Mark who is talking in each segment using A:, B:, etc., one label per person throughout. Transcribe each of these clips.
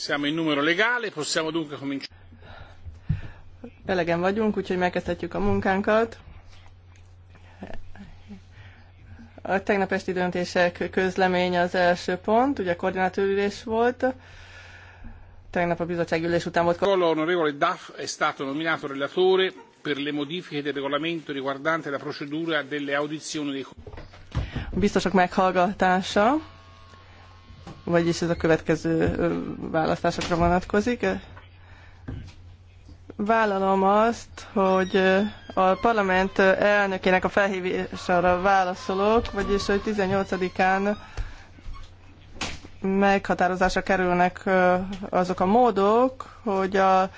A: Siamo in numero legale, possiamo dunque cominciare.
B: Belegen vagyunk, úgyhogy megkezdhetjük a munkánkat. A tegnap esti döntések közlemény az első pont, ugye koordinátorülés volt. Tegnap a bizottság ülés után volt.
A: L'onorevole Duff è stato nominato relatore per le modifiche del regolamento riguardante la procedura delle audizioni dei...
B: Biztosok meghallgatása vagyis ez a következő választásokra vonatkozik. Vállalom azt, hogy a parlament elnökének a felhívására válaszolok, vagyis hogy 18-án meghatározásra kerülnek azok a módok, hogy a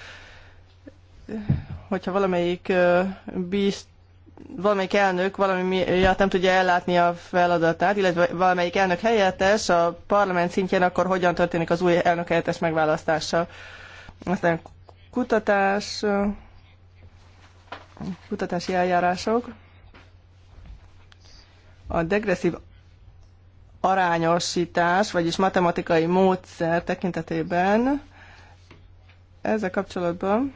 B: hogyha valamelyik bízt valamelyik elnök valami miatt nem tudja ellátni a feladatát, illetve valamelyik elnök helyettes a parlament szintjén, akkor hogyan történik az új elnök helyettes megválasztása. Aztán kutatás, kutatási eljárások. A degresszív arányosítás, vagyis matematikai módszer tekintetében ezzel kapcsolatban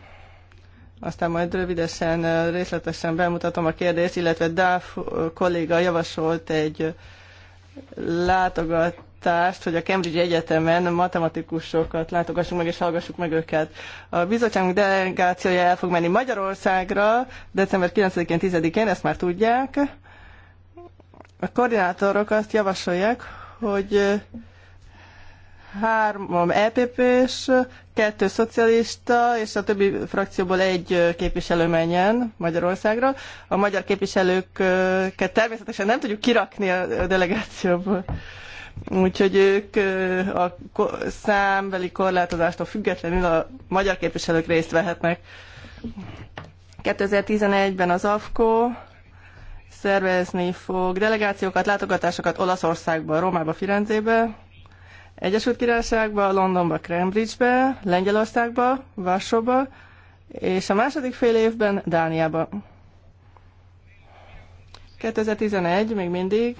B: aztán majd rövidesen, részletesen bemutatom a kérdést, illetve Dáv kolléga javasolt egy látogat hogy a Cambridge Egyetemen matematikusokat látogassunk meg és hallgassuk meg őket. A bizottságunk delegációja el fog menni Magyarországra december 9-én, 10-én, ezt már tudják. A koordinátorok azt javasolják, hogy három EPP-s, kettő szocialista, és a többi frakcióból egy képviselő menjen Magyarországra. A magyar képviselőket természetesen nem tudjuk kirakni a delegációból. Úgyhogy ők a számbeli korlátozástól függetlenül a magyar képviselők részt vehetnek. 2011-ben az AFKO szervezni fog delegációkat, látogatásokat Olaszországba, Rómába, Firenzébe, Egyesült Királyságba, Londonba, Cambridgebe, Lengyelországba, Varsóba, és a második fél évben Dániába. 2011 még mindig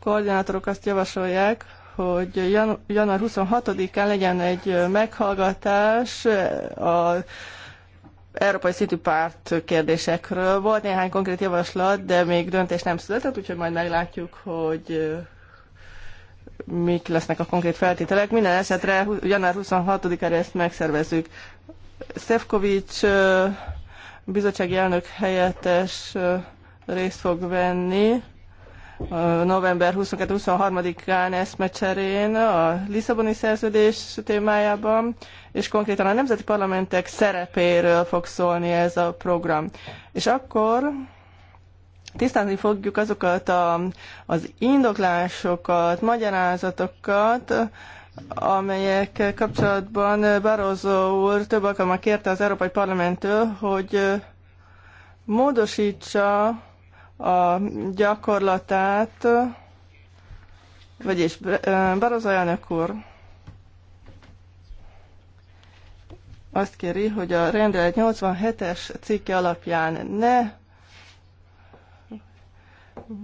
B: koordinátorok azt javasolják, hogy január 26-án legyen egy meghallgatás a európai szintű párt kérdésekről. Volt néhány konkrét javaslat, de még döntés nem született, úgyhogy majd meglátjuk, hogy mik lesznek a konkrét feltételek. Minden esetre január 26-ára ezt megszervezzük. Szefkovics bizottsági elnök helyettes részt fog venni november 22-23-án eszmecserén a Lisszaboni szerződés témájában, és konkrétan a nemzeti parlamentek szerepéről fog szólni ez a program. És akkor tisztázni fogjuk azokat a, az indoklásokat, magyarázatokat, amelyek kapcsolatban Barroso úr több alkalommal kérte az Európai Parlamenttől, hogy módosítsa a gyakorlatát, vagyis Barroso elnök úr azt kéri, hogy a rendelet 87-es cikke alapján ne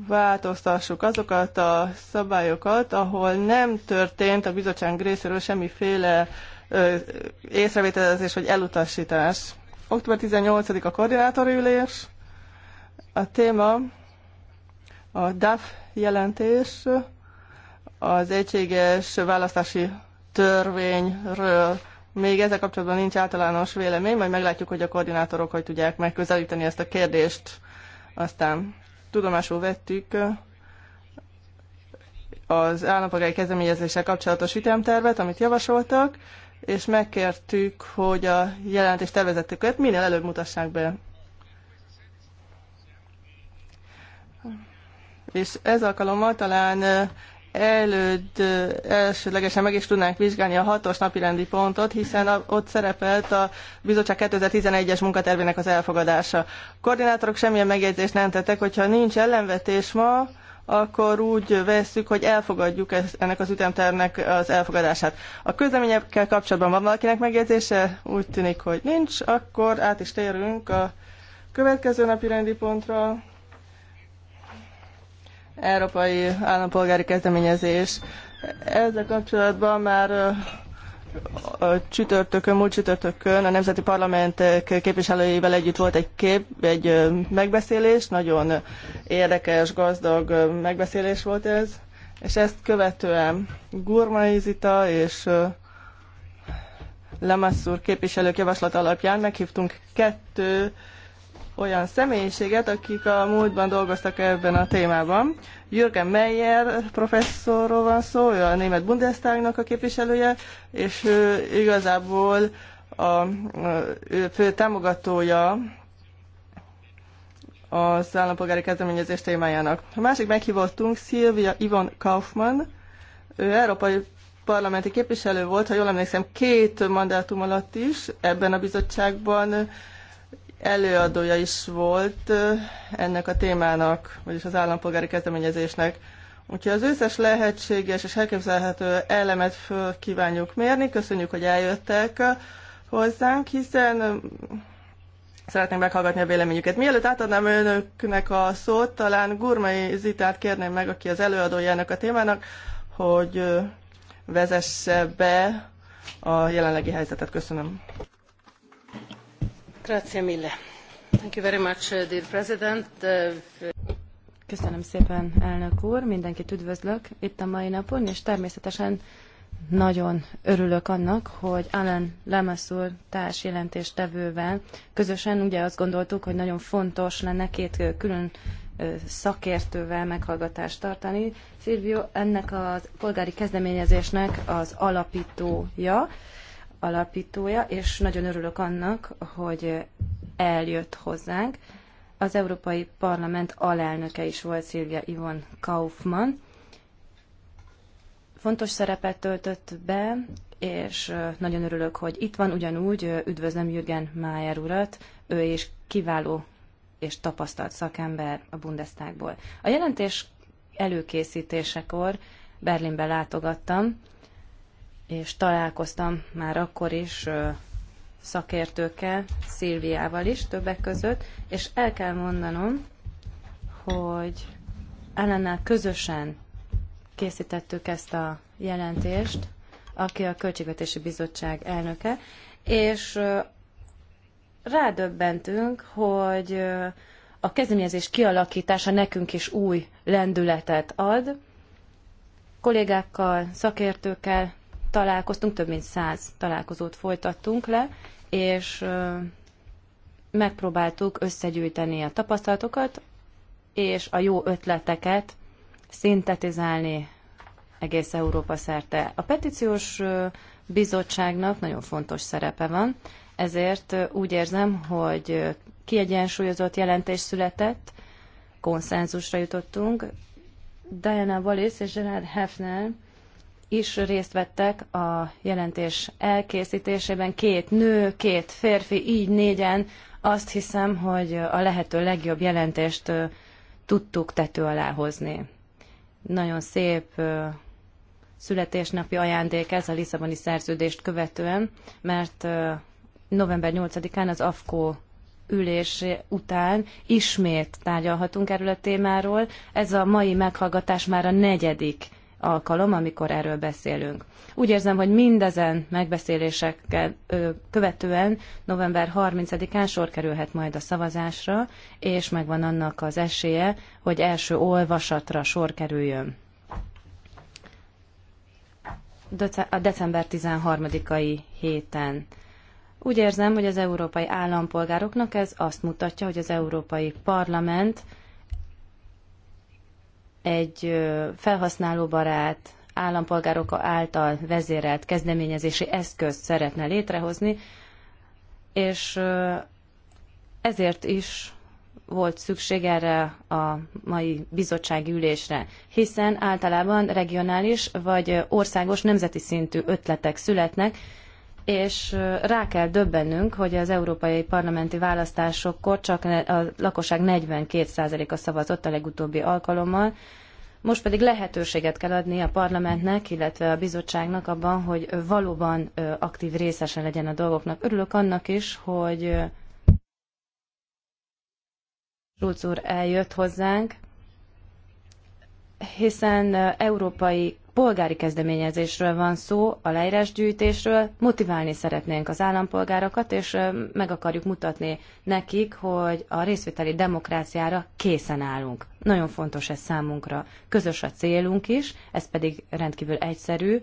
B: változtassuk azokat a szabályokat, ahol nem történt a bizottság részéről semmiféle észrevételezés vagy elutasítás. Október 18 a koordinátori ülés. A téma a DAF jelentés az egységes választási törvényről. Még ezzel kapcsolatban nincs általános vélemény, majd meglátjuk, hogy a koordinátorok hogy tudják megközelíteni ezt a kérdést. Aztán tudomásul vettük az állampolgári kezdeményezéssel kapcsolatos ütemtervet, amit javasoltak, és megkértük, hogy a jelentés tervezetüket minél előbb mutassák be. És ez alkalommal talán előd, elsőlegesen meg is tudnánk vizsgálni a hatos napirendi pontot, hiszen ott szerepelt a bizottság 2011-es munkatervének az elfogadása. A koordinátorok semmilyen megjegyzést nem tettek, hogyha nincs ellenvetés ma, akkor úgy vesszük, hogy elfogadjuk ezt, ennek az ütemtervnek az elfogadását. A közleményekkel kapcsolatban van valakinek megjegyzése? Úgy tűnik, hogy nincs. Akkor át is térünk a következő napi rendi pontra európai állampolgári kezdeményezés. Ezzel kapcsolatban már a csütörtökön, múlt csütörtökön a Nemzeti Parlamentek képviselőjével együtt volt egy kép, egy megbeszélés, nagyon érdekes, gazdag megbeszélés volt ez, és ezt követően Gurmaizita és Lemasszúr képviselők javaslat alapján meghívtunk kettő olyan személyiséget, akik a múltban dolgoztak ebben a témában. Jürgen Meyer professzorról van szó, ő a német Bundestagnak a képviselője, és ő igazából a, ő fő támogatója az állampolgári kezdeményezés témájának. A másik meghívottunk Szilvia Ivon Kaufmann, ő európai parlamenti képviselő volt, ha jól emlékszem, két mandátum alatt is ebben a bizottságban előadója is volt ennek a témának, vagyis az állampolgári kezdeményezésnek. Úgyhogy az összes lehetséges és elképzelhető elemet föl kívánjuk mérni. Köszönjük, hogy eljöttek hozzánk, hiszen szeretnénk meghallgatni a véleményüket. Mielőtt átadnám önöknek a szót, talán Gurmai Zitát kérném meg, aki az előadója ennek a témának, hogy vezesse be a jelenlegi helyzetet. Köszönöm.
C: Uh, uh, Köszönöm szépen, elnök úr, mindenkit üdvözlök itt a mai napon, és természetesen nagyon örülök annak, hogy alain lamassoure társ jelentéstevővel közösen ugye azt gondoltuk, hogy nagyon fontos lenne két külön szakértővel meghallgatást tartani. Silvio, ennek a polgári kezdeményezésnek az alapítója, alapítója, és nagyon örülök annak, hogy eljött hozzánk. Az Európai Parlament alelnöke is volt Szilvia Ivon Kaufmann. Fontos szerepet töltött be, és nagyon örülök, hogy itt van, ugyanúgy üdvözlöm Jürgen Mayer urat, ő is kiváló és tapasztalt szakember a Bundestagból. A jelentés előkészítésekor Berlinbe látogattam, és találkoztam már akkor is szakértőkkel, Szilviával is többek között, és el kell mondanom, hogy ellennel közösen készítettük ezt a jelentést, aki a Költségvetési Bizottság elnöke, és rádöbbentünk, hogy a kezdeményezés kialakítása nekünk is új lendületet ad. Kollégákkal, szakértőkkel találkoztunk, több mint száz találkozót folytattunk le, és megpróbáltuk összegyűjteni a tapasztalatokat, és a jó ötleteket szintetizálni egész Európa szerte. A petíciós bizottságnak nagyon fontos szerepe van, ezért úgy érzem, hogy kiegyensúlyozott jelentés született, konszenzusra jutottunk. Diana Wallis és Gerard Hefner is részt vettek a jelentés elkészítésében. Két nő, két férfi, így négyen. Azt hiszem, hogy a lehető legjobb jelentést tudtuk tető alá hozni. Nagyon szép születésnapi ajándék ez a Lisszaboni szerződést követően, mert november 8-án az AFKO ülés után ismét tárgyalhatunk erről a témáról. Ez a mai meghallgatás már a negyedik alkalom, amikor erről beszélünk. Úgy érzem, hogy mindezen megbeszéléseket követően november 30-án sor kerülhet majd a szavazásra, és megvan annak az esélye, hogy első olvasatra sor kerüljön. A december 13-ai héten. Úgy érzem, hogy az európai állampolgároknak ez azt mutatja, hogy az Európai Parlament egy felhasználóbarát, állampolgárok által vezérelt kezdeményezési eszközt szeretne létrehozni, és ezért is volt szükség erre a mai bizottsági ülésre, hiszen általában regionális vagy országos nemzeti szintű ötletek születnek, és rá kell döbbennünk, hogy az európai parlamenti választásokkor csak a lakosság 42%-a szavazott a legutóbbi alkalommal, most pedig lehetőséget kell adni a parlamentnek, illetve a bizottságnak abban, hogy valóban aktív részese legyen a dolgoknak. Örülök annak is, hogy Schulz úr eljött hozzánk, hiszen európai polgári kezdeményezésről van szó, a aláírásgyűjtésről, motiválni szeretnénk az állampolgárokat, és meg akarjuk mutatni nekik, hogy a részvételi demokráciára készen állunk. Nagyon fontos ez számunkra. Közös a célunk is, ez pedig rendkívül egyszerű.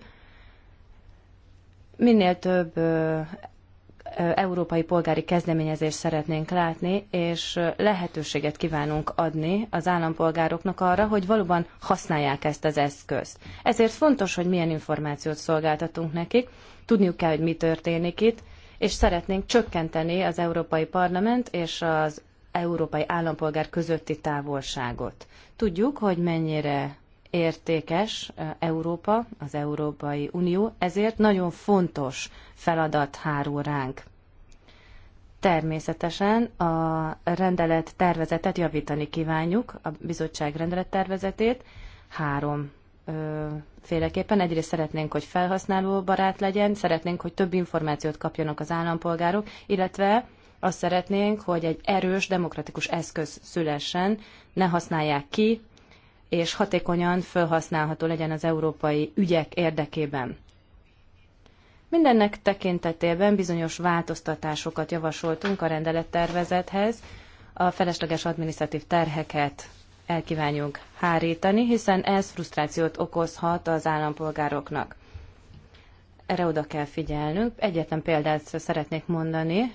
C: Minél több európai polgári kezdeményezést szeretnénk látni, és lehetőséget kívánunk adni az állampolgároknak arra, hogy valóban használják ezt az eszközt. Ezért fontos, hogy milyen információt szolgáltatunk nekik, tudniuk kell, hogy mi történik itt, és szeretnénk csökkenteni az Európai Parlament és az európai állampolgár közötti távolságot. Tudjuk, hogy mennyire értékes Európa, az Európai Unió, ezért nagyon fontos feladat hárul ránk. Természetesen a rendelet tervezetet javítani kívánjuk, a bizottság rendelet tervezetét három ö, féleképpen. Egyrészt szeretnénk, hogy felhasználó barát legyen, szeretnénk, hogy több információt kapjanak az állampolgárok, illetve azt szeretnénk, hogy egy erős, demokratikus eszköz szülessen, ne használják ki, és hatékonyan felhasználható legyen az európai ügyek érdekében. Mindennek tekintetében bizonyos változtatásokat javasoltunk a rendelettervezethez, a felesleges adminisztratív terheket elkívánjuk hárítani, hiszen ez frusztrációt okozhat az állampolgároknak. Erre oda kell figyelnünk. Egyetlen példát szeretnék mondani,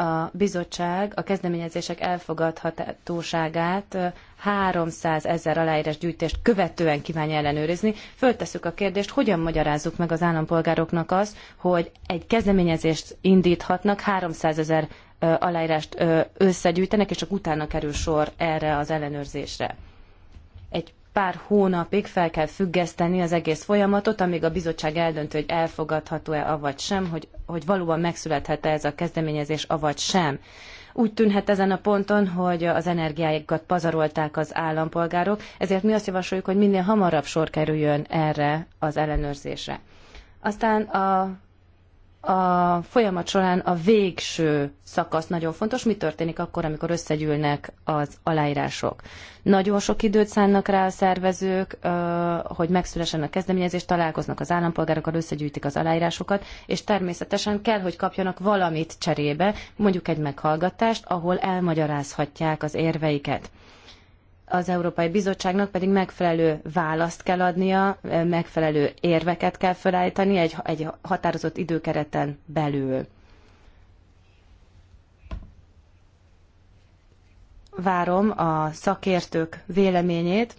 C: a bizottság a kezdeményezések elfogadhatóságát 300 ezer aláírás gyűjtést követően kívánja ellenőrizni. Föltesszük a kérdést, hogyan magyarázzuk meg az állampolgároknak azt, hogy egy kezdeményezést indíthatnak, 300 ezer aláírást összegyűjtenek, és csak utána kerül sor erre az ellenőrzésre. Egy pár hónapig fel kell függeszteni az egész folyamatot, amíg a bizottság eldönti, hogy elfogadható-e, avagy sem, hogy, hogy valóban megszülethet-e ez a kezdeményezés, avagy sem. Úgy tűnhet ezen a ponton, hogy az energiáikat pazarolták az állampolgárok, ezért mi azt javasoljuk, hogy minél hamarabb sor kerüljön erre az ellenőrzésre. Aztán a a folyamat során a végső szakasz nagyon fontos. Mi történik akkor, amikor összegyűlnek az aláírások? Nagyon sok időt szánnak rá a szervezők, hogy megszülesen a kezdeményezést. találkoznak az állampolgárokkal, összegyűjtik az aláírásokat, és természetesen kell, hogy kapjanak valamit cserébe, mondjuk egy meghallgatást, ahol elmagyarázhatják az érveiket az Európai Bizottságnak pedig megfelelő választ kell adnia, megfelelő érveket kell felállítani egy, egy határozott időkereten belül. Várom a szakértők véleményét,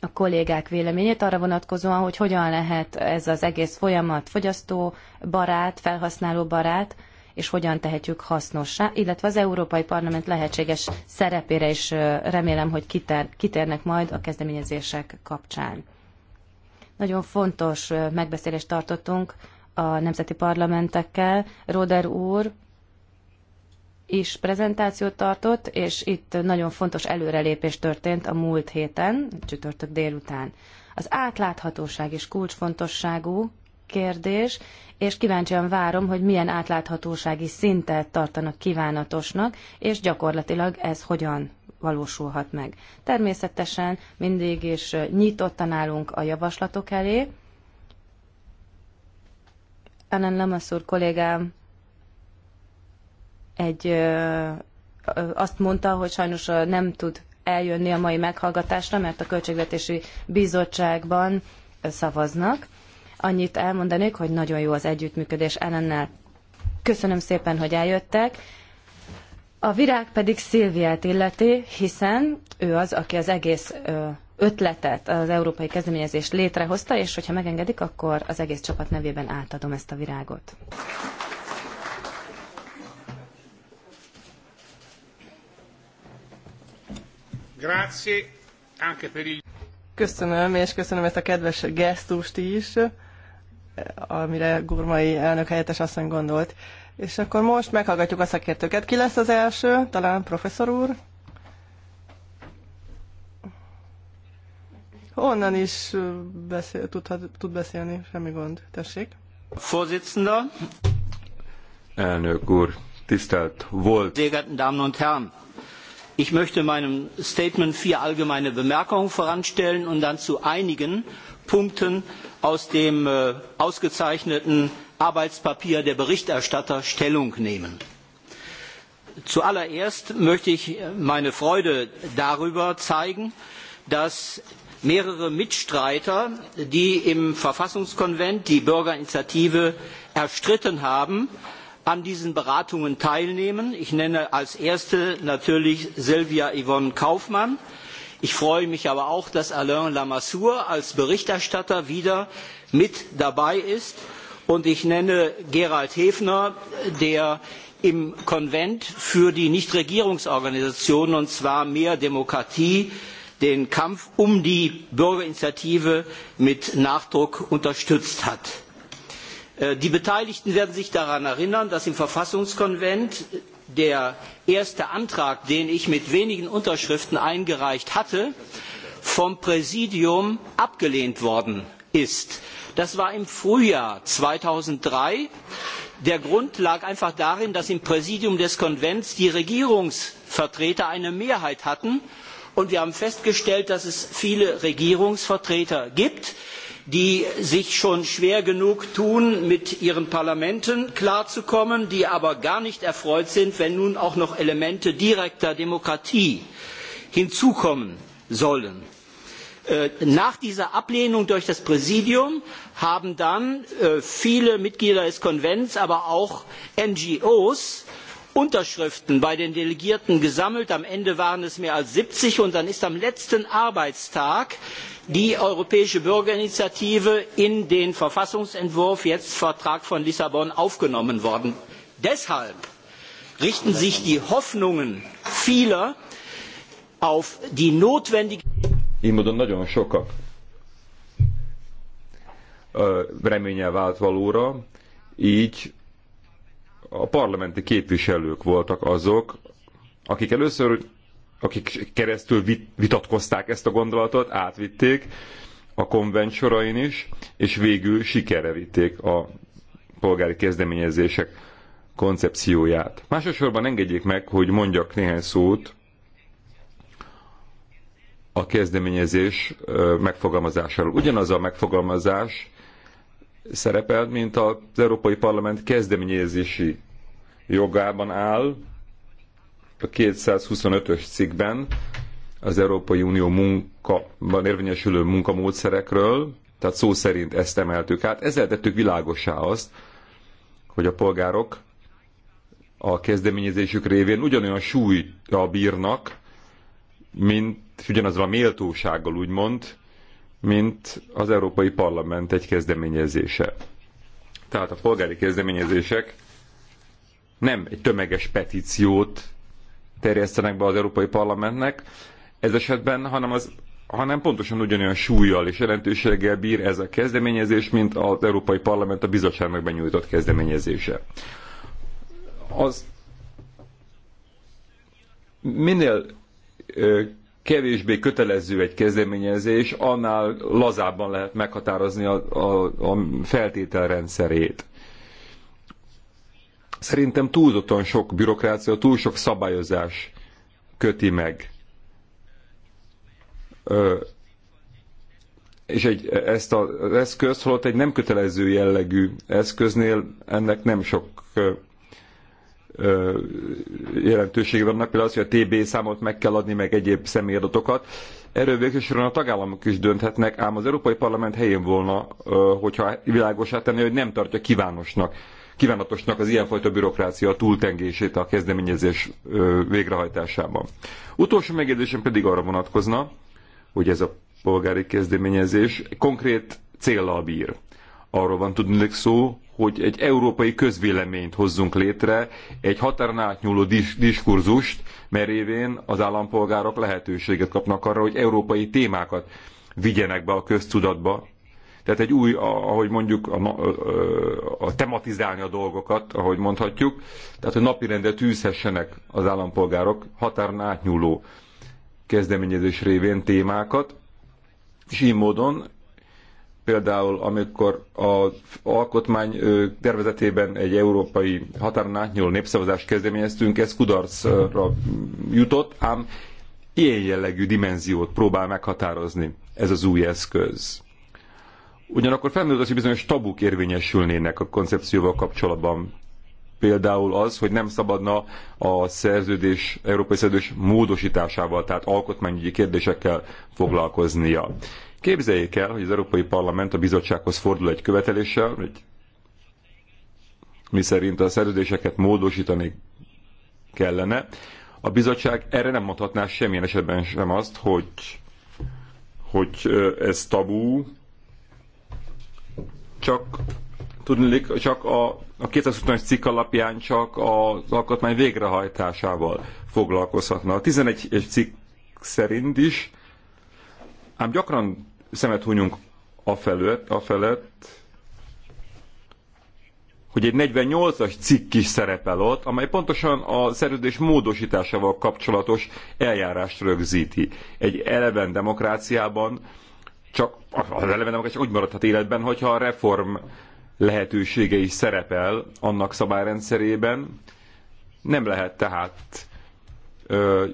C: a kollégák véleményét arra vonatkozóan, hogy hogyan lehet ez az egész folyamat fogyasztó barát, felhasználó barát, és hogyan tehetjük hasznossá, illetve az Európai Parlament lehetséges szerepére is remélem, hogy kiter, kitérnek majd a kezdeményezések kapcsán. Nagyon fontos megbeszélést tartottunk a nemzeti parlamentekkel. Roder úr is prezentációt tartott, és itt nagyon fontos előrelépés történt a múlt héten, csütörtök délután. Az átláthatóság is kulcsfontosságú, kérdés, és kíváncsian várom, hogy milyen átláthatósági szintet tartanak kívánatosnak, és gyakorlatilag ez hogyan valósulhat meg. Természetesen mindig is nyitottan állunk a javaslatok elé. Anan Lamaszúr kollégám egy, ö, ö, azt mondta, hogy sajnos nem tud eljönni a mai meghallgatásra, mert a Költségvetési Bizottságban szavaznak. Annyit elmondanék, hogy nagyon jó az együttműködés ellennel. Köszönöm szépen, hogy eljöttek. A virág pedig Szilviát illeti, hiszen ő az, aki az egész ötletet, az európai kezdeményezést létrehozta, és hogyha megengedik, akkor az egész csapat nevében átadom ezt a virágot.
A: Grazie anche per il...
B: Köszönöm, és köszönöm ezt a kedves gesztust is amire Gurmai elnök helyettes asszony gondolt. És akkor most meghallgatjuk a szakértőket. Ki lesz az első? Talán professzor úr? Onnan is beszél, tudhat, tud beszélni, semmi gond.
A: Tessék. Vorsitzender.
D: Elnök úr, tisztelt
A: volt. Sehr Damen und Herren, ich möchte meinem Statement vier allgemeine Bemerkungen voranstellen und dann zu einigen punkten aus dem äh, ausgezeichneten arbeitspapier der berichterstatter stellung nehmen. zuallererst möchte ich äh, meine freude darüber zeigen dass mehrere mitstreiter die im verfassungskonvent die bürgerinitiative erstritten haben an diesen beratungen teilnehmen. ich nenne als erste natürlich silvia yvonne kaufmann Ich freue mich aber auch, dass Alain Lamassoure als Berichterstatter wieder mit dabei ist. Und ich nenne Gerald häfner der im Konvent für die Nichtregierungsorganisationen, und zwar mehr Demokratie, den Kampf um die Bürgerinitiative mit Nachdruck unterstützt hat. Äh, die Beteiligten werden sich daran erinnern, dass im Verfassungskonvent der erste Antrag, den ich mit wenigen Unterschriften eingereicht hatte, vom Präsidium abgelehnt worden ist. Das war im Frühjahr 2003. Der Grund lag einfach darin, dass im Präsidium des Konvents die Regierungsvertreter eine Mehrheit hatten. Und wir haben festgestellt, dass es viele Regierungsvertreter gibt, die sich schon schwer genug tun, mit ihren Parlamenten klarzukommen, die aber gar nicht erfreut sind, wenn nun auch noch Elemente direkter Demokratie hinzukommen sollen äh, nach dieser ablehnung durch das präsidium haben dann äh, viele mitglieder des konvents aber auch ngo unterschriften bei den delegierten gesammelt am ende waren es mehr als siebzig und dann ist am letzten arbeitstag die europäische bürgerinitiative in den verfassungsentwurf jetzt vertrag von lissabon aufgenommen worden. deshalb richten sich die hoffnungen vieler auf die notwendige.
D: Így módon nagyon sokak reménye vált valóra, így a parlamenti képviselők voltak azok, akik először akik keresztül vitatkozták ezt a gondolatot, átvitték a konvent sorain is, és végül sikerre vitték a polgári kezdeményezések koncepcióját. Másosorban engedjék meg, hogy mondjak néhány szót a kezdeményezés megfogalmazásáról. Ugyanaz a megfogalmazás szerepel, mint az Európai Parlament kezdeményezési jogában áll, a 225-ös cikkben az Európai Unió munkaban érvényesülő munkamódszerekről, tehát szó szerint ezt emeltük át. Ezzel tettük világosá azt, hogy a polgárok a kezdeményezésük révén ugyanolyan súlyra bírnak, mint ugyanaz a méltósággal úgymond, mint az Európai Parlament egy kezdeményezése. Tehát a polgári kezdeményezések nem egy tömeges petíciót terjesztenek be az Európai Parlamentnek ez esetben, hanem, az, hanem pontosan ugyanolyan súlyjal és jelentőséggel bír ez a kezdeményezés, mint az Európai Parlament a bizottságnak benyújtott kezdeményezése. Az minél ö, kevésbé kötelező egy kezdeményezés, annál lazábban lehet meghatározni a, a, a feltételrendszerét. Szerintem túlzottan sok bürokrácia, túl sok szabályozás köti meg. Ö, és egy, ezt az eszköz, holott egy nem kötelező jellegű eszköznél ennek nem sok ö, ö, jelentősége vannak, például az, hogy a TB számot meg kell adni, meg egyéb személyadatokat. Erről végsősorban a tagállamok is dönthetnek, ám az Európai Parlament helyén volna, hogyha világosát tenni, hogy nem tartja kívánosnak kívánatosnak az ilyenfajta bürokrácia túltengését a kezdeményezés végrehajtásában. Utolsó megjegyzésem pedig arra vonatkozna, hogy ez a polgári kezdeményezés konkrét céllal bír. Arról van tudni szó, hogy egy európai közvéleményt hozzunk létre, egy határon átnyúló dis- diskurzust, mert révén az állampolgárok lehetőséget kapnak arra, hogy európai témákat vigyenek be a köztudatba, tehát egy új, ahogy mondjuk, a, a, a tematizálni a dolgokat, ahogy mondhatjuk, tehát hogy napirendet tűzhessenek az állampolgárok határon átnyúló kezdeményezés révén témákat, és így módon például amikor az alkotmány tervezetében egy európai határon átnyúló népszavazást kezdeményeztünk, ez kudarcra jutott, ám ilyen jellegű dimenziót próbál meghatározni ez az új eszköz. Ugyanakkor felmerült az, hogy bizonyos tabuk érvényesülnének a koncepcióval kapcsolatban. Például az, hogy nem szabadna a szerződés, európai szerződés módosításával, tehát alkotmányügyi kérdésekkel foglalkoznia. Képzeljék el, hogy az Európai Parlament a bizottsághoz fordul egy követeléssel, mi miszerint a szerződéseket módosítani kellene. A bizottság erre nem mondhatná semmilyen esetben sem azt, hogy, hogy ez tabú, csak tudnék, csak a, a 220 cikk alapján csak az alkotmány végrehajtásával foglalkozhatna. A 11 cikk szerint is, ám gyakran szemet hunyunk a felett hogy egy 48-as cikk is szerepel ott, amely pontosan a szerződés módosításával kapcsolatos eljárást rögzíti. Egy eleven demokráciában csak az eleve nem, csak úgy maradhat életben, hogyha a reform lehetősége is szerepel annak szabályrendszerében. Nem lehet tehát ö,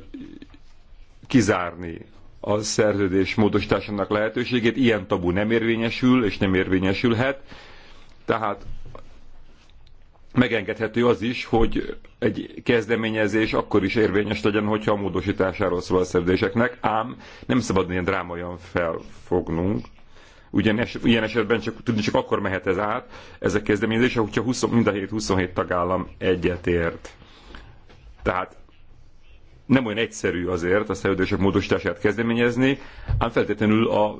D: kizárni a szerződés módosításának lehetőségét, ilyen tabu nem érvényesül és nem érvényesülhet, tehát megengedhető az is, hogy egy kezdeményezés akkor is érvényes legyen, hogyha a módosításáról szól a szerződéseknek, ám nem szabad ilyen drámaian felfognunk. Ugyan es, ilyen esetben csak, tudni csak akkor mehet ez át, ez a kezdeményezés, hogyha 20, mind a 7-27 tagállam egyetért. Tehát nem olyan egyszerű azért a szerződések módosítását kezdeményezni, ám feltétlenül a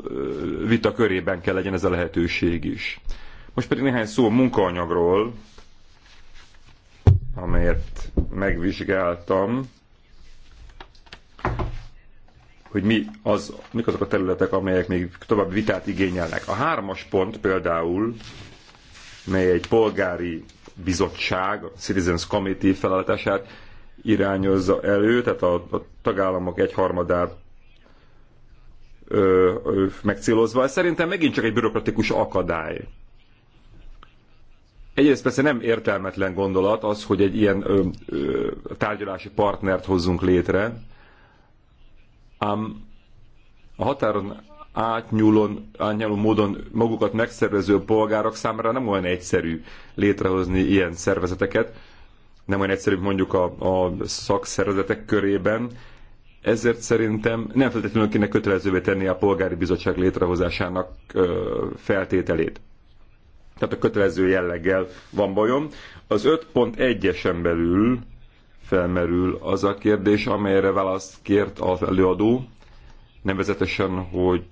D: vita körében kell legyen ez a lehetőség is. Most pedig néhány szó a munkaanyagról, amelyet megvizsgáltam, hogy mi az, mik azok a területek, amelyek még további vitát igényelnek. A hármas pont például, mely egy polgári bizottság, a Citizens Committee feladatását irányozza elő, tehát a, a tagállamok egyharmadát ö, ö, megcélozva. Ez szerintem megint csak egy bürokratikus akadály. Egyrészt persze nem értelmetlen gondolat az, hogy egy ilyen ö, ö, tárgyalási partnert hozzunk létre, ám a határon átnyúlon, átnyúló módon magukat megszervező polgárok számára nem olyan egyszerű létrehozni ilyen szervezeteket, nem olyan egyszerű mondjuk a, a szakszervezetek körében, ezért szerintem nem feltétlenül kéne kötelezővé tenni a polgári bizottság létrehozásának ö, feltételét tehát a kötelező jelleggel van bajom. Az 5.1-esen belül felmerül az a kérdés, amelyre választ kért az előadó, nevezetesen, hogy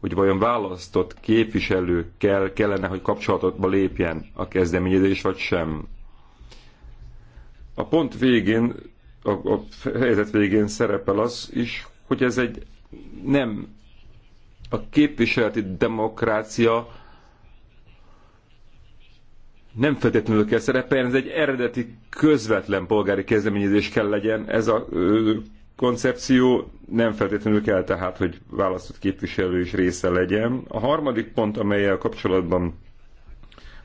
D: hogy vajon választott képviselőkkel kellene, hogy kapcsolatba lépjen a kezdeményezés, vagy sem. A pont végén, a, a helyzet végén szerepel az is, hogy ez egy nem a képviseleti demokrácia nem feltétlenül kell szerepeljen, ez egy eredeti közvetlen polgári kezdeményezés kell legyen. Ez a ö, koncepció nem feltétlenül kell tehát, hogy választott képviselő is része legyen. A harmadik pont, amelyel kapcsolatban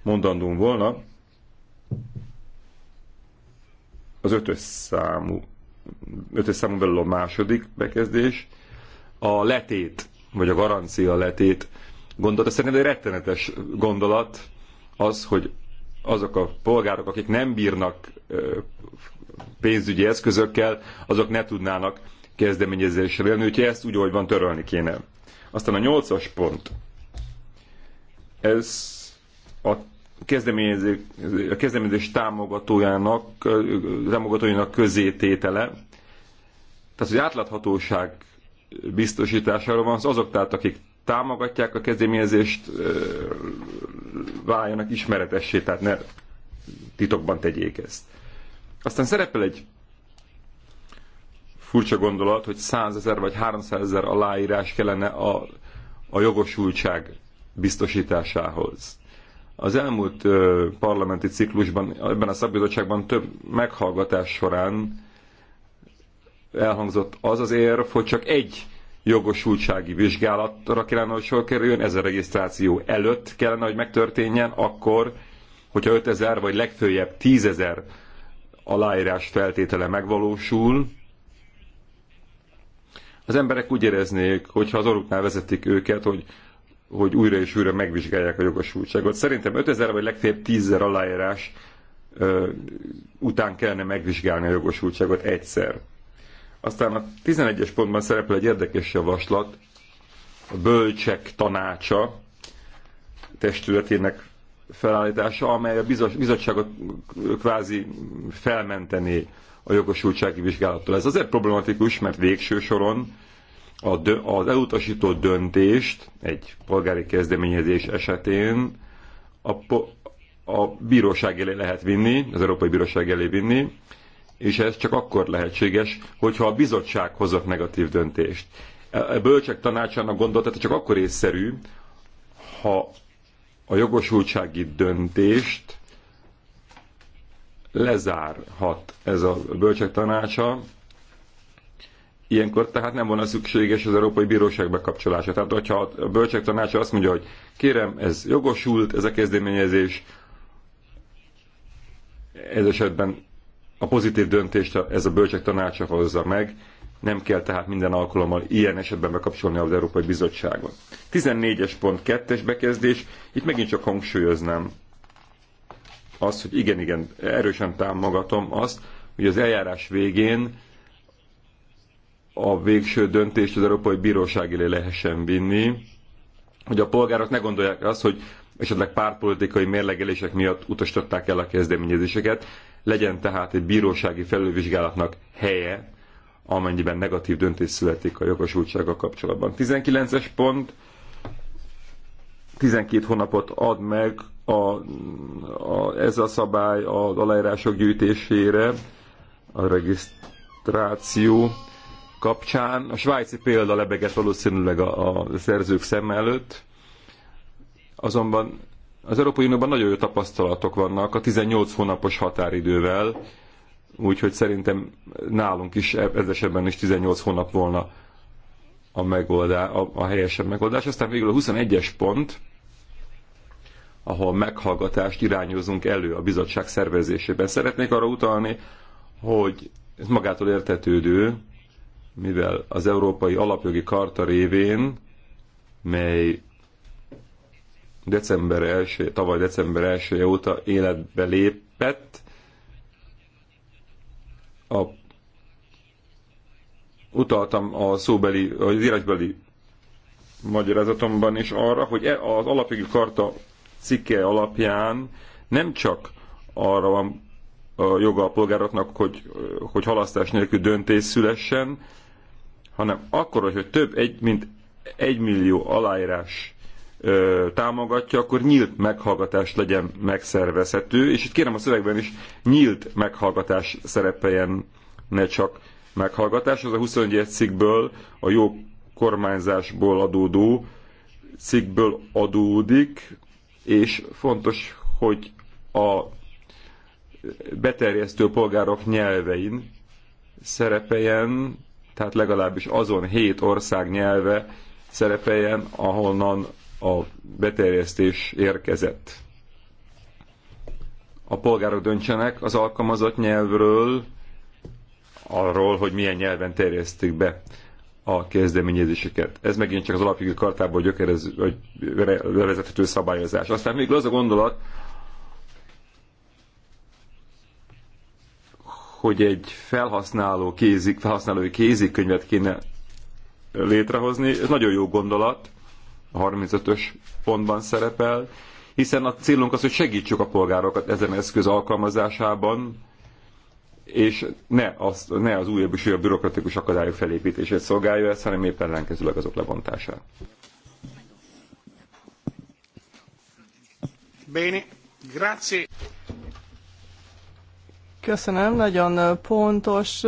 D: mondandóm volna, az ötös számú, ötös számú belül a második bekezdés, a letét, vagy a garancia letét gondolata. Szerintem egy rettenetes gondolat az, hogy azok a polgárok, akik nem bírnak pénzügyi eszközökkel, azok ne tudnának kezdeményezésre élni, úgyhogy ezt úgy, ahogy van, törölni kéne. Aztán a nyolcas pont. Ez a kezdeményezés, a kezdeményezés támogatójának, támogatójának közététele. Tehát, hogy átláthatóság biztosításáról van, az azok tehát, akik támogatják a kezdeményezést, váljanak ismeretessé, tehát ne titokban tegyék ezt. Aztán szerepel egy furcsa gondolat, hogy 100 ezer vagy 300 ezer aláírás kellene a, a jogosultság biztosításához. Az elmúlt ö, parlamenti ciklusban, ebben a szakbizottságban több meghallgatás során elhangzott az az érv, hogy csak egy jogosultsági vizsgálatra kellene, hogy sor kerüljön, ez a regisztráció előtt kellene, hogy megtörténjen, akkor, hogyha 5000 vagy legfőjebb 10000 aláírás feltétele megvalósul, az emberek úgy éreznék, hogyha az oruknál vezetik őket, hogy, hogy újra és újra megvizsgálják a jogosultságot. Szerintem 5000 vagy legfeljebb 10.000 aláírás ö, után kellene megvizsgálni a jogosultságot egyszer. Aztán a 11-es pontban szerepel egy érdekes javaslat, a bölcsek tanácsa testületének felállítása, amely a bizottságot kvázi felmenteni a jogosultsági vizsgálattól. Ez azért problematikus, mert végső soron az elutasító döntést egy polgári kezdeményezés esetén a, a bíróság elé lehet vinni, az Európai Bíróság elé vinni, és ez csak akkor lehetséges, hogyha a bizottság hozott negatív döntést. A e, e, bölcsek tanácsának gondolata csak akkor észszerű, ha a jogosultsági döntést lezárhat ez a bölcsek tanácsa, Ilyenkor tehát nem volna szükséges az Európai Bíróság bekapcsolása. Tehát, hogyha a bölcsek tanácsa azt mondja, hogy kérem, ez jogosult, ez a kezdeményezés, ez esetben a pozitív döntést ez a bölcsek tanácsa hozza meg, nem kell tehát minden alkalommal ilyen esetben bekapcsolni az Európai Bizottságot. 14-es pont, 2-es bekezdés, itt megint csak hangsúlyoznám azt, hogy igen, igen, erősen támogatom azt, hogy az eljárás végén a végső döntést az Európai Bíróság elé lehessen vinni, hogy a polgárok ne gondolják azt, hogy esetleg pártpolitikai mérlegelések miatt utasították el a kezdeményezéseket. Legyen tehát egy bírósági felülvizsgálatnak helye, amennyiben negatív döntés születik a jogosultsággal kapcsolatban. 19-es pont 12 hónapot ad meg a, a, ez a szabály az aláírások gyűjtésére, a regisztráció kapcsán. A svájci példa lebegett valószínűleg a, a szerzők szem előtt, azonban az Európai Unióban nagyon jó tapasztalatok vannak a 18 hónapos határidővel, úgyhogy szerintem nálunk is e- ez esetben is 18 hónap volna a, megoldá, a, a helyesebb megoldás. Aztán végül a 21-es pont, ahol meghallgatást irányozunk elő a bizottság szervezésében. Szeretnék arra utalni, hogy ez magától értetődő, mivel az Európai Alapjogi Karta révén, mely december első tavaly december első óta életbe lépett. A, utaltam a szóbeli, az írásbeli magyarázatomban is arra, hogy e, az alapjogi karta cikke alapján nem csak arra van a joga a polgároknak, hogy, hogy halasztás nélkül döntés szülessen, hanem akkor, hogy több egy, mint egy millió aláírás támogatja, akkor nyílt meghallgatás legyen megszervezhető, és itt kérem a szövegben is nyílt meghallgatás szerepeljen, ne csak meghallgatás. Az a 21. cikkből, a jó kormányzásból adódó cikkből adódik, és fontos, hogy a beterjesztő polgárok nyelvein szerepeljen, tehát legalábbis azon hét ország nyelve szerepeljen, ahonnan a beterjesztés érkezett. A polgárok döntsenek az alkalmazott nyelvről, arról, hogy milyen nyelven terjesztik be a kezdeményezéseket. Ez megint csak az alapjogi kartából gyökerez, vagy levezethető szabályozás. Aztán még az a gondolat, hogy egy felhasználó kézik, felhasználói kézikönyvet kéne létrehozni. Ez nagyon jó gondolat, a 35-ös pontban szerepel, hiszen a célunk az, hogy segítsük a polgárokat ezen eszköz alkalmazásában, és ne, az, ne az újabb és újabb bürokratikus akadályok felépítését szolgálja ezt, hanem éppen ellenkezőleg azok lebontását.
A: Bene, grazie.
B: Köszönöm, nagyon pontos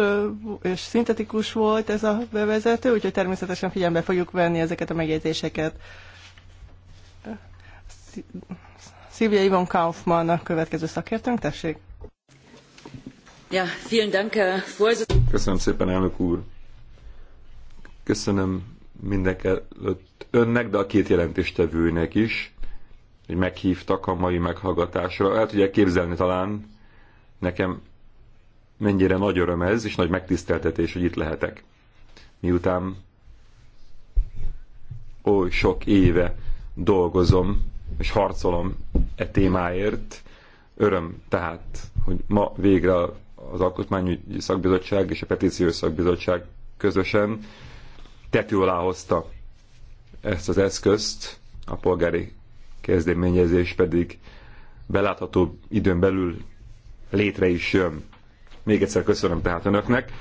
B: és szintetikus volt ez a bevezető, úgyhogy természetesen figyelembe fogjuk venni ezeket a megjegyzéseket. Szilvia Ivon Kaufmann a következő szakértőnk, tessék.
A: Ja, vielen Dank,
D: Köszönöm szépen, elnök úr. Köszönöm mindenek előtt önnek, de a két jelentéstevőnek is, hogy meghívtak a mai meghallgatásra. El tudják képzelni talán, nekem mennyire nagy öröm ez, és nagy megtiszteltetés, hogy itt lehetek. Miután oly sok éve dolgozom és harcolom e témáért, öröm tehát, hogy ma végre az Alkotmányügyi Szakbizottság és a Petíciós Szakbizottság közösen tető alá hozta ezt az eszközt, a polgári kezdeményezés pedig belátható időn belül létre is jön. Még egyszer köszönöm tehát önöknek,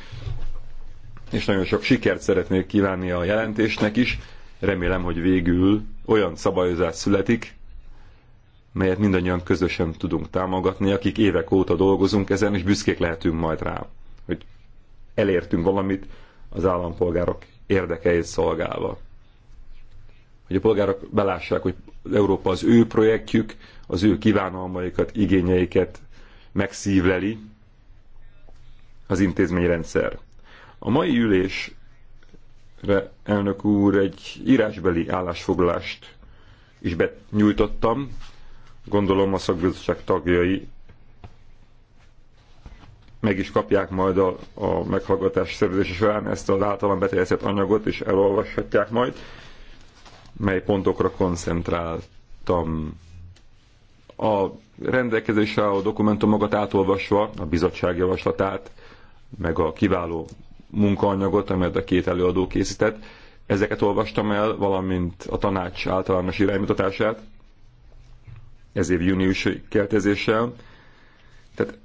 D: és nagyon sok sikert szeretnék kívánni a jelentésnek is. Remélem, hogy végül olyan szabályozás születik, melyet mindannyian közösen tudunk támogatni, akik évek óta dolgozunk ezen, és büszkék lehetünk majd rá, hogy elértünk valamit az állampolgárok érdekeit szolgálva. Hogy a polgárok belássák, hogy Európa az ő projektjük, az ő kívánalmaikat, igényeiket megszívleli, az intézményrendszer. A mai ülésre, elnök úr, egy írásbeli állásfoglalást is benyújtottam. Gondolom a szakbizottság tagjai meg is kapják majd a, a meghallgatás szervezése során ezt az általam beterjesztett anyagot, és elolvashatják majd, mely pontokra koncentráltam. A rendelkezésre a dokumentum magát átolvasva, a bizottság javaslatát, meg a kiváló munkaanyagot, amelyet a két előadó készített. Ezeket olvastam el, valamint a tanács általános iránymutatását, ez év júniusi keltezéssel. Tehát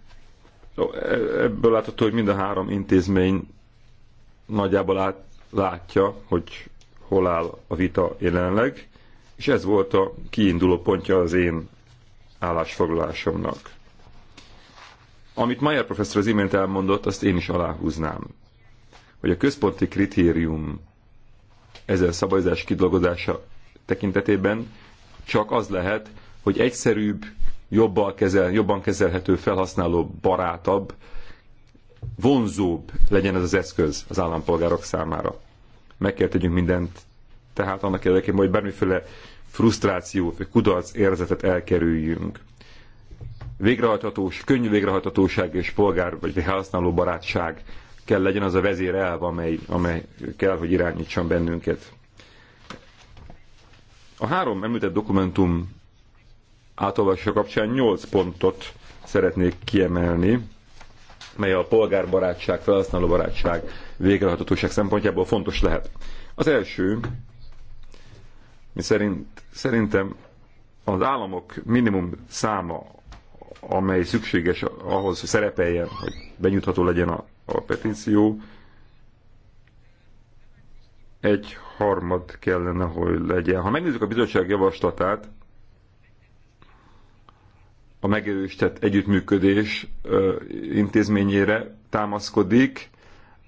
D: e, ebből látható, hogy mind a három intézmény nagyjából át, látja, hogy hol áll a vita jelenleg, és ez volt a kiinduló pontja az én állásfoglalásomnak. Amit Mayer professzor az imént elmondott, azt én is aláhúznám, hogy a központi kritérium ezzel szabályozás kidolgozása tekintetében csak az lehet, hogy egyszerűbb, jobban, kezel, jobban kezelhető, felhasználó barátabb, vonzóbb legyen ez az eszköz az állampolgárok számára. Meg kell tegyünk mindent, tehát annak érdekében, hogy bármiféle frusztráció, vagy kudarc érzetet elkerüljünk végrehajthatós, könnyű végrehajthatóság és polgár vagy felhasználó barátság kell legyen az a vezérelv, amely, amely kell, hogy irányítson bennünket. A három említett dokumentum átolvasása kapcsán nyolc pontot szeretnék kiemelni, mely a polgárbarátság, barátság végrehajthatóság szempontjából fontos lehet. Az első, mi szerint, szerintem az államok minimum száma amely szükséges ahhoz, hogy szerepeljen, hogy benyújtható legyen a, a petíció, egy harmad kellene, hogy legyen. Ha megnézzük a bizottság javaslatát, a megerősített együttműködés intézményére támaszkodik,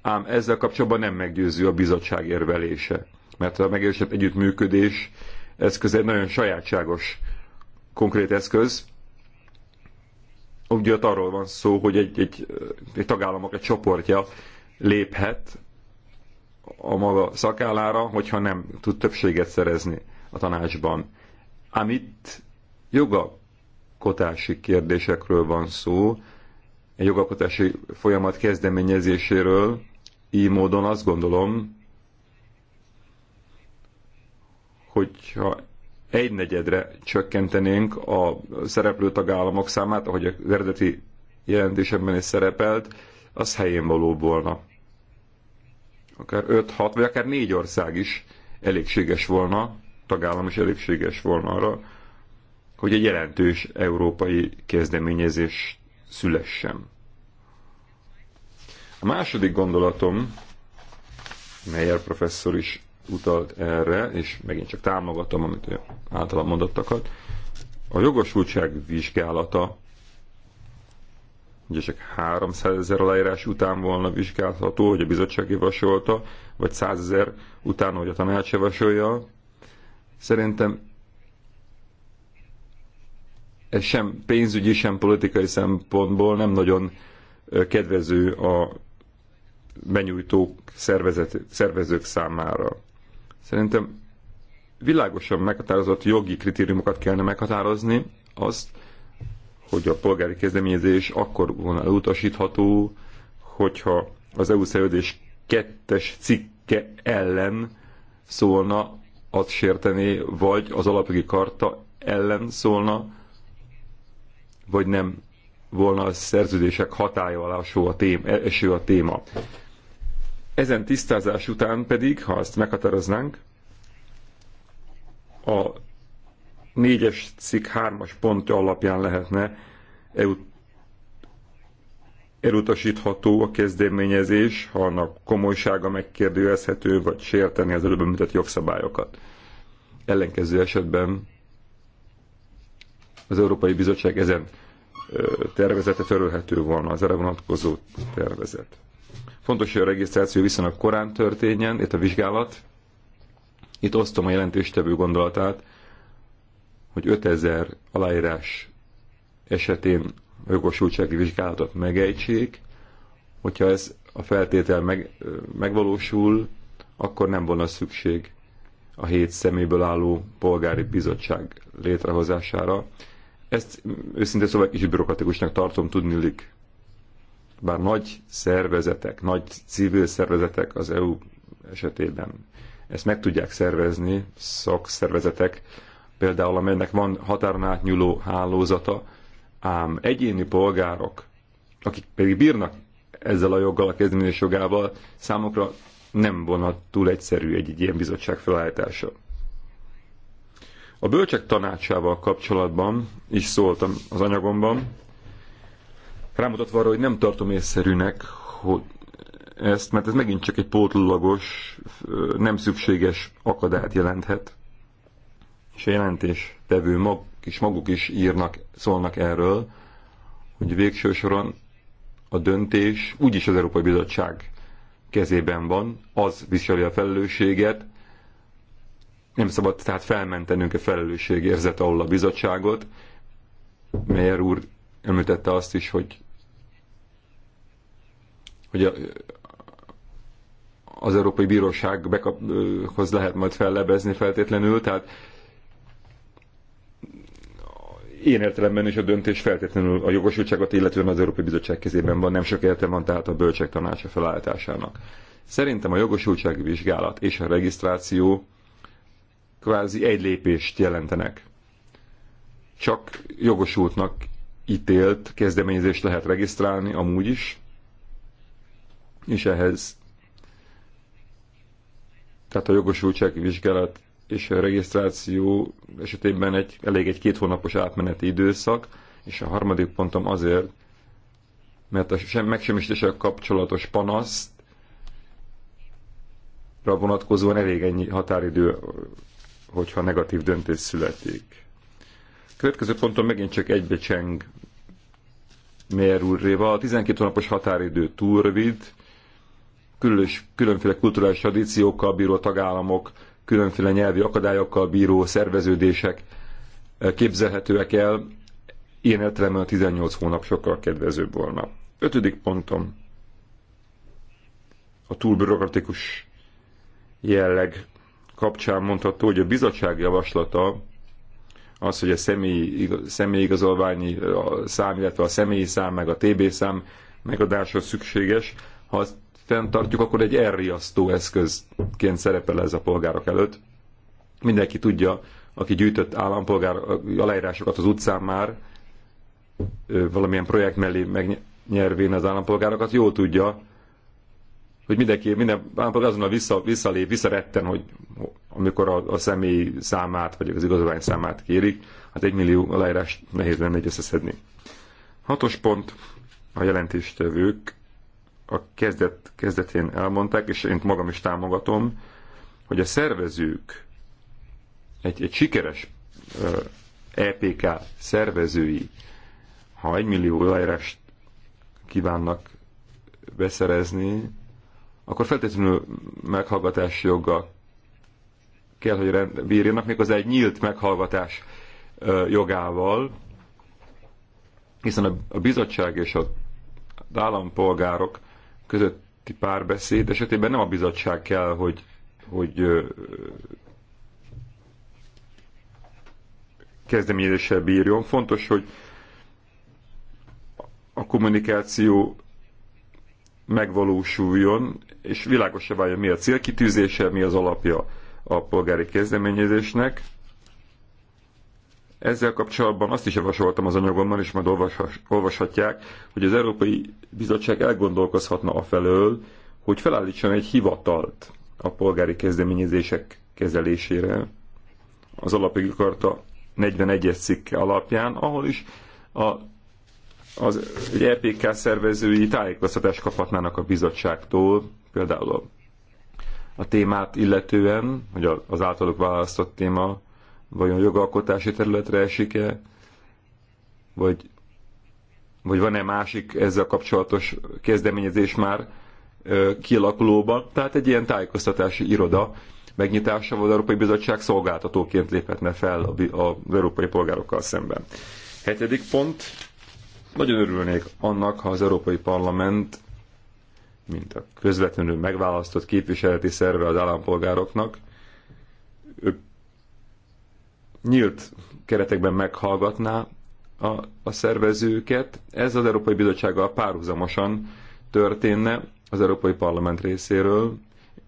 D: ám ezzel kapcsolatban nem meggyőző a bizottság érvelése. Mert a megerősített együttműködés eszköz egy nagyon sajátságos konkrét eszköz, Ugye ott arról van szó, hogy egy, egy, egy tagállamok egy csoportja léphet a maga szakállára, hogyha nem tud többséget szerezni a tanácsban. Ám itt jogalkotási kérdésekről van szó, egy jogalkotási folyamat kezdeményezéséről, így módon azt gondolom, hogyha egynegyedre csökkentenénk a szereplő tagállamok számát, ahogy az eredeti jelentésemben is szerepelt, az helyén való volna. Akár 5-6, vagy akár 4 ország is elégséges volna, tagállam is elégséges volna arra, hogy egy jelentős európai kezdeményezés szülessen. A második gondolatom, Meyer professzor is utalt erre, és megint csak támogatom, amit ő általában mondottakat. A jogosultság vizsgálata ugye csak 300 ezer aláírás után volna vizsgálható, hogy a bizottság javasolta, vagy 100 ezer után, hogy a tanács javasolja. Szerintem ez sem pénzügyi, sem politikai szempontból nem nagyon kedvező a benyújtók szervezet, szervezők számára. Szerintem világosan meghatározott jogi kritériumokat kellene meghatározni, azt, hogy a polgári kezdeményezés akkor volna elutasítható, hogyha az EU szerződés kettes cikke ellen szólna, azt sértené, vagy az alapjogi karta ellen szólna, vagy nem volna a szerződések hatája alá eső a téma. Ezen tisztázás után pedig, ha azt meghatároznánk, a négyes cikk hármas pontja alapján lehetne elutasítható a kezdeményezés, ha annak komolysága megkérdőjelezhető, vagy sérteni az előbb említett jogszabályokat. Ellenkező esetben az Európai Bizottság ezen tervezete törölhető volna, az erre vonatkozó tervezet. Fontos, hogy a regisztráció viszonylag korán történjen, itt a vizsgálat. Itt osztom a jelentéstevő gondolatát, hogy 5000 aláírás esetén jogosultsági vizsgálatot megejtsék, hogyha ez a feltétel meg, megvalósul, akkor nem volna szükség a hét szeméből álló polgári bizottság létrehozására. Ezt őszintén szóval kicsit bürokratikusnak tartom, tudnilik bár nagy szervezetek, nagy civil szervezetek az EU esetében ezt meg tudják szervezni, szakszervezetek, például amelynek van határon átnyúló hálózata, ám egyéni polgárok, akik pedig bírnak ezzel a joggal, a kezdeményezés jogával, számukra nem vonhat túl egyszerű egy, egy ilyen bizottság felállítása. A bölcsek tanácsával kapcsolatban is szóltam az anyagomban, rámutatva arra, hogy nem tartom észszerűnek, hogy ezt, mert ez megint csak egy pótlulagos, nem szükséges akadályt jelenthet. És a jelentés tevő mag, és maguk is írnak, szólnak erről, hogy végső soron a döntés úgyis az Európai Bizottság kezében van, az viseli a felelősséget, nem szabad tehát felmentenünk a felelősség érzet alól a bizottságot. melyer úr említette azt is, hogy hogy a, az Európai Bíróság bekaphoz lehet majd fellebezni feltétlenül, tehát én értelemben is a döntés feltétlenül a jogosultságot, illetően az Európai Bizottság kezében van, nem sok értelme van tehát a bölcsek tanácsa felállításának. Szerintem a jogosultsági vizsgálat és a regisztráció kvázi egy lépést jelentenek. Csak jogosultnak ítélt kezdeményezést lehet regisztrálni amúgy is, és ehhez tehát a jogosultsági vizsgálat és a regisztráció esetében egy, elég egy két hónapos átmeneti időszak, és a harmadik pontom azért, mert a sem, megsemmisítéssel kapcsolatos panaszt vonatkozóan elég ennyi határidő, hogyha negatív döntés születik. Következő ponton megint csak egybecseng Mér úrréval. A 12 hónapos határidő túl rövid, különös, különféle kulturális tradíciókkal bíró tagállamok, különféle nyelvi akadályokkal bíró szerveződések eh, képzelhetőek el. Ilyen értelemben a 18 hónap sokkal kedvezőbb volna. Ötödik pontom. A túl bürokratikus jelleg kapcsán mondható, hogy a bizottság javaslata az, hogy a személyi, személyigazolványi eh, szám, illetve a személyi szám, meg a TB szám megadása szükséges, ha az fenntartjuk, akkor egy elriasztó eszközként szerepel ez a polgárok előtt. Mindenki tudja, aki gyűjtött állampolgár aláírásokat az utcán már, valamilyen projekt mellé megnyervén az állampolgárokat, jól tudja, hogy mindenki, minden állampolgár azonnal vissza, visszalép, visszaretten, hogy amikor a, a személy számát, vagy az igazolvány számát kérik, hát egy millió aláírás nehéz lenne egy összeszedni. Hatos pont a jelentéstevők a kezdet kezdetén elmondták, és én magam is támogatom, hogy a szervezők, egy, egy sikeres EPK szervezői, ha egy millió aláírást kívánnak beszerezni, akkor feltétlenül meghallgatás joga kell, hogy rend, bírjanak, az egy nyílt meghallgatás jogával, hiszen a, a bizottság és a állampolgárok között párbeszéd esetében nem a bizottság kell, hogy, hogy kezdeményezéssel bírjon. Fontos, hogy a kommunikáció megvalósuljon, és világosabb válja, mi a célkitűzése, mi az alapja a polgári kezdeményezésnek. Ezzel kapcsolatban azt is javasoltam az anyagomban, és majd olvashatják, hogy az Európai Bizottság elgondolkozhatna a felől, hogy felállítson egy hivatalt a polgári kezdeményezések kezelésére az alapjogi karta 41-es cikke alapján, ahol is a, az RPK szervezői tájékoztatást kaphatnának a bizottságtól, például a, a témát illetően, hogy az általuk választott téma vajon jogalkotási területre esik-e, vagy, vagy van-e másik ezzel kapcsolatos kezdeményezés már ö, kialakulóban. Tehát egy ilyen tájékoztatási iroda megnyitása az Európai Bizottság szolgáltatóként léphetne fel az európai polgárokkal szemben. Hetedik pont. Nagyon örülnék annak, ha az Európai Parlament, mint a közvetlenül megválasztott képviseleti szerve az állampolgároknak, nyílt keretekben meghallgatná a, a szervezőket. Ez az Európai Bizottsággal párhuzamosan történne az Európai Parlament részéről,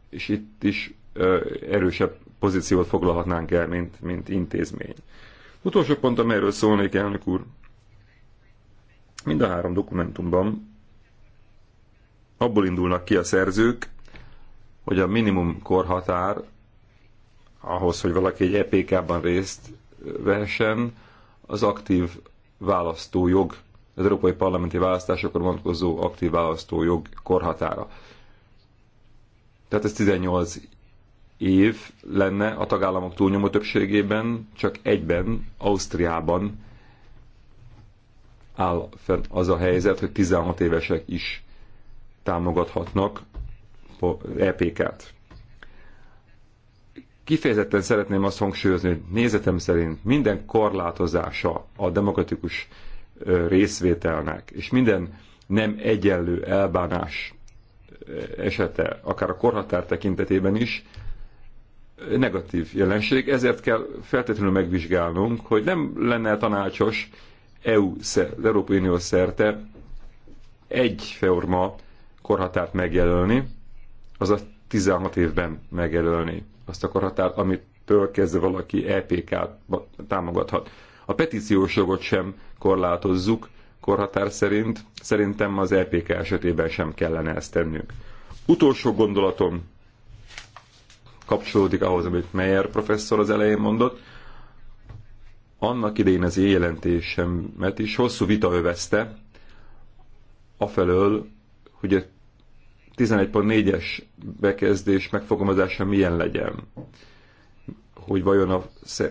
D: és itt is ö, erősebb pozíciót foglalhatnánk el, mint, mint intézmény. Utolsó pont, amelyről szólnék, elnök úr. Mind a három dokumentumban abból indulnak ki a szerzők, hogy a minimum korhatár ahhoz, hogy valaki egy EPK-ban részt vehessen, az aktív választójog, az európai parlamenti választásokon vonatkozó aktív választójog korhatára. Tehát ez 18 év lenne a tagállamok túlnyomó többségében, csak egyben, Ausztriában áll fenn az a helyzet, hogy 16 évesek is támogathatnak EPK-t. Kifejezetten szeretném azt hangsúlyozni, nézetem szerint minden korlátozása a demokratikus részvételnek, és minden nem egyenlő elbánás esete, akár a korhatár tekintetében is, negatív jelenség, ezért kell feltétlenül megvizsgálnunk, hogy nem lenne tanácsos EU, az Európai Unió szerte egyforma korhatárt megjelölni, azaz 16 évben megjelölni azt a korhatárt, amitől kezdve valaki EPK-t támogathat. A petíciós jogot sem korlátozzuk korhatár szerint, szerintem az EPK esetében sem kellene ezt tennünk. Utolsó gondolatom kapcsolódik ahhoz, amit Meyer professzor az elején mondott. Annak idején az én jelentésemet is hosszú vita övezte, afelől, hogy a 11.4-es bekezdés megfogalmazása milyen legyen? Hogy vajon a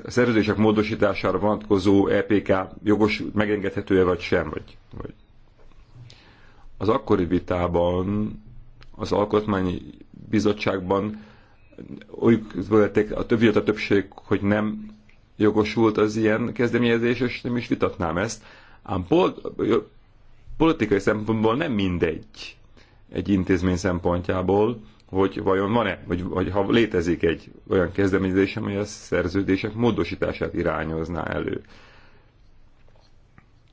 D: szerződések módosítására vonatkozó EPK jogos megengedhető-e vagy sem? Vagy, vagy. Az akkori vitában az alkotmányi bizottságban úgy vették a többi a többség, hogy nem jogosult az ilyen kezdeményezés, és nem is vitatnám ezt. Ám pol politikai szempontból nem mindegy, egy intézmény szempontjából, hogy vajon van-e, vagy, vagy ha létezik egy olyan kezdeményezés, amely a szerződések módosítását irányozná elő.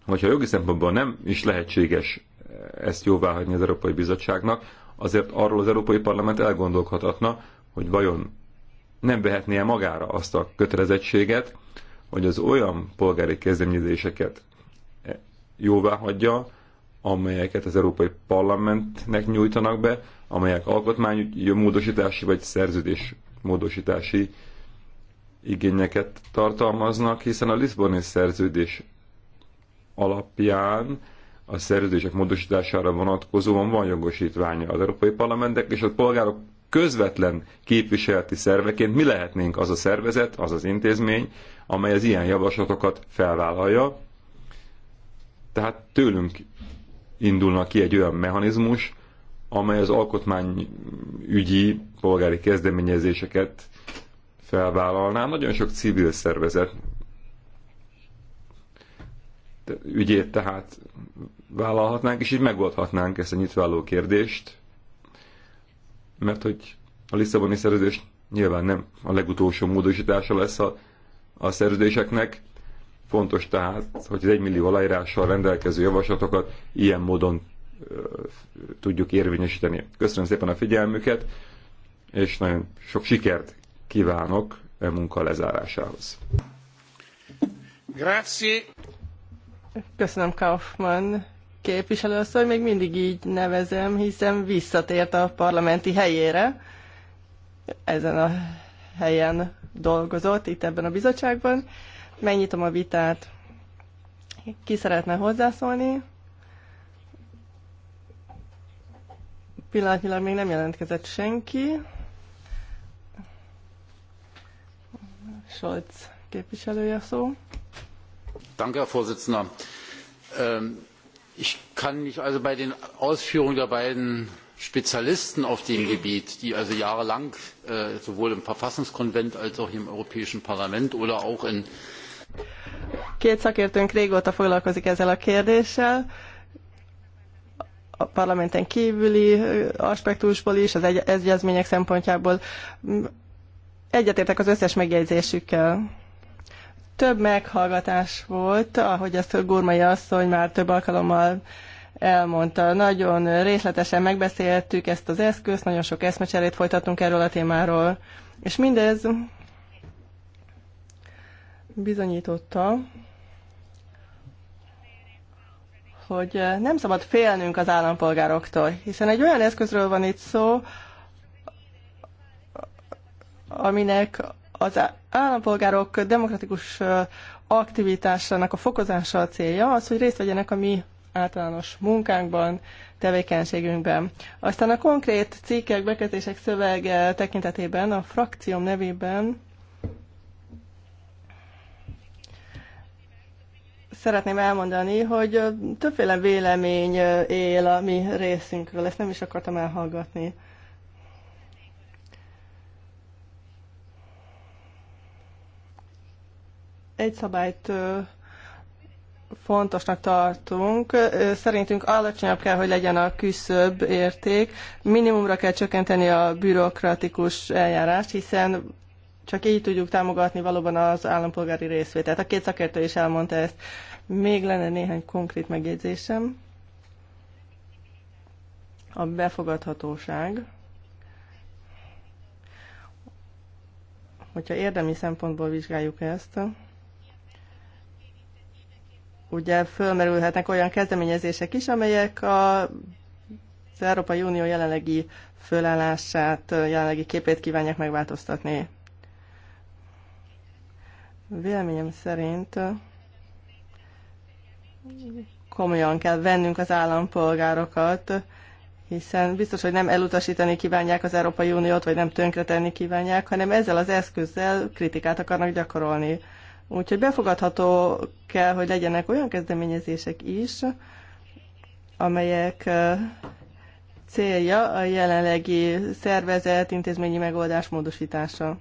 D: Hogyha jogi szempontból nem is lehetséges eh, ezt jóváhagyni az Európai Bizottságnak, azért arról az Európai Parlament elgondolkodhatna, hogy vajon nem vehetné -e magára azt a kötelezettséget, hogy az olyan polgári kezdeményezéseket eh, jóvá hagyja, amelyeket az Európai Parlamentnek nyújtanak be, amelyek alkotmánymódosítási vagy szerződés módosítási igényeket tartalmaznak, hiszen a Lisboni szerződés alapján a szerződések módosítására vonatkozóan van jogosítványa az Európai Parlamentnek, és a polgárok közvetlen képviseleti szerveként mi lehetnénk az a szervezet, az az intézmény, amely az ilyen javaslatokat felvállalja. Tehát tőlünk indulna ki egy olyan mechanizmus, amely az alkotmányügyi polgári kezdeményezéseket felvállalná. Nagyon sok civil szervezet ügyét tehát vállalhatnánk, és így megoldhatnánk ezt a nyitváló kérdést, mert hogy a Lisszaboni szerződés nyilván nem a legutolsó módosítása lesz a, a szerződéseknek, Fontos tehát, hogy az egymillió aláírással rendelkező javaslatokat ilyen módon tudjuk érvényesíteni. Köszönöm szépen a figyelmüket, és nagyon sok sikert kívánok e munka lezárásához.
C: Grazie.
B: Köszönöm Kaufmann hogy még mindig így nevezem, hiszen visszatért a parlamenti helyére. Ezen a helyen dolgozott, itt ebben a bizottságban. Megnyitom a vitát. Ki szeretne hozzászólni? Pillanatnyilag még nem jelentkezett senki. Scholz képviselője szó.
A: Danke, Herr Vorsitzender. Ähm, ich kann mich also bei den Ausführungen der beiden Spezialisten auf dem Gebiet, die also jahrelang äh, sowohl im Verfassungskonvent als auch im Europäischen Parlament oder auch in
B: Két szakértőnk régóta foglalkozik ezzel a kérdéssel, a parlamenten kívüli aspektusból is, az egyezmények szempontjából. Egyetértek az összes megjegyzésükkel. Több meghallgatás volt, ahogy ezt Gurmai asszony már több alkalommal elmondta. Nagyon részletesen megbeszéltük ezt az eszközt, nagyon sok eszmecserét folytattunk erről a témáról, és mindez bizonyította, hogy eh, nem szabad félnünk az állampolgároktól, hiszen egy olyan eszközről van itt szó, aminek az állampolgárok demokratikus eh, aktivitásának a fokozása a célja, az, hogy részt vegyenek a mi általános munkánkban, tevékenységünkben. Aztán a konkrét cikkek, bekezdések szövege tekintetében a frakcióm nevében szeretném elmondani, hogy többféle vélemény él a mi részünkről, ezt nem is akartam elhallgatni. Egy szabályt fontosnak tartunk. Szerintünk alacsonyabb kell, hogy legyen a küszöbb érték. Minimumra kell csökkenteni a bürokratikus eljárást, hiszen csak így tudjuk támogatni valóban az állampolgári részvételt. A két szakértő is elmondta ezt. Még lenne néhány konkrét megjegyzésem. A befogadhatóság. Hogyha érdemi szempontból vizsgáljuk ezt, ugye fölmerülhetnek olyan kezdeményezések is, amelyek a, az Európai Unió jelenlegi fölállását, jelenlegi képét kívánják megváltoztatni. Véleményem szerint komolyan kell vennünk az állampolgárokat, hiszen biztos, hogy nem elutasítani kívánják az Európai Uniót, vagy nem tönkretenni kívánják, hanem ezzel az eszközzel kritikát akarnak gyakorolni. Úgyhogy befogadható kell, hogy legyenek olyan kezdeményezések is, amelyek célja a jelenlegi szervezet intézményi megoldás módosítása.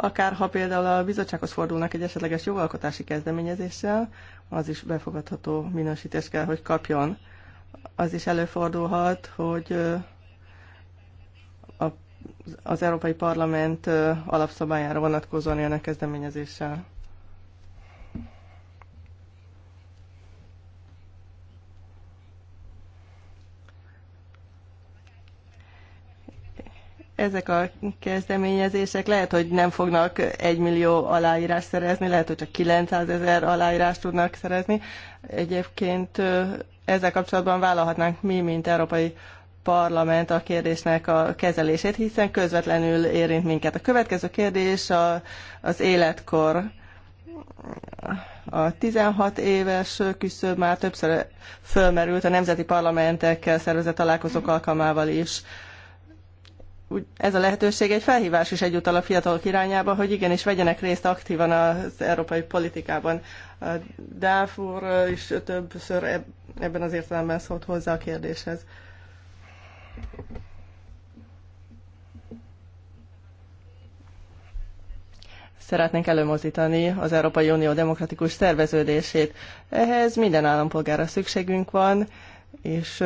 B: akár ha például a bizottsághoz fordulnak egy esetleges jogalkotási kezdeményezéssel, az is befogadható minősítés kell, hogy kapjon. Az is előfordulhat, hogy az Európai Parlament alapszabályára vonatkozóan jön a kezdeményezéssel. ezek a kezdeményezések lehet, hogy nem fognak egy millió aláírást szerezni, lehet, hogy csak 900 ezer aláírást tudnak szerezni. Egyébként ezzel kapcsolatban vállalhatnánk mi, mint Európai Parlament a kérdésnek a kezelését, hiszen közvetlenül érint minket. A következő kérdés a, az életkor. A 16 éves küszöb már többször fölmerült a nemzeti parlamentekkel szervezett találkozók alkalmával is ez a lehetőség egy felhívás is egyúttal a fiatalok irányába, hogy igenis vegyenek részt aktívan az európai politikában. A Dáv úr is többször ebben az értelemben szólt hozzá a kérdéshez. Szeretnénk előmozdítani az Európai Unió demokratikus szerveződését. Ehhez minden állampolgára szükségünk van, és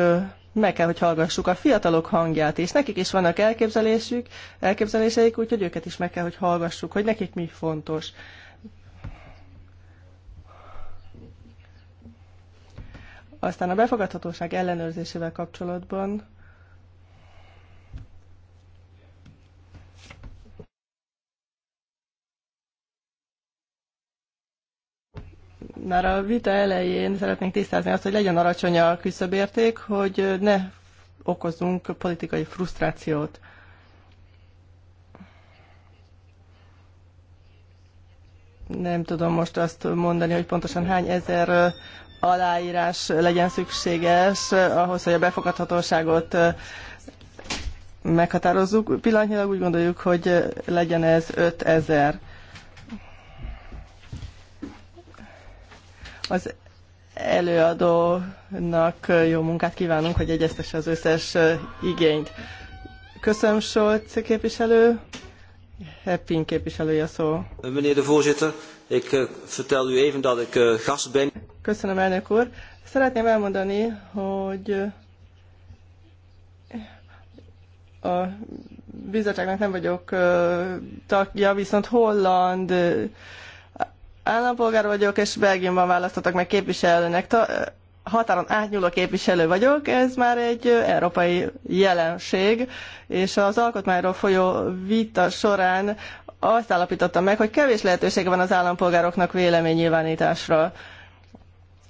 B: meg kell, hogy hallgassuk a fiatalok hangját, és nekik is vannak elképzelésük, elképzeléseik, úgyhogy őket is meg kell, hogy hallgassuk, hogy nekik mi fontos. Aztán a befogadhatóság ellenőrzésével kapcsolatban már a vita elején szeretnénk tisztázni azt, hogy legyen alacsony a küszöbérték, hogy ne okozunk politikai frusztrációt. Nem tudom most azt mondani, hogy pontosan hány ezer aláírás legyen szükséges ahhoz, hogy a befogadhatóságot meghatározzuk. Pillanatnyilag úgy gondoljuk, hogy legyen ez 5000. Az előadónak jó munkát kívánunk, hogy egyeztesse az összes igényt. Köszönöm, Solc képviselő. Heppin képviselője a szó.
A: Meneer de voorzitter, ik eh, vertel u even dat ik eh, gast ben.
B: Köszönöm, elnök úr. Szeretném elmondani, hogy eh, a bizottságnak nem vagyok tagja, viszont holland állampolgár vagyok, és Belgiumban választottak meg képviselőnek. Ta, határon átnyúló képviselő vagyok, ez már egy európai jelenség, és az alkotmányról folyó vita során azt állapítottam meg, hogy kevés lehetősége van az állampolgároknak véleménynyilvánításra.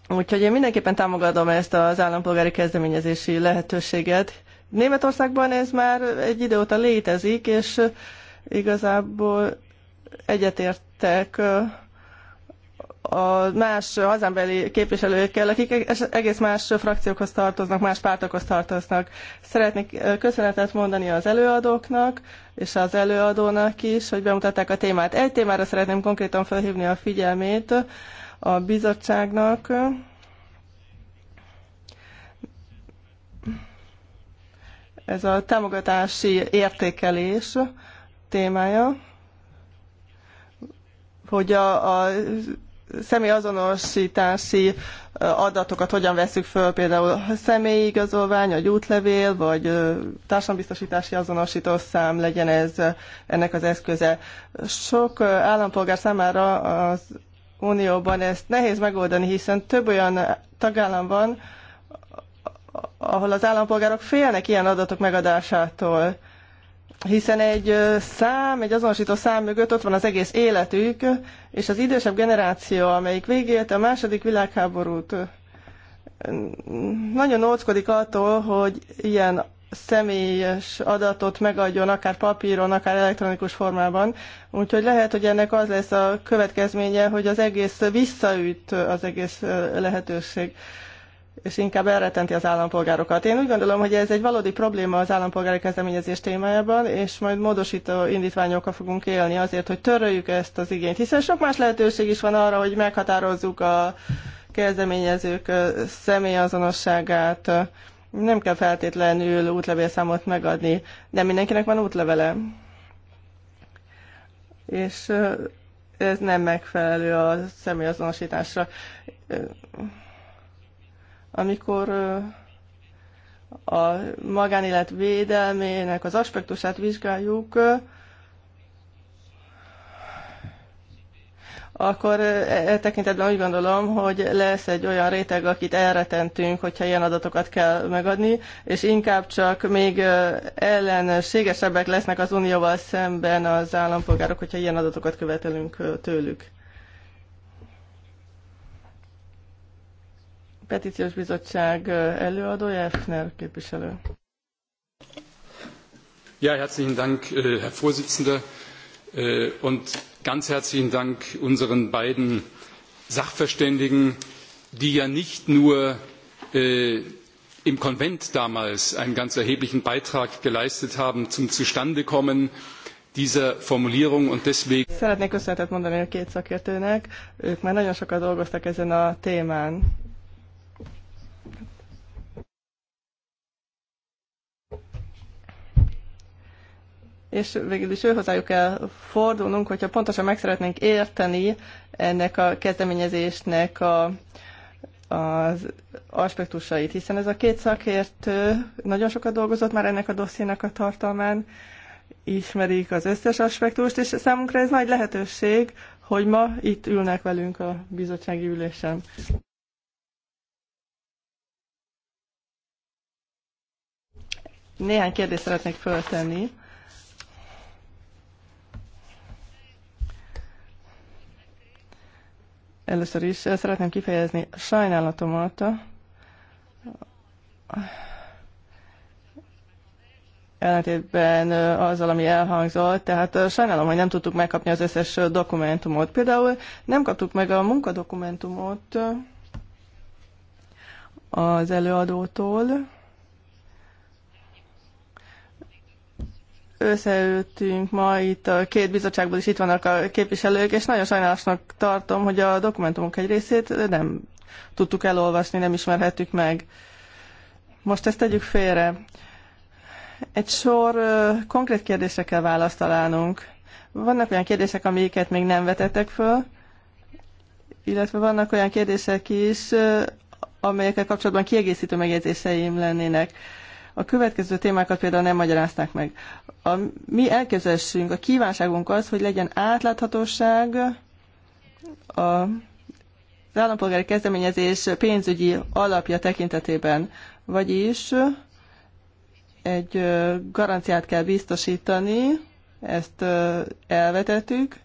B: Úgyhogy én mindenképpen támogatom ezt az állampolgári kezdeményezési lehetőséget. Németországban ez már egy idő óta létezik, és igazából egyetértek a más hazámbeli képviselőkkel, akik egész más frakciókhoz tartoznak, más pártokhoz tartoznak. Szeretnék köszönetet mondani az előadóknak és az előadónak is, hogy bemutatták a témát. Egy témára szeretném konkrétan felhívni a figyelmét a bizottságnak. Ez a támogatási értékelés témája, hogy a, a személyazonosítási adatokat hogyan veszük föl, például a személyigazolvány, a útlevél, vagy társadalombiztosítási azonosító legyen ez ennek az eszköze. Sok állampolgár számára az Unióban ezt nehéz megoldani, hiszen több olyan tagállam van, ahol az állampolgárok félnek ilyen adatok megadásától hiszen egy szám, egy azonosító szám mögött ott van az egész életük, és az idősebb generáció, amelyik végélte a második világháborút, nagyon óckodik attól, hogy ilyen személyes adatot megadjon, akár papíron, akár elektronikus formában. Úgyhogy lehet, hogy ennek az lesz a következménye, hogy az egész visszaüt az egész lehetőség és inkább elretenti az állampolgárokat. Én úgy gondolom, hogy ez egy valódi probléma az állampolgári kezdeményezés témájában, és majd módosító indítványokkal fogunk élni azért, hogy töröljük ezt az igényt, hiszen sok más lehetőség is van arra, hogy meghatározzuk a kezdeményezők személyazonosságát, nem kell feltétlenül útlevélszámot megadni, de mindenkinek van útlevele. És ez nem megfelelő a személyazonosításra amikor a magánélet védelmének az aspektusát vizsgáljuk, akkor e, e tekintetben úgy gondolom, hogy lesz egy olyan réteg, akit elretentünk, hogyha ilyen adatokat kell megadni, és inkább csak még ellenségesebbek lesznek az unióval szemben az állampolgárok, hogyha ilyen adatokat követelünk tőlük. petíciós bizottság előadója, Efner képviselő.
D: Ja, herzlichen Dank, äh, Herr Vorsitzender, äh, und ganz herzlichen Dank unseren beiden Sachverständigen, die ja nicht nur äh, im Konvent damals einen ganz erheblichen Beitrag geleistet haben zum Zustandekommen dieser Formulierung und deswegen...
B: Szeretnék köszönetet mondani a két szakértőnek, ők már nagyon sokat dolgoztak ezen a témán. és végül is őhozzájuk kell fordulnunk, hogyha pontosan meg szeretnénk érteni ennek a kezdeményezésnek a, az aspektusait, hiszen ez a két szakértő nagyon sokat dolgozott már ennek a dossziénak a tartalmán, ismerik az összes aspektust, és számunkra ez nagy lehetőség, hogy ma itt ülnek velünk a bizottsági ülésen. Néhány kérdést szeretnék föltenni Először is eh, szeretném kifejezni a sajnálatomat ellentétben eh, azzal, ami elhangzott. Tehát eh, sajnálom, hogy nem tudtuk megkapni az összes dokumentumot. Például nem kaptuk meg a munkadokumentumot az előadótól, összeültünk ma itt a két bizottságból is itt vannak a képviselők, és nagyon sajnálatosnak tartom, hogy a dokumentumok egy részét nem tudtuk elolvasni, nem ismerhettük meg. Most ezt tegyük félre. Egy sor konkrét kérdésre kell választ találnunk. Vannak olyan kérdések, amiket még nem vetettek föl, illetve vannak olyan kérdések is, amelyekkel kapcsolatban kiegészítő megjegyzéseim lennének a következő témákat például nem magyarázták meg. A mi elképzelésünk, a kívánságunk az, hogy legyen átláthatóság a az állampolgári kezdeményezés pénzügyi alapja tekintetében, vagyis egy garanciát kell biztosítani, ezt elvetettük.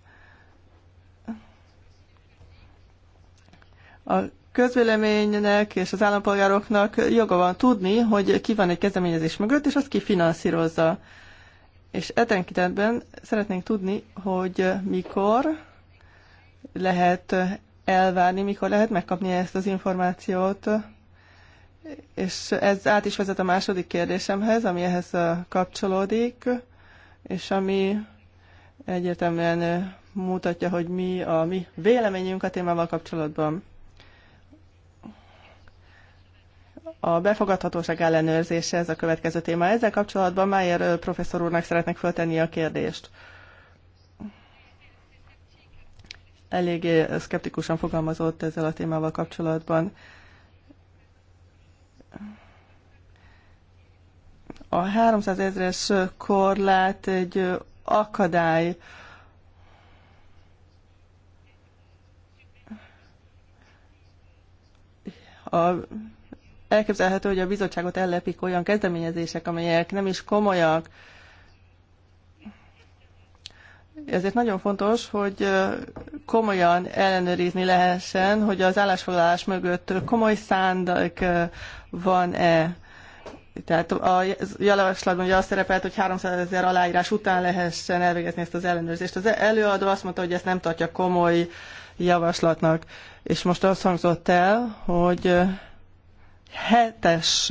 B: A közvéleménynek és az állampolgároknak joga van tudni, hogy ki van egy kezdeményezés mögött, és azt ki finanszírozza. És etenkitetben szeretnénk tudni, hogy mikor lehet elvárni, mikor lehet megkapni ezt az információt. És ez át is vezet a második kérdésemhez, ami ehhez kapcsolódik, és ami egyértelműen mutatja, hogy mi a mi véleményünk a témával kapcsolatban. A befogadhatóság ellenőrzése ez a következő téma. Ezzel kapcsolatban Májer professzor úrnak szeretnék föltenni a kérdést. Eléggé szkeptikusan fogalmazott ezzel a témával kapcsolatban. A 300 ezres korlát egy akadály, a elképzelhető, hogy a bizottságot ellepik olyan kezdeményezések, amelyek nem is komolyak. Ezért nagyon fontos, hogy komolyan ellenőrizni lehessen, hogy az állásfoglalás mögött komoly szándék van-e. Tehát a javaslatban ugye azt szerepelt, hogy 300 ezer aláírás után lehessen elvégezni ezt az ellenőrzést. Az előadó azt mondta, hogy ezt nem tartja komoly javaslatnak. És most azt hangzott el, hogy hetes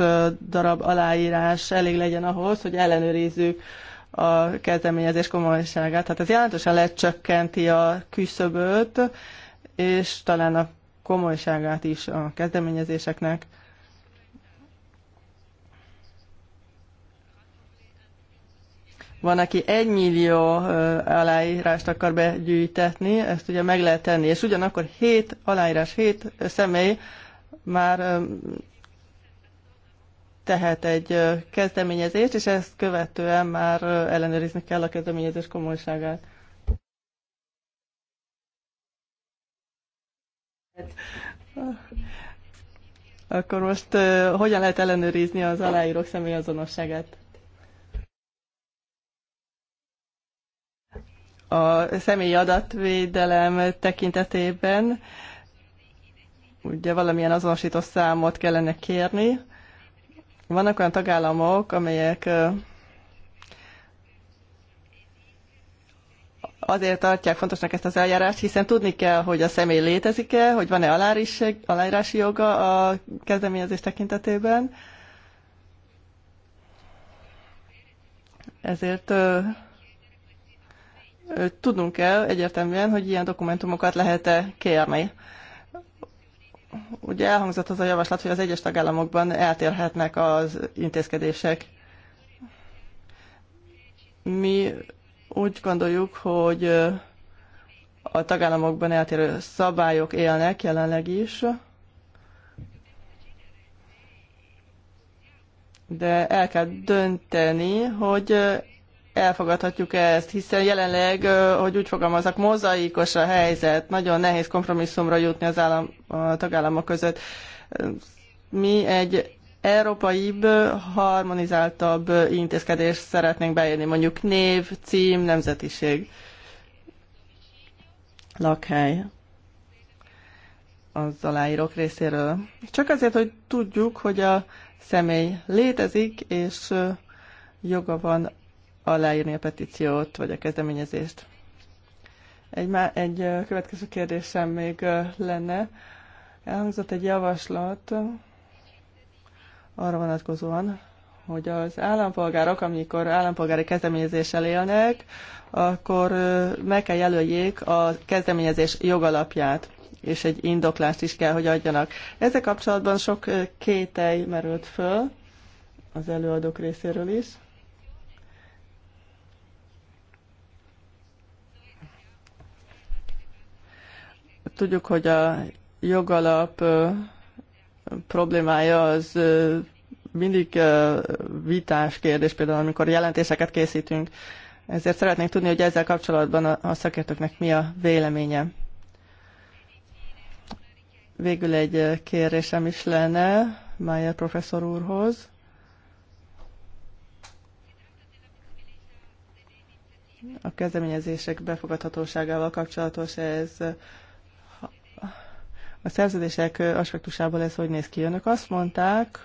B: darab aláírás elég legyen ahhoz, hogy ellenőrizzük a kezdeményezés komolyságát. Tehát ez jelentősen lecsökkenti a küszöböt, és talán a komolyságát is a kezdeményezéseknek. Van, aki egy millió aláírást akar begyűjtetni, ezt ugye meg lehet tenni, és ugyanakkor hét aláírás, hét személy már tehet egy kezdeményezést, és ezt követően már ellenőrizni kell a kezdeményezés komolyságát. Akkor most uh, hogyan lehet ellenőrizni az aláírók személyazonosságát? A személyi adatvédelem tekintetében ugye valamilyen azonosító számot kellene kérni, vannak olyan tagállamok, amelyek azért tartják fontosnak ezt az eljárást, hiszen tudni kell, hogy a személy létezik-e, hogy van-e aláírási joga a kezdeményezés tekintetében. Ezért ö, ö, tudnunk kell egyértelműen, hogy ilyen dokumentumokat lehet-e kérni ugye elhangzott az a javaslat, hogy az egyes tagállamokban eltérhetnek az intézkedések. Mi úgy gondoljuk, hogy a tagállamokban eltérő szabályok élnek jelenleg is, de el kell dönteni, hogy elfogadhatjuk ezt, hiszen jelenleg, hogy úgy fogalmazok, mozaikos a helyzet, nagyon nehéz kompromisszumra jutni az állam, a tagállamok között. Mi egy európaibb, harmonizáltabb intézkedést szeretnénk beírni, mondjuk név, cím, nemzetiség, lakhely az aláírók részéről. Csak azért, hogy tudjuk, hogy a személy létezik, és joga van aláírni a petíciót, vagy a kezdeményezést. Egy, má, egy következő kérdésem még lenne. Elhangzott egy javaslat arra vonatkozóan, hogy az állampolgárok, amikor állampolgári kezdeményezéssel élnek, akkor meg kell jelöljék a kezdeményezés jogalapját, és egy indoklást is kell, hogy adjanak. Ezzel kapcsolatban sok kételj merült föl az előadók részéről is. Tudjuk, hogy a jogalap problémája az mindig vitás kérdés, például amikor jelentéseket készítünk. Ezért szeretnénk tudni, hogy ezzel kapcsolatban a szakértőknek mi a véleménye. Végül egy kérésem is lenne Mayer professzor úrhoz. A kezdeményezések befogadhatóságával kapcsolatos ez a szerződések aspektusából ez hogy néz ki? Önök azt mondták,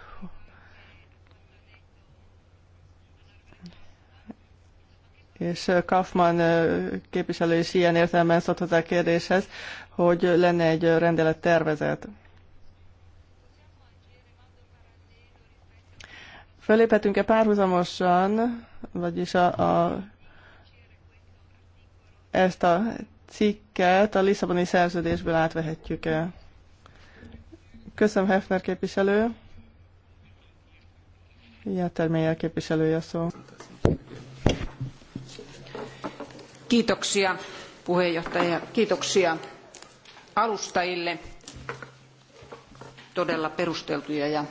B: és Kaufman képviselő is ilyen értelemben szólt hozzá a kérdéshez, hogy lenne egy rendelet tervezet. Föléphetünk-e párhuzamosan, vagyis a, a, ezt a cikket a Lisszaboni szerződésből átvehetjük-e? Köszönöm, Hefner képviselő. Ilyen Jätermeijer képviselője szó.
A: Kiitoksia puheenjohtaja, kiitoksia alustajille. Todella perusteltuja ja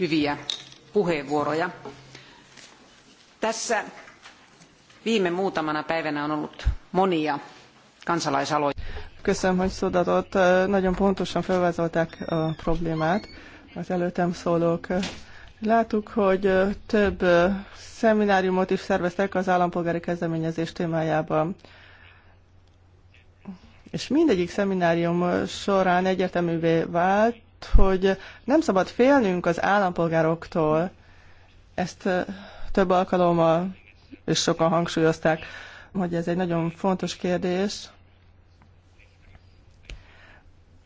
A: hyviä puheenvuoroja.
C: Tässä viime muutamana päivänä on ollut monia
B: kansalaisaloja köszönöm, hogy szódatott. Nagyon pontosan felvázolták a problémát az előttem szólók. Láttuk, hogy több szemináriumot is szerveztek az állampolgári kezdeményezés témájában. És mindegyik szeminárium során egyértelművé vált, hogy nem szabad félnünk az állampolgároktól. Ezt több alkalommal és sokan hangsúlyozták, hogy ez egy nagyon fontos kérdés,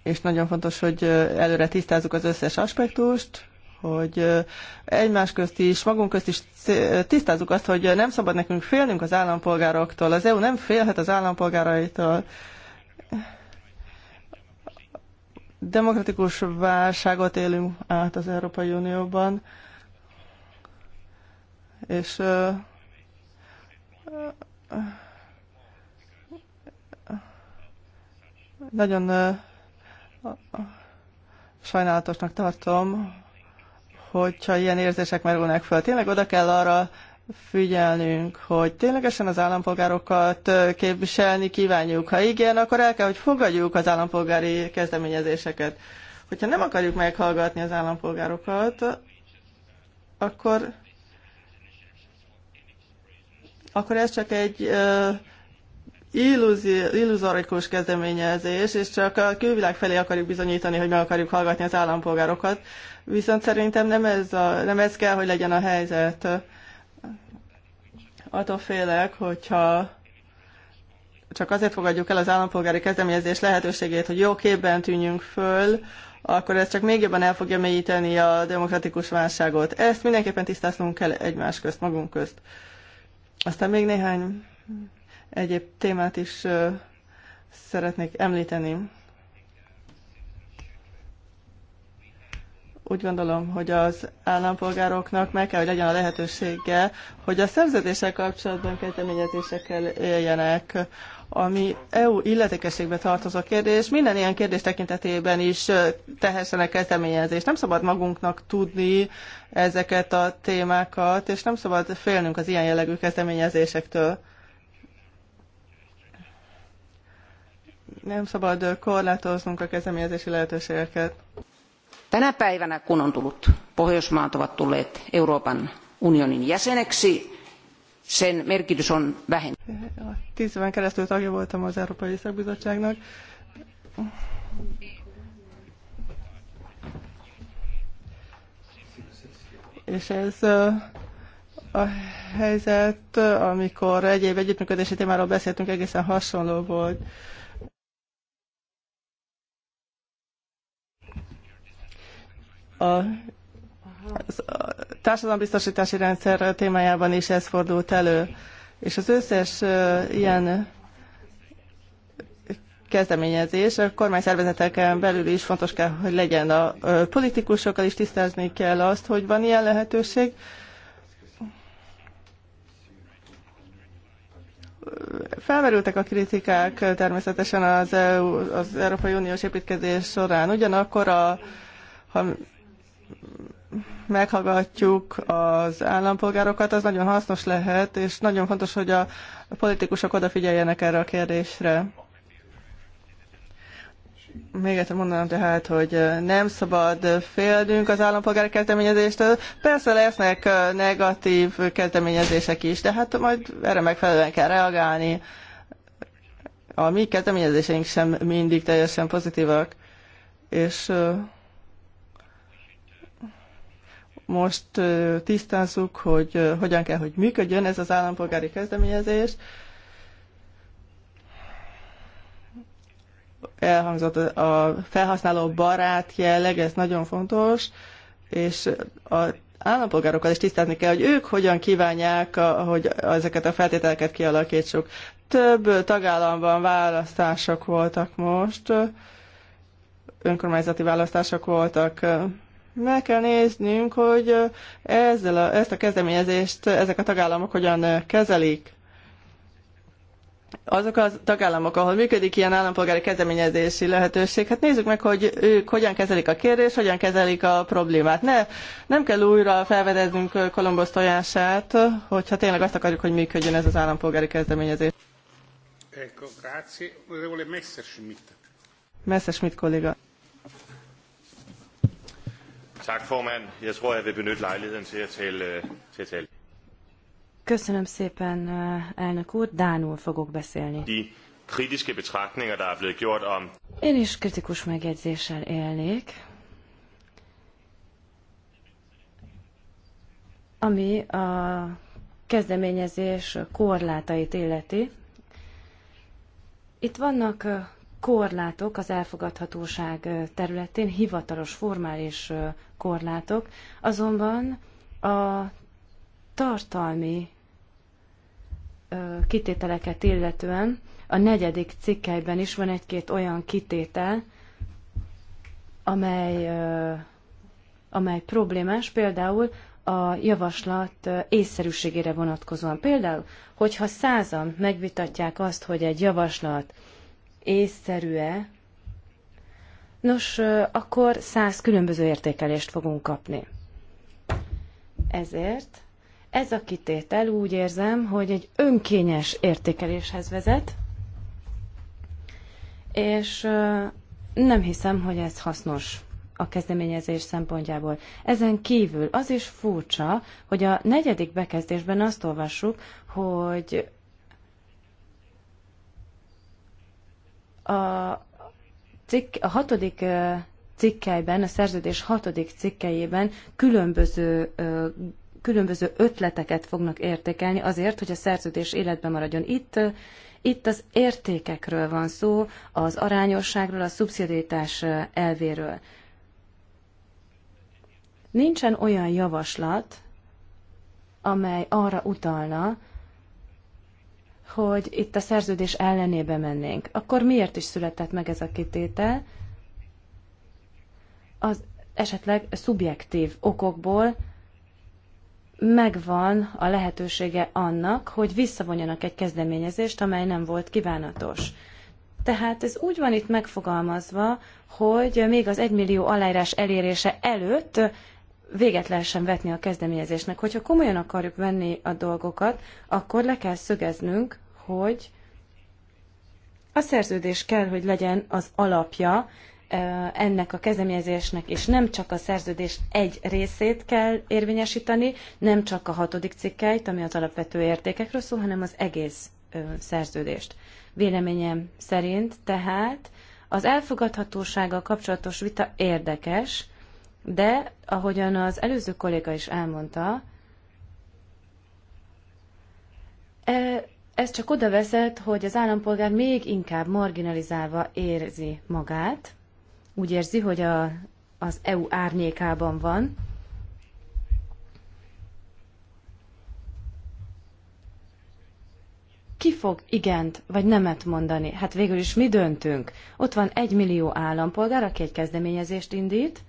B: és nagyon fontos, hogy előre tisztázzuk az összes aspektust, hogy egymás közt is, magunk közt is tisztázzuk azt, hogy nem szabad nekünk félnünk az állampolgároktól. Az EU nem félhet az állampolgáraitól. Demokratikus válságot élünk át az Európai Unióban, és nagyon sajnálatosnak tartom, hogyha ilyen érzések merülnek föl. Tényleg oda kell arra figyelnünk, hogy ténylegesen az állampolgárokat képviselni kívánjuk. Ha igen, akkor el kell, hogy fogadjuk az állampolgári kezdeményezéseket. Hogyha nem akarjuk meghallgatni az állampolgárokat, akkor, akkor ez csak egy uh, illuzorikus kezdeményezés, és csak a külvilág felé akarjuk bizonyítani, hogy meg akarjuk hallgatni az állampolgárokat. Viszont szerintem nem ez, a, nem ez kell, hogy legyen a helyzet. Attól félek, hogyha csak azért fogadjuk el az állampolgári kezdeményezés lehetőségét, hogy jó képben tűnjünk föl, akkor ez csak még jobban el fogja mélyíteni a demokratikus válságot. Ezt mindenképpen tisztáznunk kell egymás közt, magunk közt. Aztán még néhány egyéb témát is szeretnék említeni. Úgy gondolom, hogy az állampolgároknak meg kell, hogy legyen a lehetősége, hogy a szerződéssel kapcsolatban kezdeményezésekkel éljenek, ami EU illetékességbe tartozó kérdés, minden ilyen kérdés tekintetében is tehessenek kezdeményezést. Nem szabad magunknak tudni ezeket a témákat, és nem szabad félnünk az ilyen jellegű kezdeményezésektől nem szabad korlátoznunk a kezdeményezési lehetőségeket.
A: Tänä päivänä, kun on tullut, Pohjoismaat ovat tulleet Euroopan unionin jäseneksi, sen merkitys on
C: vähentynyt. Tíz
B: éven keresztül tagja voltam az Európai Szakbizottságnak. És ez a helyzet, amikor egyéb együttműködési témáról beszéltünk, egészen hasonló volt. A társadalombiztosítási rendszer témájában is ez fordult elő, és az összes ilyen kezdeményezés a kormányszervezeteken belül is fontos kell, hogy legyen a politikusokkal is tisztázni kell azt, hogy van ilyen lehetőség, felmerültek a kritikák természetesen az, EU, az Európai Uniós építkezés során. Ugyanakkor a, ha meghallgatjuk az állampolgárokat, az nagyon hasznos lehet, és nagyon fontos, hogy a politikusok odafigyeljenek erre a kérdésre. Még egyszer mondanám tehát, hogy nem szabad félnünk az állampolgári kezdeményezéstől. Persze lesznek negatív kezdeményezések is, de hát majd erre megfelelően kell reagálni. A mi kezdeményezéseink sem mindig teljesen pozitívak, és most tisztázzuk, hogy hogyan kell, hogy működjön ez az állampolgári kezdeményezés. Elhangzott a felhasználó barát jelleg, ez nagyon fontos, és a állampolgárokkal is tisztázni kell, hogy ők hogyan kívánják, hogy ezeket a feltételeket kialakítsuk. Több tagállamban választások voltak most, önkormányzati választások voltak meg kell néznünk, hogy ezzel a, ezt a kezdeményezést ezek a tagállamok hogyan kezelik. Azok a tagállamok, ahol működik ilyen állampolgári kezdeményezési lehetőség, hát nézzük meg, hogy ők hogyan kezelik a kérdést, hogyan kezelik a problémát. Ne, nem kell újra felvedeznünk Kolumbusz tojását, hogyha tényleg azt akarjuk, hogy működjön ez az állampolgári kezdeményezés.
A: Ecco, grazie.
B: Messerschmidt. Messerschmidt kolléga. Tak, formand. Jeg tror, jeg vil benytte lejligheden til at tale, øh, til at tale.
C: Köszönöm szépen, elnök úr. Dánul fogok beszélni. De kritiske betragtninger, der er blevet gjort om... Én is kritikus megjegyzéssel élnék, ami a kezdeményezés korlátait illeti. Itt vannak korlátok az elfogadhatóság területén, hivatalos, formális korlátok, azonban a tartalmi kitételeket illetően a negyedik cikkelyben is van egy-két olyan kitétel, amely, amely problémás, például a javaslat észszerűségére vonatkozóan. Például, hogyha százan megvitatják azt, hogy egy javaslat észszerű-e, nos, akkor száz különböző értékelést fogunk kapni. Ezért ez a kitétel úgy érzem, hogy egy önkényes értékeléshez vezet, és nem hiszem, hogy ez hasznos a kezdeményezés szempontjából. Ezen kívül az is furcsa, hogy a negyedik bekezdésben azt olvassuk, hogy A, cikk, a hatodik cikkelyben, a szerződés hatodik cikkelyében különböző különböző ötleteket fognak értékelni azért, hogy a szerződés életben maradjon. Itt, itt az értékekről van szó, az arányosságról, a szubszidiaritás elvéről. Nincsen olyan javaslat, amely arra utalna, hogy itt a szerződés ellenébe mennénk. Akkor miért is született meg ez a kitétel? Az esetleg szubjektív okokból megvan a lehetősége annak, hogy visszavonjanak egy kezdeményezést, amely nem volt kívánatos. Tehát ez úgy van itt megfogalmazva, hogy még az egymillió aláírás elérése előtt véget lehessen vetni a kezdeményezésnek. Hogyha komolyan akarjuk venni a dolgokat, akkor le kell szögeznünk, hogy a szerződés kell, hogy legyen az alapja ennek a kezdeményezésnek, és nem csak a szerződés egy részét kell érvényesíteni, nem csak a hatodik cikkeit, ami az alapvető értékekről szól, hanem az egész szerződést. Véleményem szerint tehát az elfogadhatósággal kapcsolatos vita érdekes, de ahogyan az előző kolléga is elmondta, ez csak oda vezet, hogy az állampolgár még inkább marginalizálva érzi magát, úgy érzi, hogy a, az EU árnyékában van, ki fog igent vagy nemet mondani? Hát végül is mi döntünk? Ott van egy millió állampolgár, aki egy kezdeményezést indít,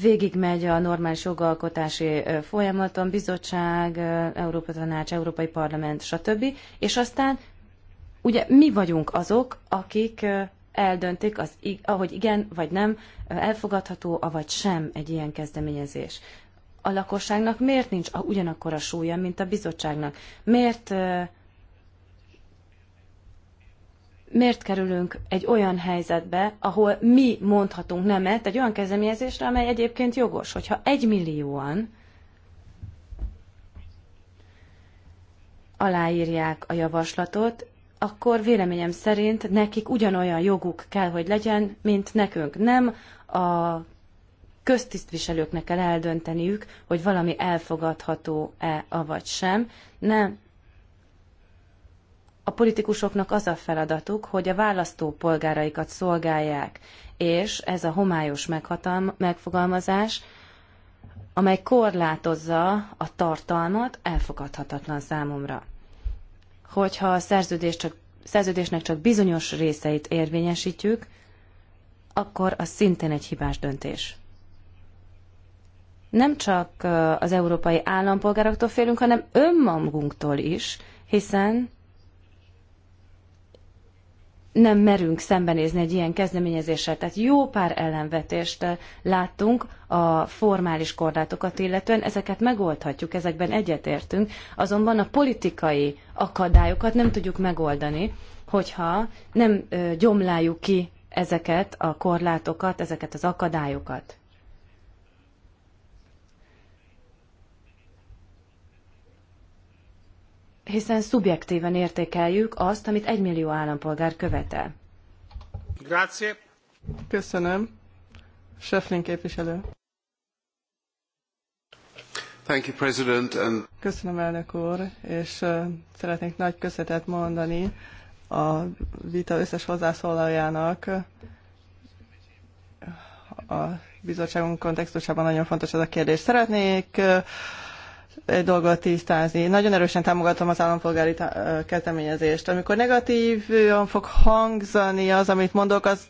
C: végigmegy a normális jogalkotási folyamaton, bizottság, Európa Tanács, Európai Parlament, stb. És aztán ugye mi vagyunk azok, akik eldöntik, az, ahogy igen vagy nem, elfogadható, avagy sem egy ilyen kezdeményezés. A lakosságnak miért nincs ugyanakkor a súlya, mint a bizottságnak? Miért miért kerülünk egy olyan helyzetbe, ahol mi mondhatunk nemet egy olyan kezdeményezésre, amely egyébként jogos. Hogyha millióan aláírják a javaslatot, akkor véleményem szerint nekik ugyanolyan joguk kell, hogy legyen, mint nekünk. Nem a köztisztviselőknek kell eldönteniük, hogy valami elfogadható-e, avagy sem. Nem, a politikusoknak az a feladatuk, hogy a választópolgáraikat szolgálják, és ez a homályos meghatalm, megfogalmazás, amely korlátozza a tartalmat, elfogadhatatlan számomra. Hogyha a szerződés csak, szerződésnek csak bizonyos részeit érvényesítjük, akkor az szintén egy hibás döntés. Nem csak az európai állampolgároktól félünk, hanem önmagunktól is, hiszen nem merünk szembenézni egy ilyen kezdeményezéssel. Tehát jó pár ellenvetést eh, láttunk a formális korlátokat illetően, ezeket megoldhatjuk, ezekben egyetértünk, azonban a politikai akadályokat nem tudjuk megoldani, hogyha nem eh, gyomláljuk ki ezeket a korlátokat, ezeket az akadályokat. hiszen szubjektíven értékeljük azt, amit egymillió állampolgár követel. Grazie. Köszönöm. Schöffling
B: képviselő.
A: Thank you, President. And...
B: Köszönöm, elnök úr, és szeretnék nagy köszönetet mondani a vita összes hozzászólaljának. A bizottságunk kontextusában nagyon fontos ez a kérdés. Szeretnék dolgot tisztázni. Nagyon erősen támogatom az állampolgári tá- kezdeményezést. Amikor negatívan fog hangzani az, amit mondok, az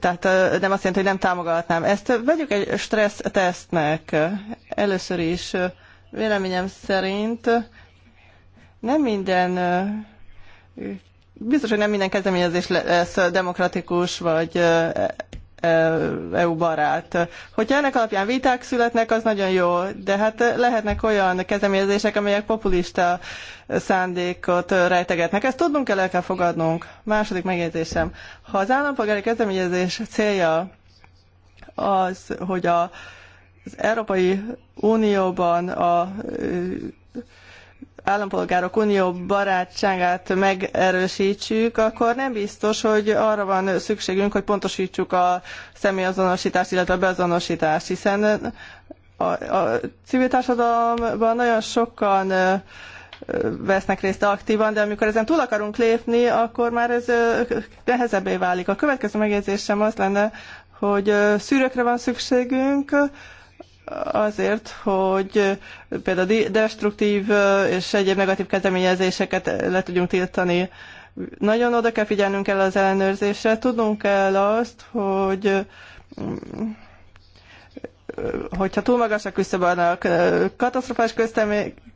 B: tehát nem azt jelenti, hogy nem támogatnám. Ezt vegyük egy stressz tesztnek. Először is véleményem szerint nem minden biztos, hogy nem minden kezdeményezés lesz demokratikus vagy EU barát. Hogyha ennek alapján viták születnek, az nagyon jó, de hát lehetnek olyan kezdeményezések, amelyek populista szándékot rejtegetnek. Ezt tudnunk kell, el kell fogadnunk. Második megjegyzésem. Ha az állampolgári kezdeményezés célja az, hogy a, az Európai Unióban a állampolgárok unió barátságát megerősítsük, akkor nem biztos, hogy arra van szükségünk, hogy pontosítsuk a személyazonosítást, illetve a beazonosítást, hiszen a, a civil társadalomban nagyon sokan vesznek részt aktívan, de amikor ezen túl akarunk lépni, akkor már ez nehezebbé válik. A következő megjegyzésem az lenne, hogy szűrőkre van szükségünk, azért, hogy például destruktív és egyéb negatív kezdeményezéseket le tudjunk tiltani. Nagyon oda kell figyelnünk kell az ellenőrzésre, tudnunk kell azt, hogy hogyha túl magas a küszöb, annak katasztrofás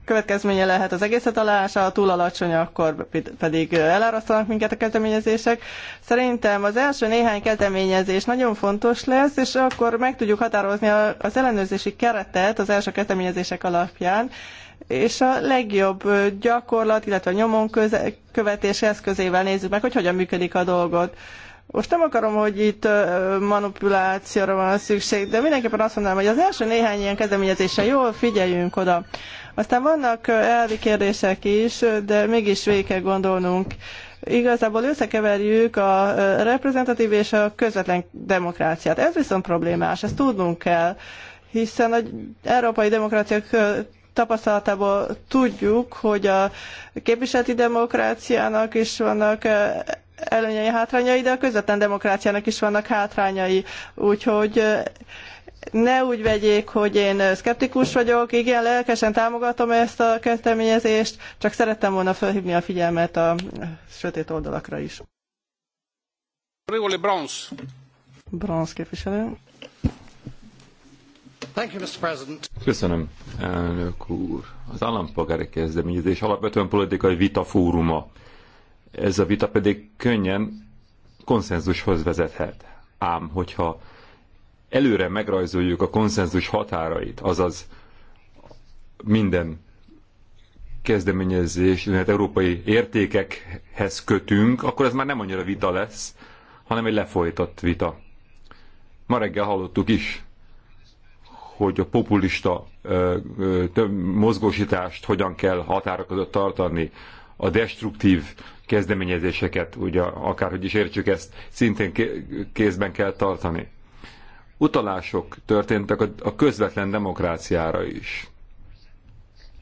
B: következménye lehet az egészet alása, ha túl alacsony, akkor pedig elárasztanak minket a kezdeményezések. Szerintem az első néhány kezdeményezés nagyon fontos lesz, és akkor meg tudjuk határozni az ellenőrzési keretet az első kezdeményezések alapján, és a legjobb gyakorlat, illetve a nyomon követés eszközével nézzük meg, hogy hogyan működik a dolgot most nem akarom, hogy itt manipulációra van szükség, de mindenképpen azt mondanám, hogy az első néhány ilyen kezdeményezésre jól figyeljünk oda. Aztán vannak elvi kérdések is, de mégis végig kell gondolnunk. Igazából összekeverjük a reprezentatív és a közvetlen demokráciát. Ez viszont problémás, ezt tudnunk kell, hiszen az európai demokráciák tapasztalatából tudjuk, hogy a képviseleti demokráciának is vannak előnyei, hátrányai, de a közvetlen demokráciának is vannak hátrányai. Úgyhogy ne úgy vegyék, hogy én szkeptikus vagyok, igen, lelkesen támogatom ezt a kezdeményezést, csak szerettem volna felhívni a figyelmet a sötét oldalakra
A: is. Bronz.
B: Bronz képviselő.
D: Köszönöm, elnök úr. Az állampolgári kezdeményezés alapvetően politikai vita fóruma ez a vita pedig könnyen konszenzushoz vezethet. Ám, hogyha előre megrajzoljuk a konszenzus határait, azaz minden kezdeményezés, tehát európai értékekhez kötünk, akkor ez már nem annyira vita lesz, hanem egy lefolytott vita. Ma reggel hallottuk is, hogy a populista ö, ö, mozgósítást hogyan kell határokat tartani, a destruktív kezdeményezéseket, ugye akárhogy is értsük ezt, szintén kézben kell tartani. Utalások történtek a közvetlen demokráciára is.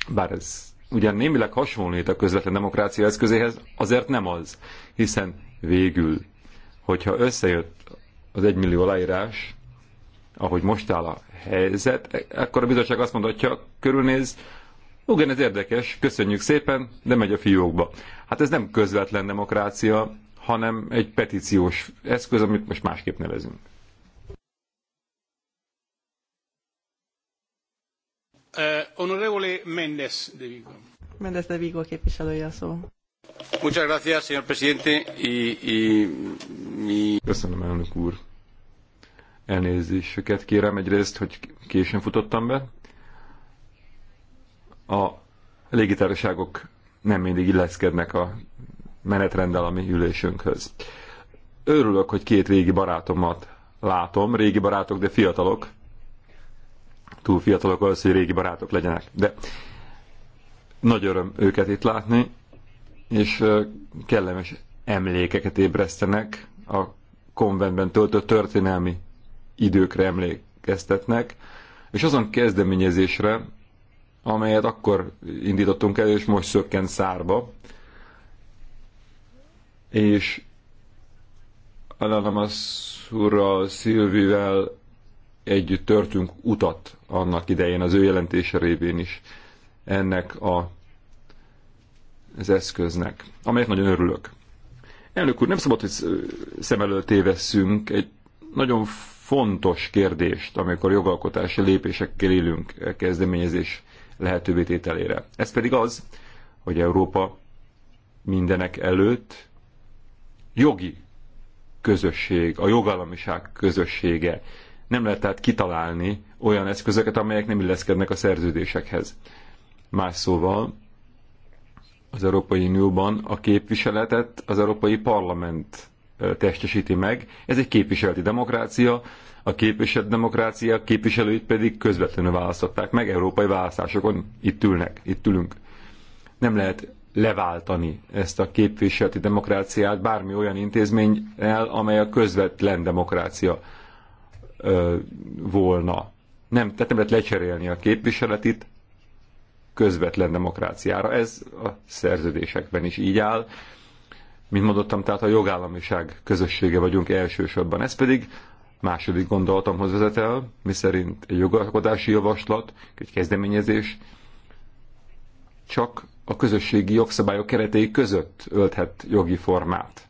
D: Bár ez ugyan némileg hasonlít a közvetlen demokrácia eszközéhez, azért nem az, hiszen végül, hogyha összejött az egymillió aláírás, ahogy most áll a helyzet, akkor e-, a bizottság azt mondhatja, körülnéz, igen, ez érdekes, köszönjük szépen, de megy a fiókba. Hát ez nem közvetlen demokrácia, hanem egy petíciós eszköz, amit most másképp nevezünk. Uh,
A: eh, honorable Mendes de Vigo.
B: Mendes de Vigo képviselője a szó.
A: Muchas gracias, señor presidente,
D: y, y, mi... Köszönöm, elnök úr. Elnézéseket kérem egyrészt, hogy későn futottam be a légitársaságok nem mindig illeszkednek a menetrenddel a mi ülésünkhöz. Örülök, hogy két régi barátomat látom, régi barátok, de fiatalok. Túl fiatalok az, hogy régi barátok legyenek. De nagy öröm őket itt látni, és kellemes emlékeket ébresztenek, a konventben töltött történelmi időkre emlékeztetnek, és azon kezdeményezésre, amelyet akkor indítottunk el, és most szökkent szárba. És úrral, Szilvivel együtt törtünk utat annak idején, az ő jelentése révén is ennek a, az eszköznek, amelyet nagyon örülök. Elnök úr, nem szabad, hogy szem elől tévesszünk egy nagyon fontos kérdést, amikor jogalkotási lépésekkel élünk kezdeményezés lehetővé tételére. Ez pedig az, hogy Európa mindenek előtt jogi közösség, a jogállamiság közössége. Nem lehet tehát kitalálni olyan eszközöket, amelyek nem illeszkednek a szerződésekhez. Más szóval az Európai Unióban a képviseletet az Európai Parlament testesíti meg. Ez egy képviseleti demokrácia, a képviselt demokrácia képviselőit pedig közvetlenül választották meg, európai választásokon itt ülnek, itt ülünk. Nem lehet leváltani ezt a képviseleti demokráciát bármi olyan intézménnyel, amely a közvetlen demokrácia ö, volna. Nem, tehát nem lehet lecserélni a képviseletit közvetlen demokráciára. Ez a szerződésekben is így áll. Mint mondottam, tehát a jogállamiság közössége vagyunk elsősorban. Ez pedig Második gondolatomhoz vezet el, miszerint egy jogalkotási javaslat, egy kezdeményezés csak a közösségi jogszabályok keretei között ölthet jogi formát.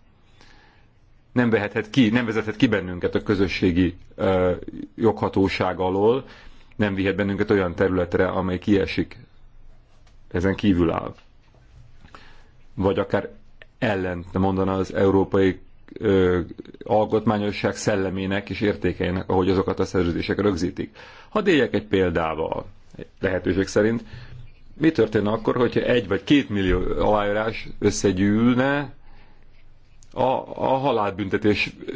D: Nem vehethet ki, nem vezethet ki bennünket a közösségi ö, joghatóság alól, nem vihet bennünket olyan területre, amely kiesik, ezen kívül áll. Vagy akár ellent mondana az európai ö, alkotmányosság szellemének és értékeinek, ahogy azokat a szerződések rögzítik. Hadd éljek egy példával, lehetőség szerint. Mi történne akkor, hogyha egy vagy két millió aláírás összegyűlne a, a halálbüntetés ö,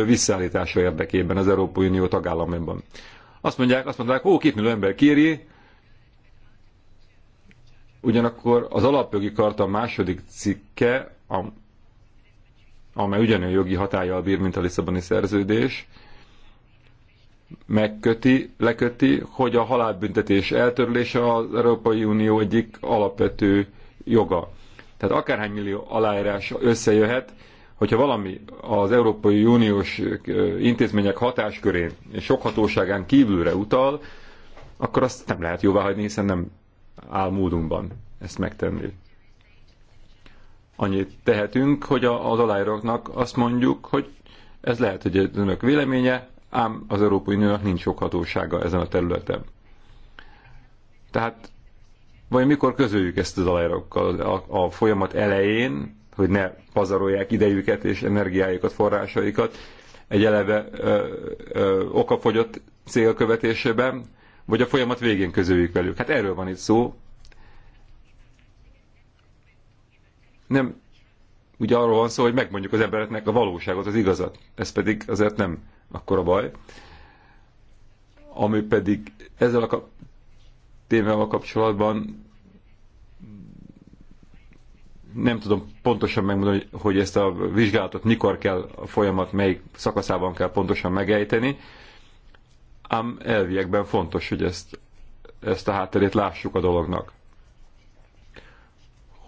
D: ö, visszaállítása érdekében az Európai Unió tagállamában? Azt mondják, azt mondják, ó, két millió ember kéri, ugyanakkor az alapjogi karta második cikke, a amely ugyanolyan jogi hatállyal bír, mint a Lisszaboni szerződés, megköti, leköti, hogy a halálbüntetés eltörlése az Európai Unió egyik alapvető joga. Tehát akárhány millió aláírás összejöhet, hogyha valami az Európai Uniós intézmények hatáskörén és sok hatóságán kívülre utal, akkor azt nem lehet jóvá hagyni, hiszen nem áll módunkban ezt megtenni annyit tehetünk, hogy az aláíróknak azt mondjuk, hogy ez lehet, hogy egy önök véleménye, ám az Európai Uniónak nincs hatósága ezen a területen. Tehát vagy mikor közöljük ezt az aláírókkal a, folyamat elején, hogy ne pazarolják idejüket és energiájukat, forrásaikat egy eleve okafogyott cél követésében, vagy a folyamat végén közöljük velük. Hát erről van itt szó, nem ugye arról van szó, hogy megmondjuk az embereknek a valóságot, az igazat. Ez pedig azért nem akkora baj. Ami pedig ezzel a kap- témával kapcsolatban nem tudom pontosan megmondani, hogy ezt a vizsgálatot mikor kell a folyamat, melyik szakaszában kell pontosan megejteni, ám elviekben fontos, hogy ezt, ezt a hátterét lássuk a dolognak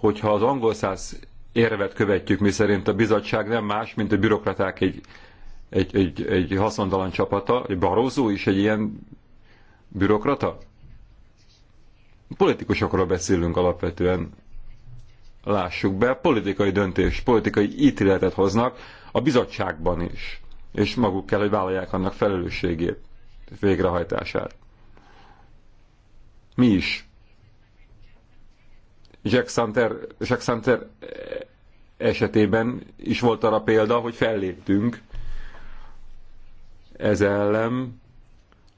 D: hogyha az angol száz érvet követjük, mi szerint a bizottság nem más, mint a bürokraták egy, egy, egy, egy haszontalan csapata, egy Barózó is egy ilyen bürokrata? Politikusokról beszélünk alapvetően, lássuk be, politikai döntés, politikai ítéletet hoznak a bizottságban is, és maguk kell, hogy vállalják annak felelősségét, végrehajtását. Mi is Jack Santer, Jack Santer esetében is volt arra példa, hogy felléptünk ez ellen,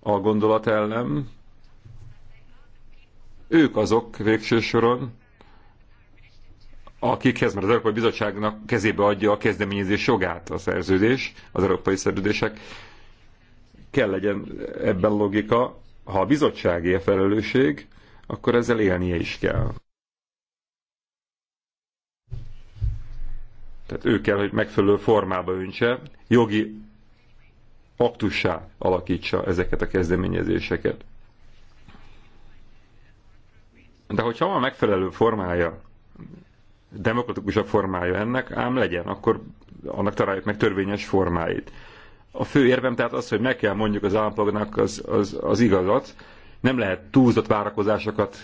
D: a gondolat ellen. Ők azok végső soron, akikhez, mert az Európai Bizottságnak kezébe adja a kezdeményezés jogát a szerződés, az európai szerződések, kell legyen ebben logika, ha a bizottságé a felelősség, akkor ezzel élnie is kell. Tehát ő kell, hogy megfelelő formába öntse, jogi aktussá alakítsa ezeket a kezdeményezéseket. De hogyha van megfelelő formája, demokratikusabb formája ennek, ám legyen, akkor annak találjuk meg törvényes formáit. A fő érvem tehát az, hogy meg kell mondjuk az állampolgárnak az, az, az igazat, nem lehet túlzott várakozásokat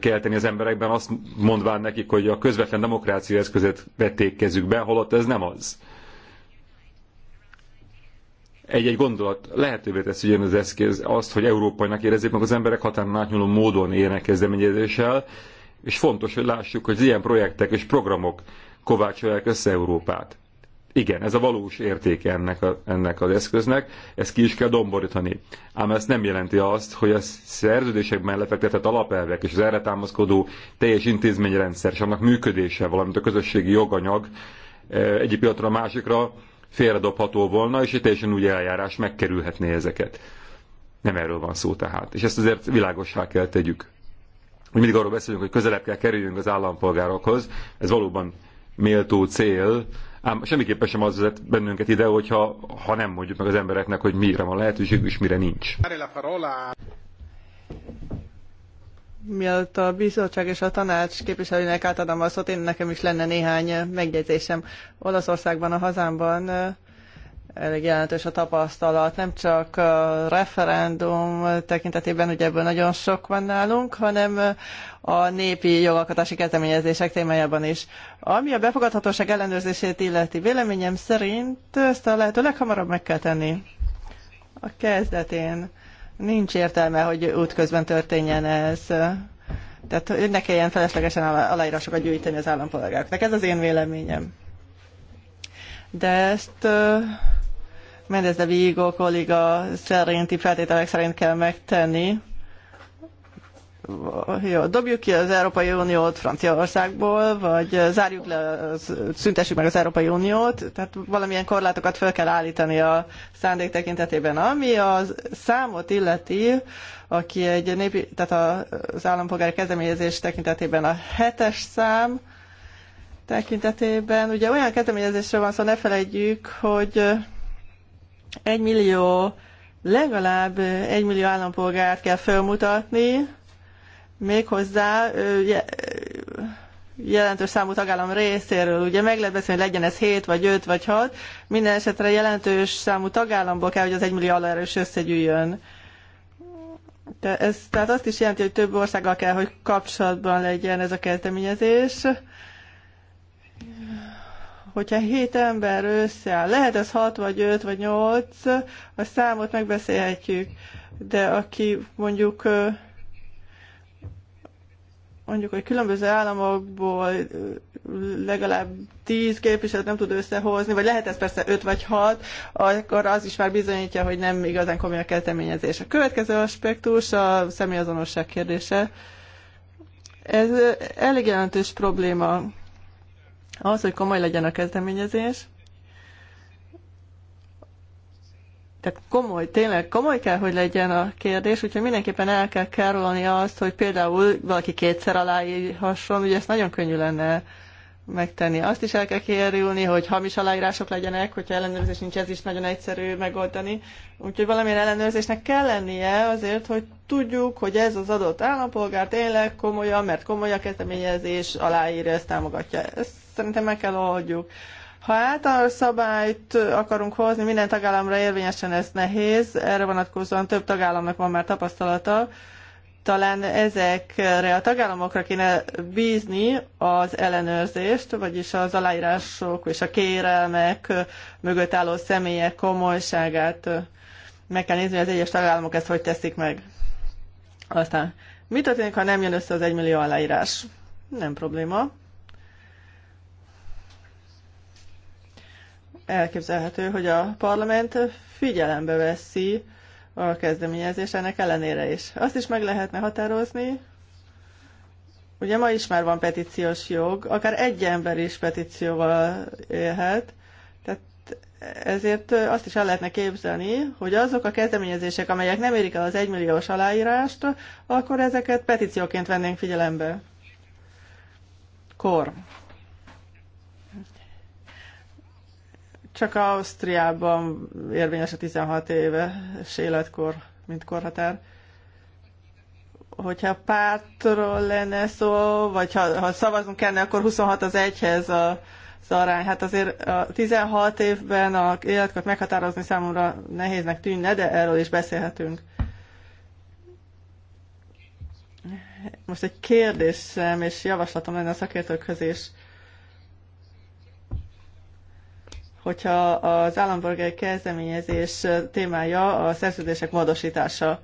D: kelteni az emberekben, azt mondván nekik, hogy a közvetlen demokrácia eszközét vették kezükbe, holott ez nem az. Egy-egy gondolat lehetővé teszi ugyan az eszköz azt, hogy európainak érezzék meg az emberek határon átnyúló módon élnek kezdeményezéssel, és fontos, hogy lássuk, hogy ilyen projektek és programok kovácsolják össze Európát. Igen, ez a valós értéke ennek, a, ennek az eszköznek, ezt ki is kell domborítani. Ám ez nem jelenti azt, hogy a szerződésekben lefektetett alapelvek és az erre támaszkodó teljes intézményrendszer és annak működése, valamint a közösségi joganyag eh, egyik pillanatra a másikra félredobható volna, és egy teljesen úgy eljárás megkerülhetné ezeket. Nem erről van szó tehát. És ezt azért világossá kell tegyük. Mindig arról beszélünk, hogy közelebb kell kerüljünk az állampolgárokhoz. Ez valóban méltó cél, Ám semmiképpen sem az vezet bennünket ide, hogyha, ha nem mondjuk meg az embereknek, hogy mire van lehetőség és mire nincs.
B: Mielőtt a bizottság és a tanács képviselőnek átadom a szót, én nekem is lenne néhány megjegyzésem. Olaszországban, a hazámban elég jelentős a tapasztalat, nem csak a referendum tekintetében, ugye ebből nagyon sok van nálunk, hanem a népi jogalkotási kezdeményezések témájában is. Ami a befogadhatóság ellenőrzését illeti, véleményem szerint ezt a lehető leghamarabb meg kell tenni. A kezdetén nincs értelme, hogy útközben történjen ez. Tehát ne kelljen feleslegesen aláírásokat gyűjteni az állampolgároknak. Ez az én véleményem de ezt Mendez de Vigo kolléga szerinti feltételek szerint kell megtenni. Jó, dobjuk ki az Európai Uniót Franciaországból, vagy zárjuk le, szüntessük meg az Európai Uniót, tehát valamilyen korlátokat fel kell állítani a szándék tekintetében. Ami a számot illeti, aki egy népi, tehát az állampolgári kezdeményezés tekintetében a hetes szám, tekintetében. Ugye olyan kezdeményezésről van szó, szóval ne felejtjük, hogy egy millió, legalább egy millió állampolgárt kell felmutatni, méghozzá jelentős számú tagállam részéről. Ugye meg lehet beszélni, hogy legyen ez 7 vagy 5 vagy 6, minden esetre jelentős számú tagállamból kell, hogy az 1 millió aláerős összegyűjjön. De ez, tehát azt is jelenti, hogy több országgal kell, hogy kapcsolatban legyen ez a kezdeményezés hogyha hét ember összeáll, lehet ez hat vagy öt vagy nyolc, a számot megbeszélhetjük, de aki mondjuk mondjuk, hogy különböző államokból legalább tíz képviselőt nem tud összehozni, vagy lehet ez persze öt vagy hat, akkor az is már bizonyítja, hogy nem igazán komoly a kezdeményezés. A következő aspektus a személyazonosság kérdése. Ez elég jelentős probléma ahhoz, hogy komoly legyen a kezdeményezés, tehát komoly, tényleg komoly kell, hogy legyen a kérdés, úgyhogy mindenképpen el kell kerülni azt, hogy például valaki kétszer aláírhasson, ugye ezt nagyon könnyű lenne megtenni. Azt is el kell kérülni, hogy hamis aláírások legyenek, hogyha ellenőrzés nincs, ez is nagyon egyszerű megoldani. Úgyhogy valamilyen ellenőrzésnek kell lennie azért, hogy tudjuk, hogy ez az adott állampolgár tényleg komolyan, mert komoly a kezdeményezés, aláírja, ezt támogatja. Ezt szerintem meg kell oldjuk. Ha általános szabályt akarunk hozni, minden tagállamra érvényesen ez nehéz, erre vonatkozóan több tagállamnak van már tapasztalata, talán ezekre a tagállamokra kéne bízni az ellenőrzést, vagyis az aláírások és a kérelmek mögött álló személyek komolyságát. Meg kell nézni, hogy az egyes tagállamok ezt hogy teszik meg. Aztán, mi történik, ha nem jön össze az egymillió aláírás? Nem probléma. elképzelhető, hogy a parlament figyelembe veszi a kezdeményezés ennek ellenére is. Azt is meg lehetne határozni, ugye ma is már van petíciós jog, akár egy ember is petícióval élhet, tehát ezért azt is el lehetne képzelni, hogy azok a kezdeményezések, amelyek nem érik el az egymilliós aláírást, akkor ezeket petícióként vennénk figyelembe. Kor. Csak Ausztriában érvényes a 16 éves életkor, mint korhatár. Hogyha pártról lenne szó, vagy ha, ha szavazunk kellene, akkor 26 az egyhez a, az arány. Hát azért a 16 évben a életkort meghatározni számomra nehéznek tűnne, de erről is beszélhetünk. Most egy kérdésem és javaslatom lenne a szakértőkhöz is hogyha az állampolgári kezdeményezés témája a szerződések módosítása.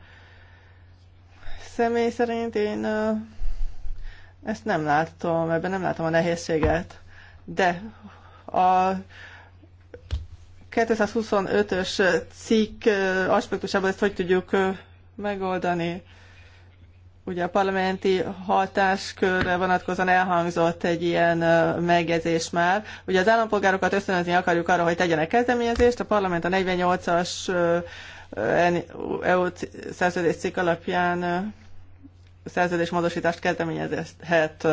B: Személy szerint én ezt nem látom, ebben nem látom a nehézséget. De a 225-ös cikk aspektusában ezt hogy tudjuk megoldani? ugye a parlamenti hatáskörre vonatkozóan elhangzott egy ilyen megjegyzés már. Ugye az állampolgárokat ösztönözni akarjuk arra, hogy tegyenek kezdeményezést. A parlament a 48-as EU szerződés cikk alapján szerződésmódosítást kezdeményezhet.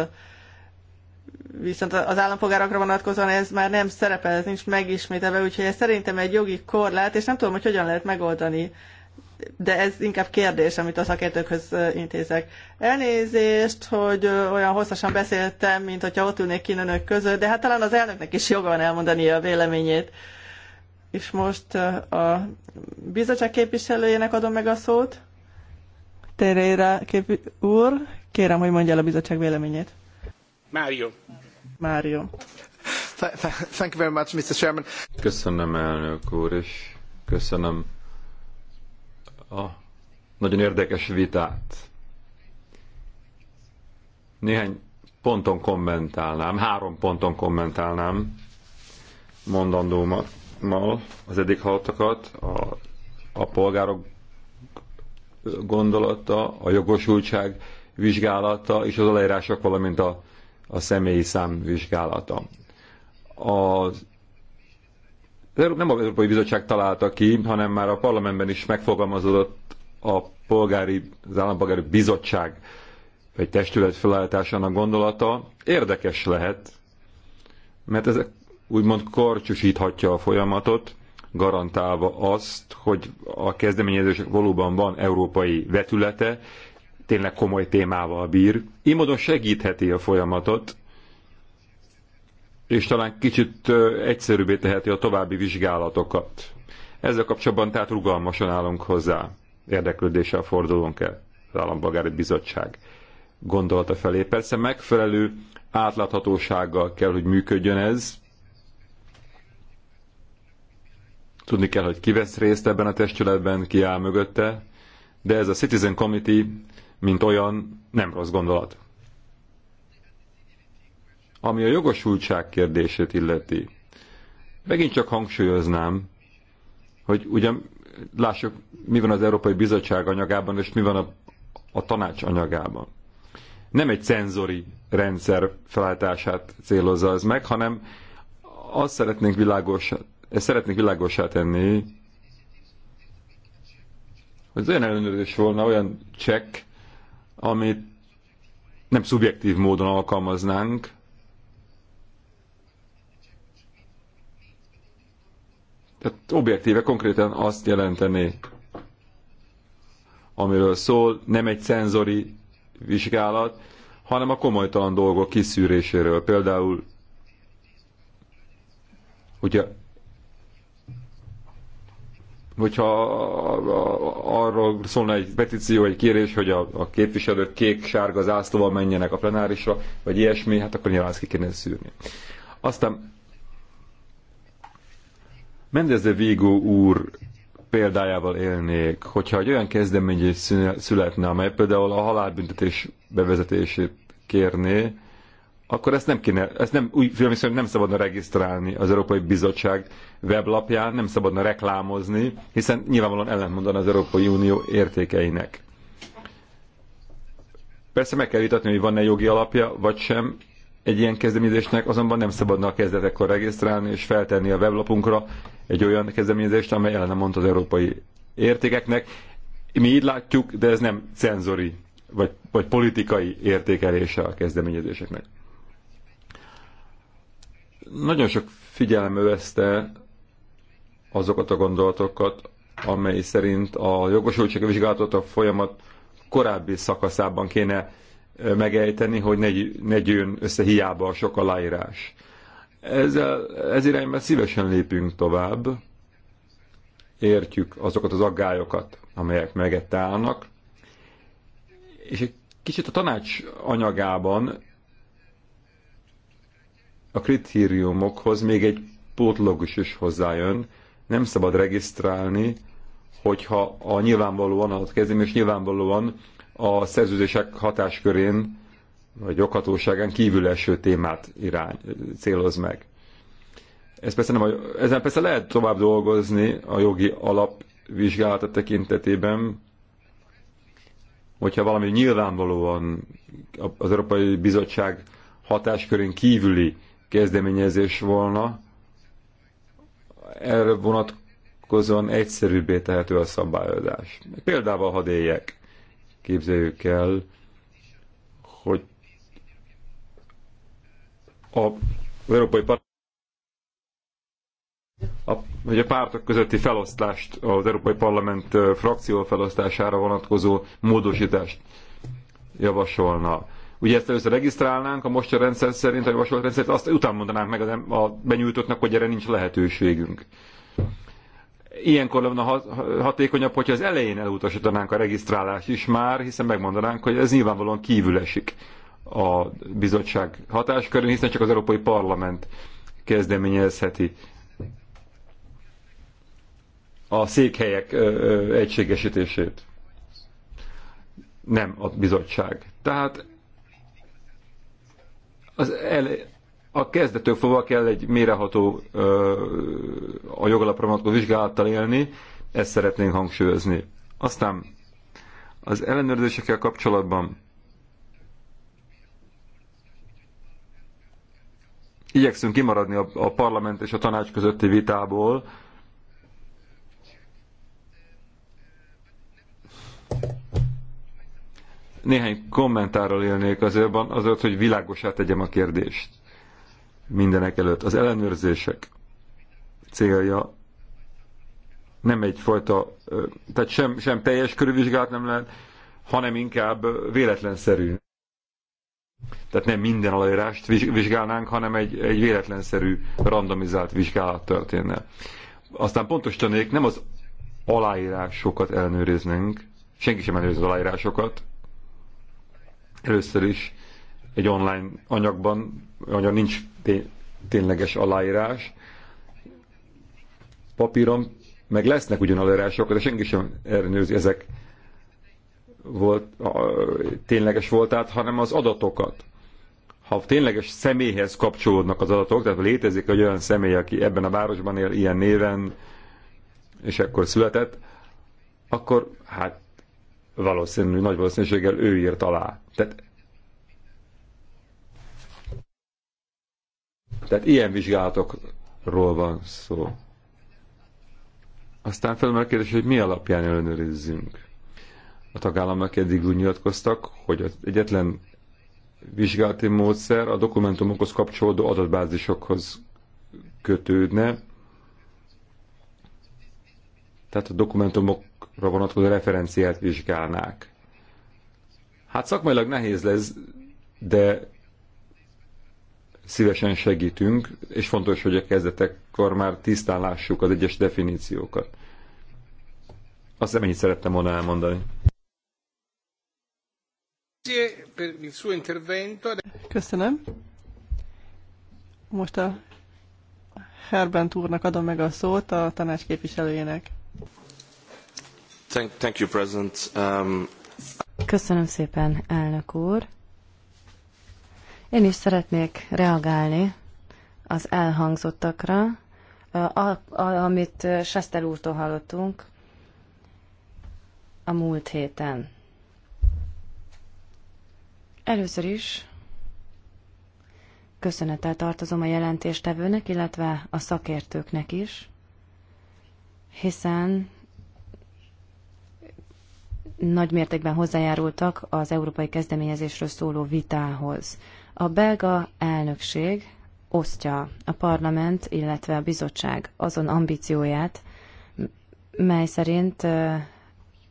B: Viszont az állampolgárokra vonatkozóan ez már nem szerepel, ez nincs megismételve, úgyhogy ez szerintem egy jogi korlát, és nem tudom, hogy hogyan lehet megoldani de ez inkább kérdés, amit a szakértőkhöz intézek. Elnézést, hogy olyan hosszasan beszéltem, mint hogyha ott ülnék ki önök között, de hát talán az elnöknek is joga van elmondani a véleményét. És most a bizottság képviselőjének adom meg a szót. Teréra képvi- úr, kérem, hogy mondja el a bizottság véleményét. Mário. Mário.
D: Thank you very much, Mr. Chairman. Köszönöm, elnök úr, és köszönöm a nagyon érdekes vitát. Néhány ponton kommentálnám, három ponton kommentálnám mondandómmal az eddig hallottakat, a, a polgárok gondolata, a jogosultság vizsgálata és az aláírások, valamint a, a személyi szám vizsgálata. Az nem az Európai Bizottság találta ki, hanem már a parlamentben is megfogalmazódott a polgári, az állampolgári bizottság vagy testület felállításának gondolata. Érdekes lehet, mert ez úgymond korcsúsíthatja a folyamatot, garantálva azt, hogy a kezdeményezések valóban van európai vetülete, tényleg komoly témával bír. Így módon segítheti a folyamatot, és talán kicsit egyszerűbbé teheti a további vizsgálatokat. Ezzel kapcsolatban tehát rugalmasan állunk hozzá, érdeklődéssel fordulunk el az Állampolgári Bizottság gondolata felé. Persze megfelelő átláthatósággal kell, hogy működjön ez. Tudni kell, hogy ki vesz részt ebben a testületben, ki áll mögötte, de ez a Citizen Committee, mint olyan, nem rossz gondolat. Ami a jogosultság kérdését illeti, megint csak hangsúlyoznám, hogy ugyan lássuk, mi van az Európai Bizottság anyagában, és mi van a, a tanács anyagában. Nem egy cenzori rendszer felállítását célozza ez meg, hanem azt szeretnénk világosá, ezt szeretnénk világosá tenni, hogy az olyan ellenőrzés volna, olyan csekk, amit nem szubjektív módon alkalmaznánk, tehát objektíve konkrétan azt jelenteni, amiről szól, nem egy szenzori vizsgálat, hanem a komolytalan dolgok kiszűréséről. Például, hogyha, hogyha arról szólna egy petíció, egy kérés, hogy a, a képviselők kék-sárga zászlóval menjenek a plenárisra, vagy ilyesmi, hát akkor nyilván ezt ki kéne szűrni. Aztán Mendeze Vigo úr példájával élnék, hogyha egy olyan kezdeményezés születne, amely például a halálbüntetés bevezetését kérné, akkor ezt nem kéne, ezt nem, úgy viszont nem szabadna regisztrálni az Európai Bizottság weblapján, nem szabadna reklámozni, hiszen nyilvánvalóan ellentmondan az Európai Unió értékeinek. Persze meg kell vitatni, hogy van-e jogi alapja, vagy sem, egy ilyen kezdeményezésnek azonban nem szabadna a kezdetekkor regisztrálni és feltenni a weblapunkra egy olyan kezdeményezést, amely ellene mond az európai értékeknek. Mi így látjuk, de ez nem cenzori vagy, vagy politikai értékelése a kezdeményezéseknek. Nagyon sok figyelem övezte azokat a gondolatokat, amely szerint a jogosultságvizsgálatot a folyamat korábbi szakaszában kéne megejteni, hogy ne, ne gyűjön össze hiába a sok aláírás. Ezzel, ez irányban szívesen lépünk tovább, értjük azokat az aggályokat, amelyek megette állnak, és egy kicsit a tanács anyagában a kritériumokhoz még egy pótlogus is hozzájön, nem szabad regisztrálni, hogyha a nyilvánvalóan adott kezdem, és nyilvánvalóan a szerződések hatáskörén vagy joghatóságán kívül eső témát irány, céloz meg. Ez persze nem, ezen persze lehet tovább dolgozni a jogi alap tekintetében, hogyha valami nyilvánvalóan az Európai Bizottság hatáskörén kívüli kezdeményezés volna, erre vonatkozóan egyszerűbbé tehető a szabályozás. Példával hadd éljek. Képzeljük el, hogy a Európai Parlament a, hogy a pártok közötti felosztást, az Európai Parlament frakció felosztására vonatkozó módosítást javasolna. Ugye ezt először regisztrálnánk, a most a rendszer szerint, a javasolt rendszer azt után mondanánk meg a benyújtottnak, hogy erre nincs lehetőségünk. Ilyenkor lenne hatékonyabb, hogyha az elején elutasítanánk a regisztrálást is már, hiszen megmondanánk, hogy ez nyilvánvalóan kívül esik a bizottság hatáskörén, hiszen csak az Európai Parlament kezdeményezheti a székhelyek egységesítését. Nem a bizottság. Tehát az ele, a kezdetől fogva kell egy méreható a jogalapra vonatkozó vizsgálattal élni, ezt szeretnénk hangsúlyozni. Aztán az ellenőrzésekkel kapcsolatban igyekszünk kimaradni a, a parlament és a tanács közötti vitából. Néhány kommentárral élnék azért, azért, hogy világosát tegyem a kérdést mindenek előtt. Az ellenőrzések célja nem egyfajta, tehát sem, sem teljes körülvizsgált nem lehet, hanem inkább véletlenszerű. Tehát nem minden aláírást vizsgálnánk, hanem egy, egy véletlenszerű, randomizált vizsgálat történne. Aztán pontos tanék, nem az aláírásokat ellenőriznénk, senki sem ellenőriz az aláírásokat. Először is egy online anyagban nagyon nincs tényleges aláírás papíron, meg lesznek ugyan aláírások, de senki sem ellenőrzi ezek volt, a, tényleges voltát, hanem az adatokat. Ha tényleges személyhez kapcsolódnak az adatok, tehát létezik egy olyan személy, aki ebben a városban él ilyen néven, és ekkor született, akkor hát valószínű, nagy valószínűséggel ő írt alá. Tehát Tehát ilyen vizsgálatokról van szó. Aztán felmerül a kérdés, hogy mi alapján ellenőrizzünk. A tagállamok eddig úgy nyilatkoztak, hogy az egyetlen vizsgálati módszer a dokumentumokhoz kapcsolódó adatbázisokhoz kötődne, tehát a dokumentumokra vonatkozó referenciát vizsgálnák. Hát szakmailag nehéz lesz, de szívesen segítünk, és fontos, hogy a kezdetekkor már tisztán lássuk az egyes definíciókat. Azt hiszem, ennyit szerettem volna elmondani.
B: Köszönöm. Most a Herbent úrnak adom meg a szót a tanács képviselőjének.
C: Thank, thank you, President. Um... Köszönöm szépen, elnök úr. Én is szeretnék reagálni az elhangzottakra, amit Sester úrtól hallottunk a múlt héten. Először is köszönettel tartozom a jelentéstevőnek, illetve a szakértőknek is, hiszen nagy mértékben hozzájárultak az európai kezdeményezésről szóló vitához. A belga elnökség osztja a parlament, illetve a bizottság azon ambícióját, mely szerint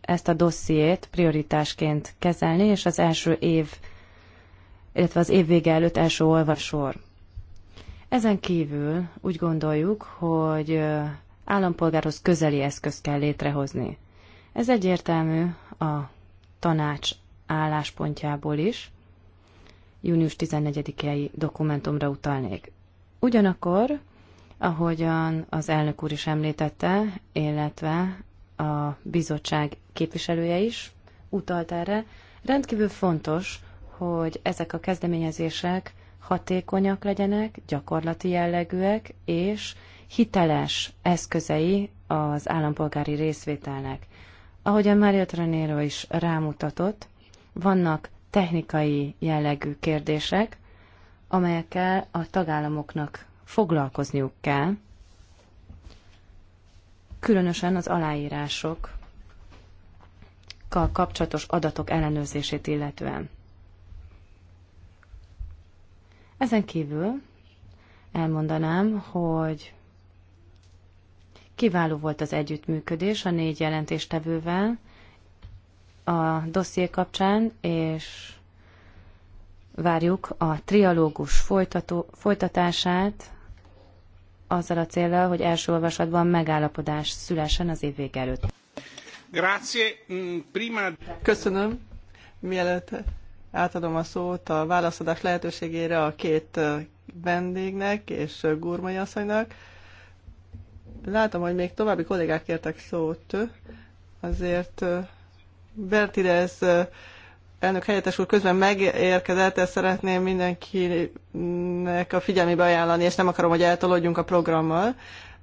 C: ezt a dossziét prioritásként kezelni, és az első év, illetve az év vége előtt első olvasor. Ezen kívül úgy gondoljuk, hogy állampolgárhoz közeli eszközt kell létrehozni. Ez egyértelmű a tanács álláspontjából is, június 14-i dokumentumra utalnék. Ugyanakkor, ahogyan az elnök úr is említette, illetve a bizottság képviselője is utalt erre, rendkívül fontos, hogy ezek a kezdeményezések hatékonyak legyenek, gyakorlati jellegűek és hiteles eszközei az állampolgári részvételnek. Ahogyan Mária Tranéro is rámutatott, vannak technikai jellegű kérdések, amelyekkel a tagállamoknak foglalkozniuk kell, különösen az aláírásokkal kapcsolatos adatok ellenőrzését illetően. Ezen kívül elmondanám, hogy kiváló volt az együttműködés a négy jelentéstevővel, a dosszié kapcsán, és várjuk a trialógus folytató, folytatását azzal a célral, hogy első olvasatban megállapodás szülessen az év vége előtt.
A: Grazie. Mm, prima...
C: Köszönöm. Mielőtt átadom a szót a válaszadás
B: lehetőségére a két vendégnek és Gurmai asszonynak. Látom, hogy még további kollégák kértek szót, azért Bertidez elnök helyettes úr közben megérkezett, ezt szeretném mindenkinek a figyelmébe ajánlani, és nem akarom, hogy eltolódjunk a programmal.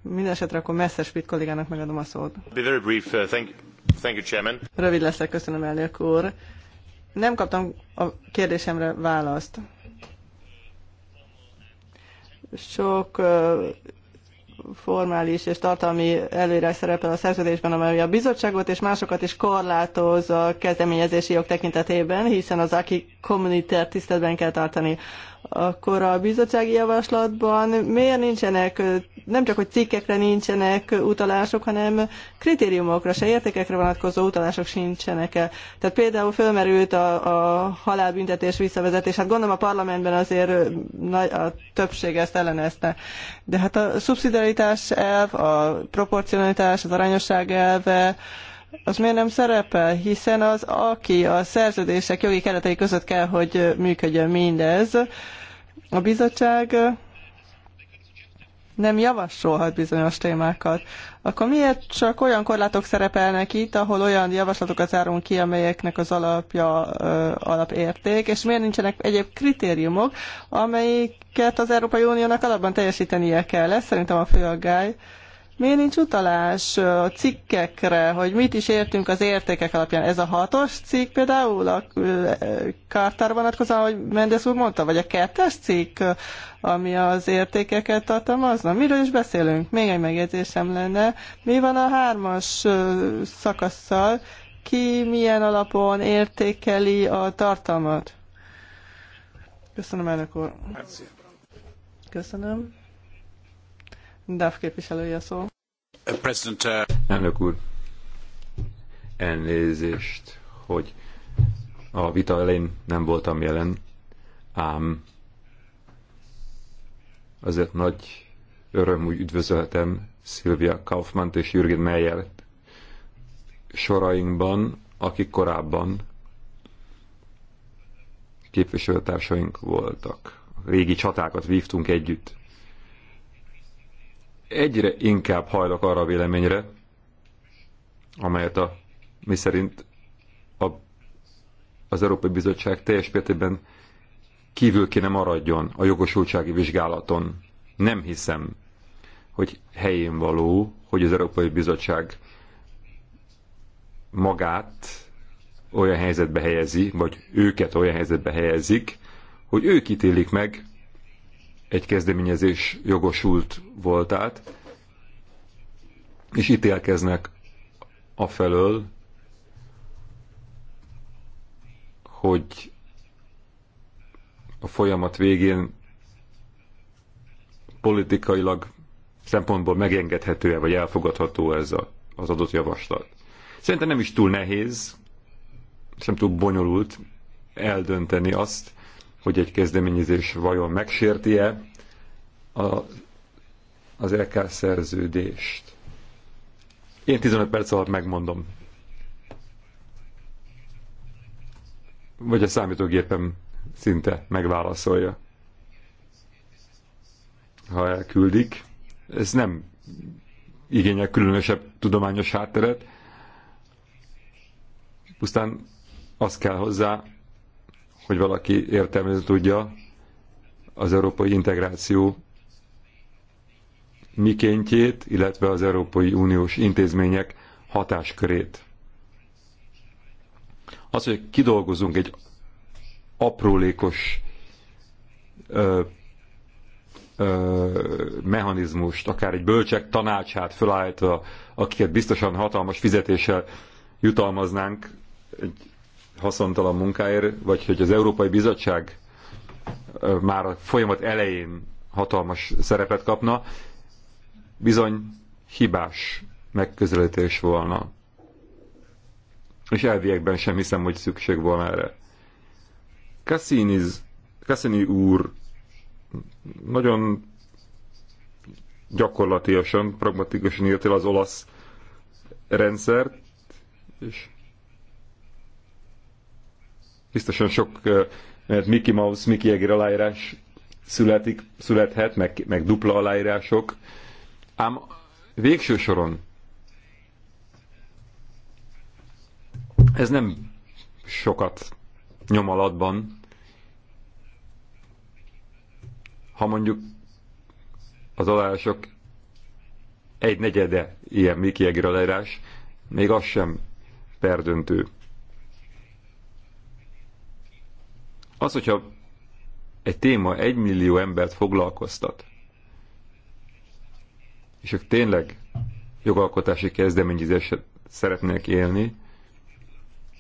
B: Mindenesetre akkor Messerschmidt kollégának megadom a szót.
C: Uh,
B: Rövid leszek, köszönöm elnök úr. Nem kaptam a kérdésemre választ. Sok formális és tartalmi előre szerepel a szerződésben, amely a bizottságot és másokat is korlátoz a kezdeményezési jog tekintetében, hiszen az aki kommunitár tiszteletben kell tartani akkor a bizottsági javaslatban miért nincsenek, nem csak hogy cikkekre nincsenek utalások, hanem kritériumokra, se értékekre vonatkozó utalások sincsenek -e. Tehát például fölmerült a, a halálbüntetés visszavezetés, hát gondolom a parlamentben azért nagy, a többség ezt ellenezte. De hát a szubszidiaritás elv, a proporcionalitás, az arányosság elve, az miért nem szerepel? Hiszen az, aki a szerződések jogi keretei között kell, hogy működjön mindez, a bizottság nem javasolhat bizonyos témákat. Akkor miért csak olyan korlátok szerepelnek itt, ahol olyan javaslatokat zárunk ki, amelyeknek az alapja ö, alapérték, és miért nincsenek egyéb kritériumok, amelyiket az Európai Uniónak alapban teljesítenie kell? Ez szerintem a fő aggály. Ö, Miért nincs utalás a cikkekre, hogy mit is értünk az értékek alapján? Ez a hatos cikk például a kártára vonatkozóan, hogy Mendes úr mondta, vagy a kettes cikk, ami az értékeket tartalmazna? Miről is beszélünk? Még egy megjegyzésem lenne. Mi van a hármas szakasszal? Ki milyen alapon értékeli a tartalmat? Köszönöm, elnök úr. Köszönöm. DAF képviselője szó.
A: President, uh...
D: Elnök úr, elnézést, hogy a vita elején nem voltam jelen, ám azért nagy öröm úgy üdvözöltem Szilvia Kaufmann és Jürgen Meyer-t sorainkban, akik korábban képviselőtársaink voltak. Régi csatákat vívtunk együtt egyre inkább hajlok arra a véleményre, amelyet a mi szerint a, az Európai Bizottság teljes mértékben kívül kéne maradjon a jogosultsági vizsgálaton. Nem hiszem, hogy helyén való, hogy az Európai Bizottság magát olyan helyzetbe helyezi, vagy őket olyan helyzetbe helyezik, hogy ők ítélik meg, egy kezdeményezés jogosult voltát, és ítélkeznek felől, hogy a folyamat végén politikailag szempontból megengedhető-e, vagy elfogadható ez a, az adott javaslat. Szerintem nem is túl nehéz, sem túl bonyolult eldönteni azt, hogy egy kezdeményezés vajon megsérti-e az LK szerződést. Én 15 perc alatt megmondom. Vagy a számítógépem szinte megválaszolja. Ha elküldik. Ez nem igényel különösebb tudományos hátteret. Pusztán az kell hozzá, hogy valaki értelmezni tudja az európai integráció mikéntjét, illetve az Európai Uniós intézmények hatáskörét. Az, hogy kidolgozunk egy aprólékos ö, ö, mechanizmust, akár egy bölcsek tanácsát felállítva, akiket biztosan hatalmas fizetéssel jutalmaznánk egy haszontalan munkáért, vagy hogy az Európai Bizottság már a folyamat elején hatalmas szerepet kapna, bizony hibás megközelítés volna. És elviekben sem hiszem, hogy szükség volna erre. Cassiniz, Cassini úr nagyon gyakorlatilag, pragmatikusan írt el az olasz rendszert, és biztosan sok, mert Mickey Mouse, Mickey Jagger aláírás születik, születhet, meg, meg dupla aláírások, ám végső soron ez nem sokat nyom alatban, ha mondjuk az aláírások egy negyede ilyen Mickey Jagger aláírás, még az sem perdöntő. Az, hogyha egy téma egy millió embert foglalkoztat, és ők tényleg jogalkotási kezdeményezéssel szeretnék élni,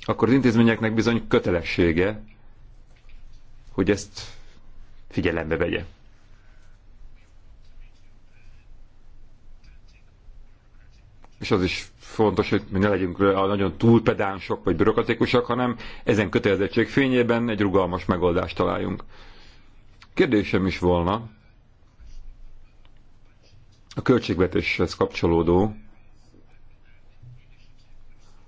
D: akkor az intézményeknek bizony kötelessége, hogy ezt figyelembe vegye. és az is fontos, hogy mi ne legyünk nagyon túlpedánsok vagy bürokratikusak, hanem ezen kötelezettség fényében egy rugalmas megoldást találjunk. Kérdésem is volna a költségvetéshez kapcsolódó,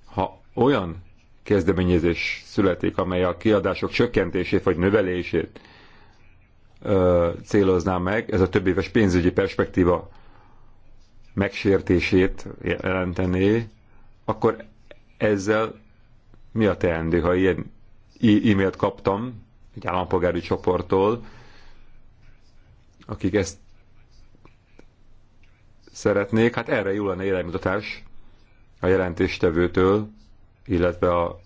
D: ha olyan kezdeményezés születik, amely a kiadások csökkentését vagy növelését ö, célozná meg, ez a több éves pénzügyi perspektíva megsértését jelentené, akkor ezzel mi a teendő, ha ilyen e-mailt kaptam egy állampolgári csoporttól, akik ezt szeretnék, hát erre jó lenne iránymutatás a jelentéstevőtől, illetve a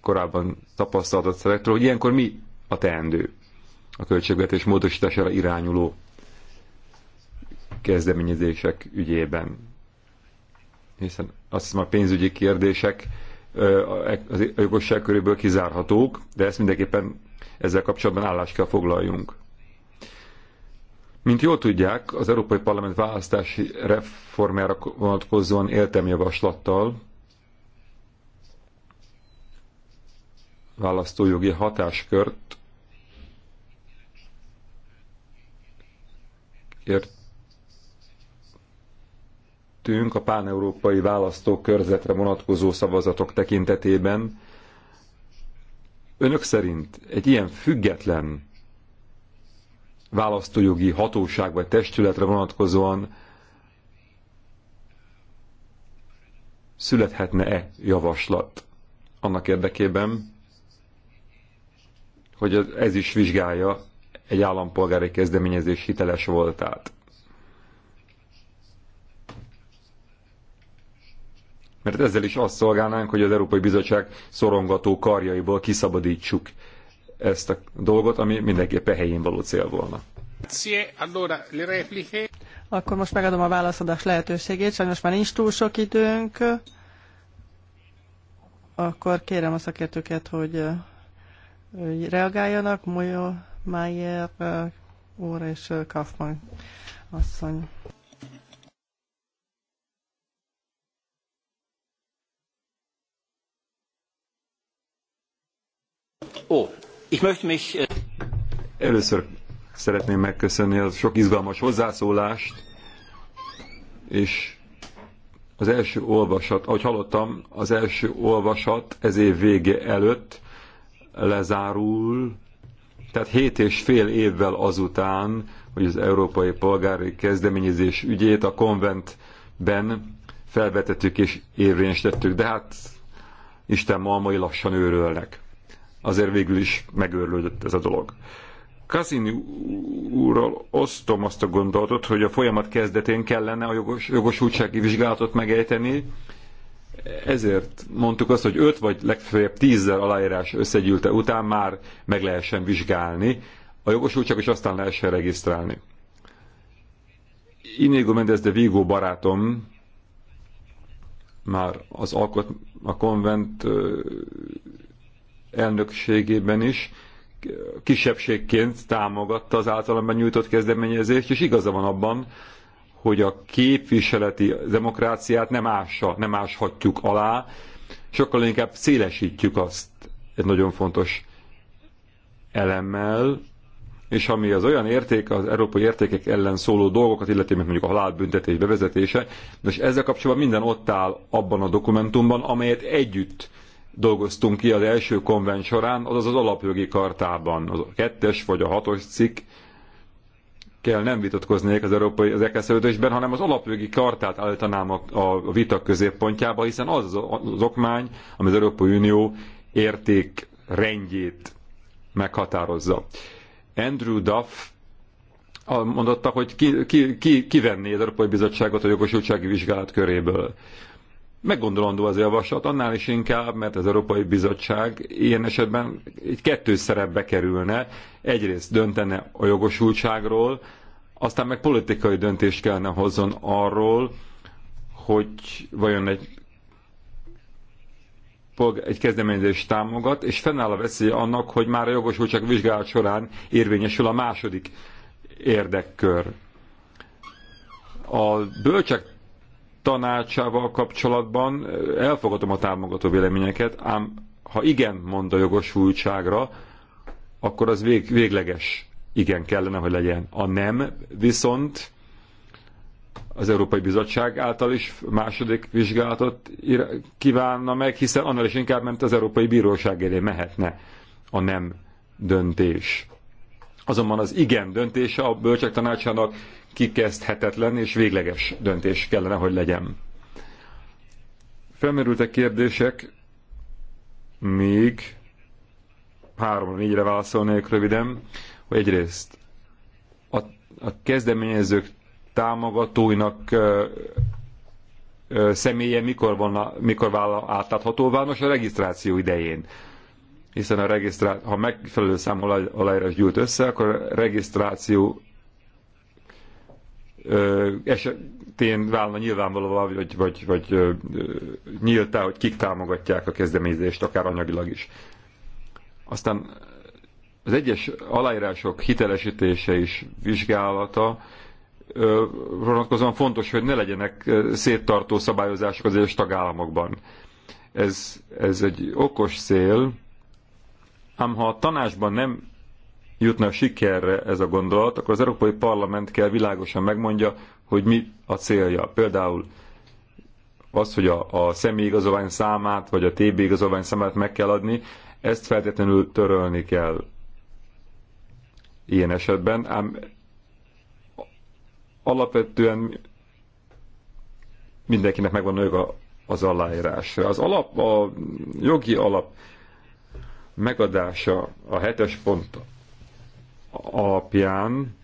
D: korábban tapasztalatot szerektől, hogy ilyenkor mi a teendő a költségvetés módosítására irányuló kezdeményezések ügyében. Hiszen azt hiszem a pénzügyi kérdések a jogosság köréből kizárhatók, de ezt mindenképpen ezzel kapcsolatban állást kell foglaljunk. Mint jól tudják, az Európai Parlament választási reformjára vonatkozóan éltem javaslattal, választójogi hatáskört ért tettünk a páneurópai választókörzetre vonatkozó szavazatok tekintetében. Önök szerint egy ilyen független választójogi hatóság vagy testületre vonatkozóan születhetne-e javaslat annak érdekében, hogy ez is vizsgálja egy állampolgári kezdeményezés hiteles voltát. mert ezzel is azt szolgálnánk, hogy az Európai Bizottság szorongató karjaiból kiszabadítsuk ezt a dolgot, ami mindenképpen helyén való cél volna.
A: Akkor
B: most megadom a válaszadás lehetőségét, sajnos már nincs túl sok időnk. Akkor kérem a szakértőket, hogy reagáljanak, Mojo, Mayer úr és Kaufmann asszony.
A: Äh,
D: Először szeretném megköszönni a sok izgalmas hozzászólást, és az első olvasat, ahogy hallottam, az első olvasat ez év vége előtt lezárul, tehát hét és fél évvel azután, hogy az Európai Polgári Kezdeményezés ügyét a konventben felvetettük és érvényesítettük, de hát Isten malmai lassan őrölnek azért végül is megőrlődött ez a dolog. Cassini úrral osztom azt a gondolatot, hogy a folyamat kezdetén kellene a jogos, jogosultsági vizsgálatot megejteni, ezért mondtuk azt, hogy 5 vagy legfeljebb 10 aláírás összegyűlte után már meg lehessen vizsgálni, a jogosultság is aztán lehessen regisztrálni. Inigo Mendez de Vigo barátom már az alkot, a konvent elnökségében is kisebbségként támogatta az általam benyújtott kezdeményezést, és igaza van abban, hogy a képviseleti demokráciát nem ássa, nem áshatjuk alá, sokkal inkább szélesítjük azt egy nagyon fontos elemmel, és ami az olyan érték, az európai értékek ellen szóló dolgokat illeti, mint mondjuk a halálbüntetés bevezetése, és ezzel kapcsolatban minden ott áll abban a dokumentumban, amelyet együtt dolgoztunk ki az első konvent során, azaz az alapjogi kartában, az a kettes vagy a hatos cikk, kell nem vitatkoznék az európai az ekesződésben, hanem az alapjogi kartát állítanám a, a vita középpontjába, hiszen az az, az okmány, ami az Európai Unió érték rendjét meghatározza. Andrew Duff mondotta, hogy ki, ki, ki, kivenné az Európai Bizottságot a jogosultsági vizsgálat köréből. Meggondolandó az javaslat, annál is inkább, mert az Európai Bizottság ilyen esetben egy kettős szerepbe kerülne. Egyrészt döntene a jogosultságról, aztán meg politikai döntést kellene hozzon arról, hogy vajon egy, egy kezdeményezést támogat, és fennáll a veszély annak, hogy már a jogosultság vizsgálat során érvényesül a második érdekkör. A bölcsek tanácsával kapcsolatban elfogadom a támogató véleményeket, ám ha igen mond a jogosultságra, akkor az vég, végleges igen kellene, hogy legyen. A nem viszont az Európai Bizottság által is második vizsgálatot kívánna meg, hiszen annál is inkább, mert az Európai Bíróság elé mehetne a nem döntés. Azonban az igen döntése a bölcsek tanácsának kikezdhetetlen és végleges döntés kellene, hogy legyen. Felmerültek kérdések, még három négyre válaszolnék röviden, hogy egyrészt a, a kezdeményezők támogatóinak ö, ö, személye mikor, van, mikor vállal átláthatóvá? Nos, a regisztráció idején hiszen a regisztrá... ha megfelelő számú aláírás gyűlt össze, akkor a regisztráció esetén válna nyilvánvalóvá, vagy, vagy, vagy nyíltá, hogy kik támogatják a kezdeményezést, akár anyagilag is. Aztán az egyes aláírások hitelesítése és vizsgálata vonatkozóan fontos, hogy ne legyenek széttartó szabályozások az egyes tagállamokban. Ez, ez egy okos szél, ám ha a tanásban nem jutna sikerre ez a gondolat, akkor az Európai Parlament kell világosan megmondja, hogy mi a célja. Például az, hogy a, a személyigazolvány számát, vagy a TB igazolvány számát meg kell adni, ezt feltétlenül törölni kell ilyen esetben, ám alapvetően mindenkinek megvan a az aláírásra. Az alap, a jogi alap megadása a hetes pont alapján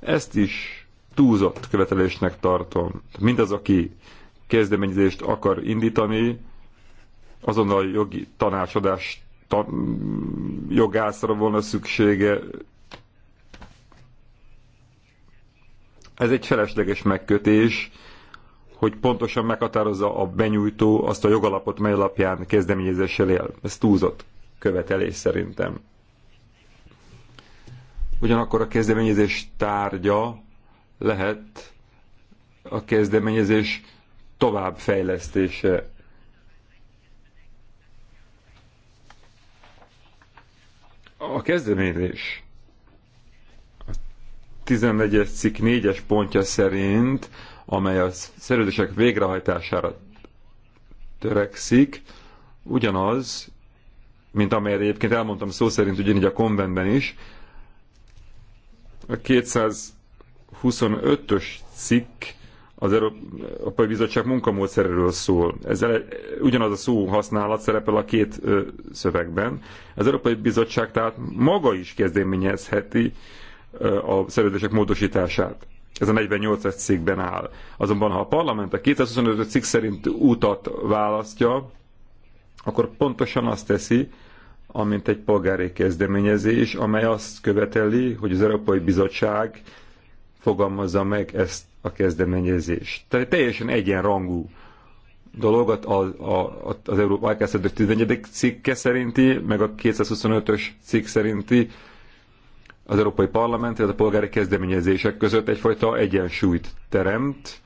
D: ezt is túlzott követelésnek tartom. Mindaz, aki kezdeményezést akar indítani, azonnal jogi tanácsadás ta, jogászra volna szüksége. Ez egy felesleges megkötés, hogy pontosan meghatározza a benyújtó azt a jogalapot, mely alapján kezdeményezéssel él. Ez túlzott követelés szerintem. Ugyanakkor a kezdeményezés tárgya lehet a kezdeményezés továbbfejlesztése. A kezdeményezés a 14. cikk 4-es pontja szerint, amely a szerződések végrehajtására törekszik, ugyanaz, mint amelyet egyébként elmondtam szó szerint ugyanígy a konventben is. A 225-ös cikk az Európai Bizottság munkamódszeréről szól. Ezzel ugyanaz a szó használat szerepel a két ö, szövegben. Az Európai Bizottság tehát maga is kezdeményezheti ö, a szerződések módosítását. Ez a 48-es cikkben áll. Azonban, ha a parlament a 225 cikk szerint utat választja, akkor pontosan azt teszi, amint egy polgári kezdeményezés, amely azt követeli, hogy az Európai Bizottság fogalmazza meg ezt a kezdeményezést. Tehát teljesen egyenrangú dolog a, a, a, az Európai 14. cikke szerinti, meg a 225-ös cikk szerinti az Európai Parlament, tehát a polgári kezdeményezések között egyfajta egyensúlyt teremt,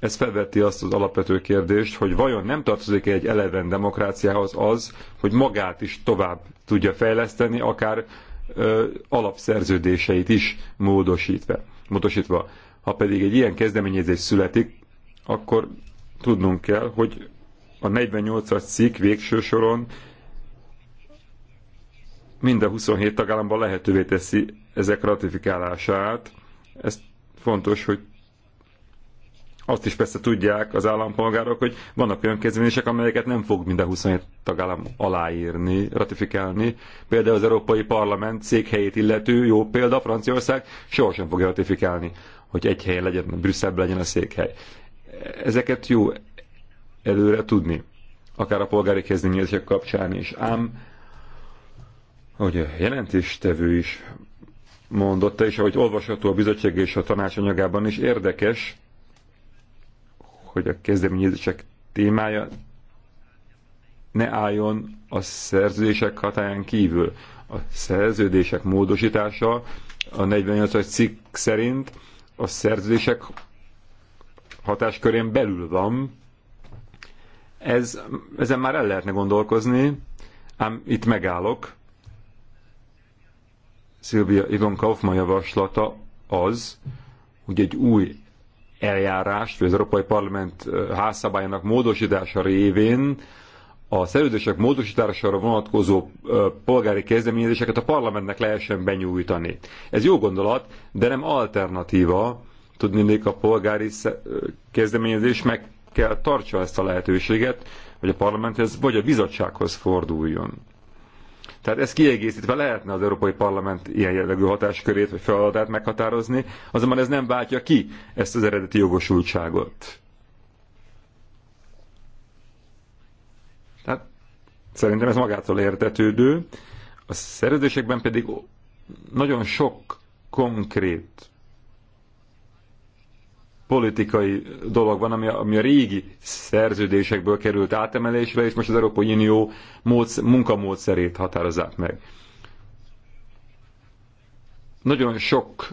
D: ez felveti azt az alapvető kérdést, hogy vajon nem tartozik -e egy eleven demokráciához az, hogy magát is tovább tudja fejleszteni, akár ö, alapszerződéseit is módosítva. módosítva. Ha pedig egy ilyen kezdeményezés születik, akkor tudnunk kell, hogy a 48-as cikk végső soron minden 27 tagállamban lehetővé teszi ezek ratifikálását. Ezt fontos, hogy azt is persze tudják az állampolgárok, hogy vannak olyan kezdeményezések, amelyeket nem fog minden 27 tagállam aláírni, ratifikálni. Például az Európai Parlament székhelyét illető jó példa Franciaország sohasem fogja ratifikálni, hogy egy helyen legyen, Brüsszelben legyen a székhely. Ezeket jó előre tudni, akár a polgári kezdeményezések kapcsán is. Ám, hogy a jelentéstevő is mondotta, és ahogy olvasható a bizottság és a tanács anyagában is érdekes, hogy a kezdeményezések témája ne álljon a szerződések hatáján kívül. A szerződések módosítása a 48. cikk szerint a szerződések hatáskörén belül van. Ez, ezen már el lehetne gondolkozni, ám itt megállok. Szilvia Ivon Kaufmann javaslata az, hogy egy új eljárást, vagy az Európai Parlament házszabályának módosítása révén a szerződések módosítására vonatkozó polgári kezdeményezéseket a parlamentnek lehessen benyújtani. Ez jó gondolat, de nem alternatíva, tudnék a polgári kezdeményezés meg kell tartsa ezt a lehetőséget, hogy a parlamenthez vagy a bizottsághoz forduljon. Tehát ez kiegészítve lehetne az Európai Parlament ilyen jellegű hatáskörét vagy feladatát meghatározni, azonban ez nem váltja ki ezt az eredeti jogosultságot. Tehát szerintem ez magától értetődő. A szerződésekben pedig nagyon sok konkrét politikai dolog van, ami a, ami a régi szerződésekből került átemelésre, és most az Európai Unió módsz, munkamódszerét határozzák meg. Nagyon sok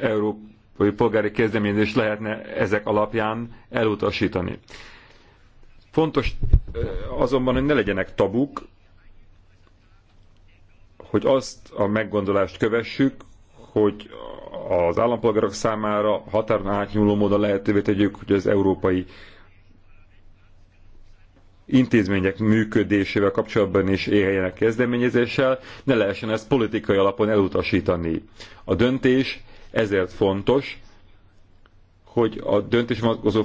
D: európai polgári kezdeményezést lehetne ezek alapján elutasítani. Fontos azonban, hogy ne legyenek tabuk, hogy azt a meggondolást kövessük, hogy az állampolgárok számára határon átnyúló módon lehetővé tegyük, hogy az európai intézmények működésével kapcsolatban is éljenek kezdeményezéssel, ne lehessen ezt politikai alapon elutasítani. A döntés ezért fontos, hogy a döntés vonatkozó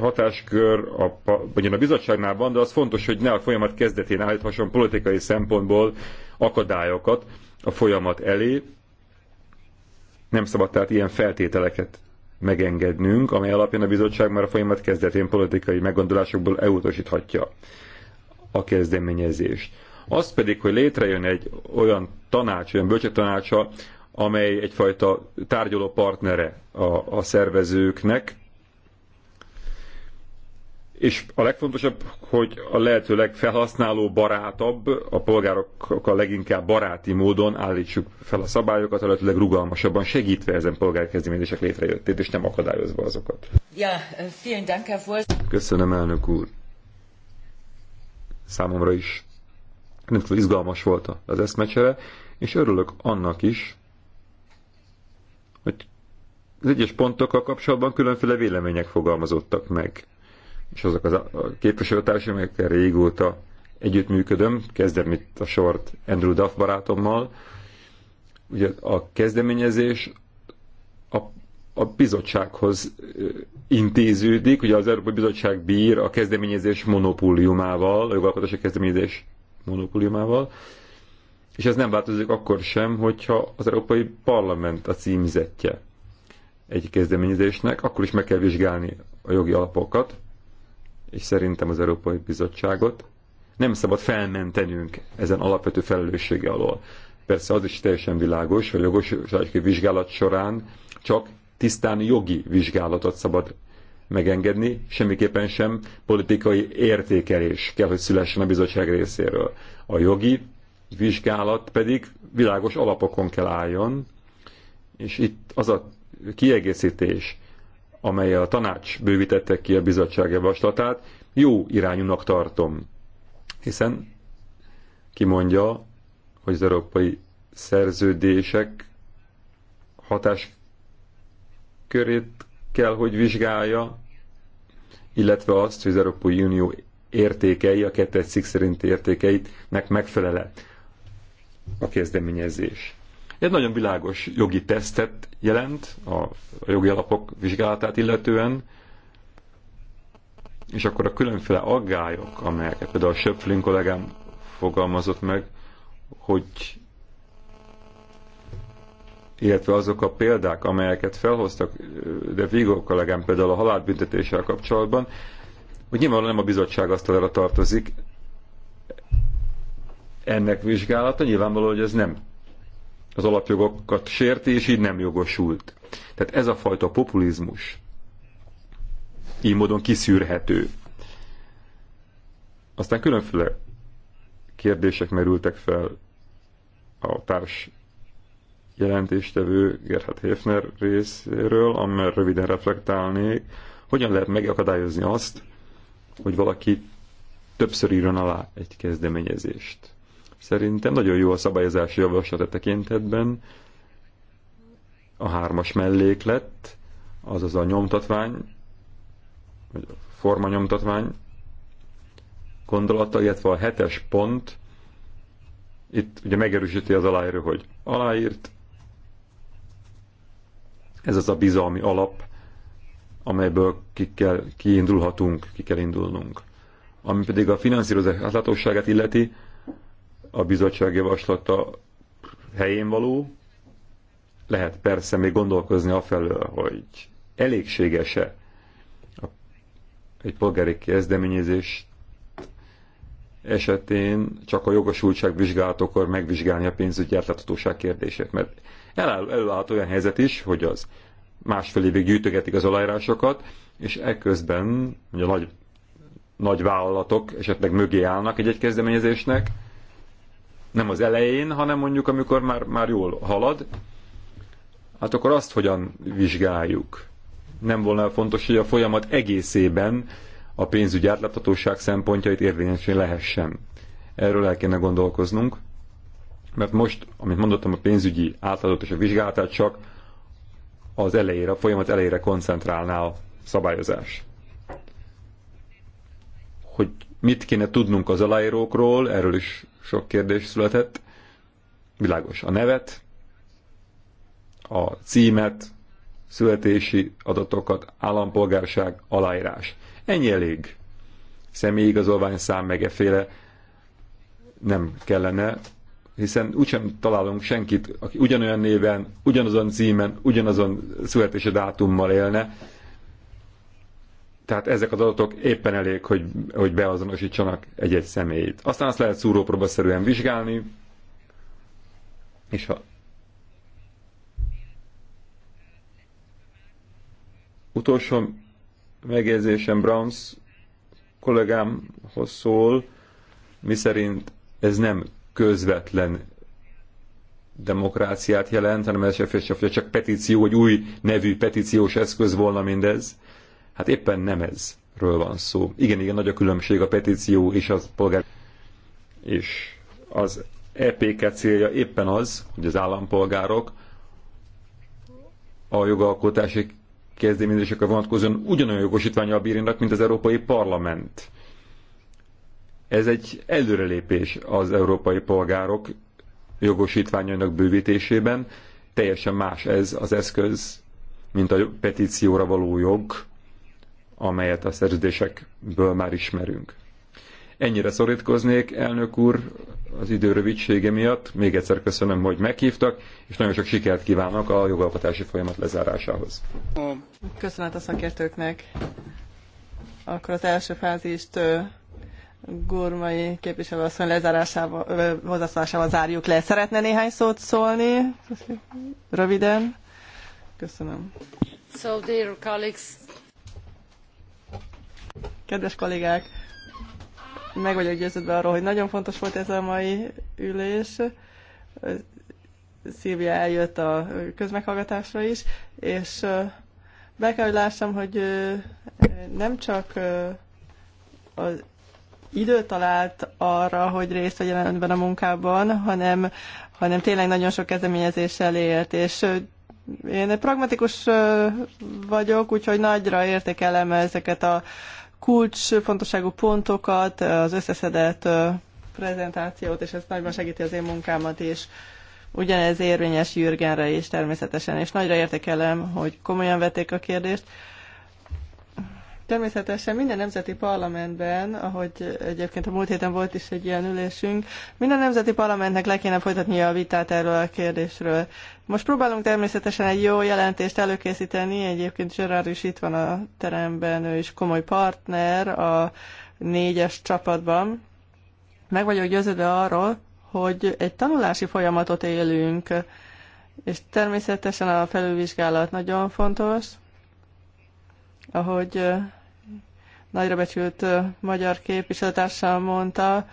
D: hatáskör a, vagy a bizottságnál van, de az fontos, hogy ne a folyamat kezdetén állíthasson politikai szempontból akadályokat a folyamat elé. Nem szabad tehát ilyen feltételeket megengednünk, amely alapján a bizottság már a folyamat kezdetén politikai meggondolásokból elutasíthatja a kezdeményezést. Az pedig, hogy létrejön egy olyan tanács, olyan bölcsektanácsa, amely egyfajta tárgyaló partnere a, a szervezőknek, és a legfontosabb, hogy a lehető legfelhasználó barátabb, a polgárokkal leginkább baráti módon állítsuk fel a szabályokat, a lehetőleg rugalmasabban segítve ezen polgári kezdeményezések létrejöttét, és nem akadályozva azokat.
C: Ja, vielen Dank, Herr Wolf.
D: Köszönöm, elnök úr. Számomra is rendkívül izgalmas volt az eszmecsere, és örülök annak is, hogy az egyes pontokkal kapcsolatban különféle vélemények fogalmazottak meg és azok az a képviselőtársai, amelyekkel régóta együttműködöm, kezdem itt a sort Andrew Duff barátommal. Ugye a kezdeményezés a, a bizottsághoz intéződik, ugye az Európai Bizottság bír a kezdeményezés monopóliumával, a jogalkotási kezdeményezés monopóliumával, és ez nem változik akkor sem, hogyha az Európai Parlament a címzetje egy kezdeményezésnek, akkor is meg kell vizsgálni a jogi alapokat, és szerintem az Európai Bizottságot nem szabad felmentenünk ezen alapvető felelőssége alól. Persze az is teljesen világos, hogy jogosági vizsgálat során csak tisztán jogi vizsgálatot szabad megengedni, semmiképpen sem politikai értékelés kell, hogy szülessen a bizottság részéről. A jogi vizsgálat pedig világos alapokon kell álljon, és itt az a kiegészítés, amely a tanács bővítette ki a bizottság javaslatát, jó irányúnak tartom, hiszen kimondja, hogy az európai szerződések hatáskörét kell, hogy vizsgálja, illetve azt, hogy az Európai Unió értékei, a kettes cikk szerinti értékeinek megfelele a kezdeményezés. Egy nagyon világos jogi tesztet jelent a, jogi alapok vizsgálatát illetően, és akkor a különféle aggályok, amelyeket például a Söpflin kollégám fogalmazott meg, hogy illetve azok a példák, amelyeket felhoztak, de Vigo kollégám például a halálbüntetéssel kapcsolatban, hogy nyilvánvalóan nem a bizottság asztalára tartozik ennek vizsgálata, nyilvánvaló, hogy ez nem az alapjogokat sérti, és így nem jogosult. Tehát ez a fajta populizmus így módon kiszűrhető. Aztán különféle kérdések merültek fel a társ jelentéstevő Gerhard Hefner részéről, amely röviden reflektálnék, hogyan lehet megakadályozni azt, hogy valaki többször írjon alá egy kezdeményezést. Szerintem nagyon jó a szabályozási javaslat a e tekintetben. A hármas melléklet, azaz a nyomtatvány, vagy a formanyomtatvány gondolata, illetve a hetes pont, itt ugye megerősíti az aláíró, hogy aláírt, ez az a bizalmi alap, amelyből ki kell, kiindulhatunk, ki kell indulnunk. Ami pedig a finanszírozás átlátosságát illeti, a bizottság javaslata helyén való. Lehet persze még gondolkozni afelől, hogy elégséges-e egy polgári kezdeményezés esetén csak a jogosultság vizsgálatokor megvizsgálni a pénzügyi átláthatóság kérdését, mert eláll, előállt olyan helyzet is, hogy az másfél évig gyűjtögetik az aláírásokat, és ekközben ugye a nagy, nagy vállalatok esetleg mögé állnak egy-egy kezdeményezésnek, nem az elején, hanem mondjuk amikor már, már jól halad, hát akkor azt hogyan vizsgáljuk? Nem volna fontos, hogy a folyamat egészében a pénzügyi átláthatóság szempontjait érvényesíteni lehessen. Erről el kéne gondolkoznunk, mert most, amit mondottam, a pénzügyi átláthatóság vizsgálatát csak az elejére, a folyamat elejére koncentrálná a szabályozás. Hogy mit kéne tudnunk az aláírókról, erről is sok kérdés született. Világos a nevet, a címet, születési adatokat, állampolgárság, aláírás. Ennyi elég. Személyigazolvány szám féle nem kellene, hiszen úgysem találunk senkit, aki ugyanolyan néven, ugyanazon címen, ugyanazon születési dátummal élne, tehát ezek az adatok éppen elég, hogy, hogy beazonosítsanak egy-egy személyt. Aztán azt lehet szúrópróbaszerűen vizsgálni, és ha utolsó megjegyzésem Browns kollégámhoz szól, miszerint ez nem közvetlen demokráciát jelent, hanem ez csak petíció, egy új nevű petíciós eszköz volna mindez. Hát éppen nem ezről van szó. Igen, igen, nagy a különbség a petíció és az polgár. És az EPK célja éppen az, hogy az állampolgárok a jogalkotási kezdeményezésekre vonatkozóan ugyanolyan jogosítványjal bírnak, mint az Európai Parlament. Ez egy előrelépés az európai polgárok jogosítványainak bővítésében. Teljesen más ez az eszköz, mint a petícióra való jog, amelyet a szerződésekből már ismerünk. Ennyire szorítkoznék, elnök úr, az idő rövidsége miatt. Még egyszer köszönöm, hogy meghívtak, és nagyon sok sikert kívánok a jogalkotási folyamat lezárásához.
B: Köszönet a szakértőknek. Akkor az első fázist Gurmai képviselőasszony lezárásával, hozzászólásával zárjuk le. Szeretne néhány szót szólni? Röviden. Köszönöm.
C: So, dear colleagues,
B: Kedves kollégák, meg vagyok győződve arról, hogy nagyon fontos volt ez a mai ülés. Szilvia eljött a közmeghallgatásra is, és be kell, hogy lássam, hogy nem csak az idő talált arra, hogy részt vegyen ebben a munkában, hanem, hanem tényleg nagyon sok kezdeményezéssel élt, és én pragmatikus vagyok, úgyhogy nagyra értékelem ezeket a kulcsfontosságú pontokat, az összeszedett prezentációt, és ez nagyban segíti az én munkámat is. Ugyanez érvényes Jürgenre is természetesen, és nagyra értékelem, hogy komolyan vették a kérdést, Természetesen minden nemzeti parlamentben, ahogy egyébként a múlt héten volt is egy ilyen ülésünk, minden nemzeti parlamentnek le kéne folytatnia a vitát erről a kérdésről. Most próbálunk természetesen egy jó jelentést előkészíteni, egyébként Gerard is itt van a teremben, ő is komoly partner a négyes csapatban. Meg vagyok győződve arról, hogy egy tanulási folyamatot élünk, és természetesen a felülvizsgálat nagyon fontos, ahogy nagyra becsült magyar képviselőtársam mondta,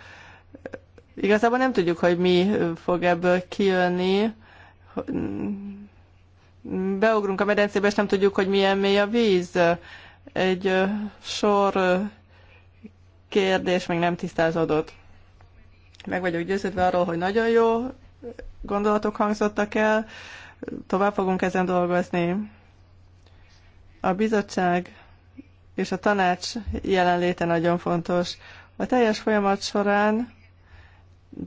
B: igazából nem tudjuk, hogy mi fog ebből kijönni. Beugrunk a medencébe, és nem tudjuk, hogy milyen mély a víz. Egy sor kérdés még nem tisztázódott. Meg vagyok győződve arról, hogy nagyon jó gondolatok hangzottak el, tovább fogunk ezen dolgozni. A bizottság és a tanács jelenléte nagyon fontos. A teljes folyamat során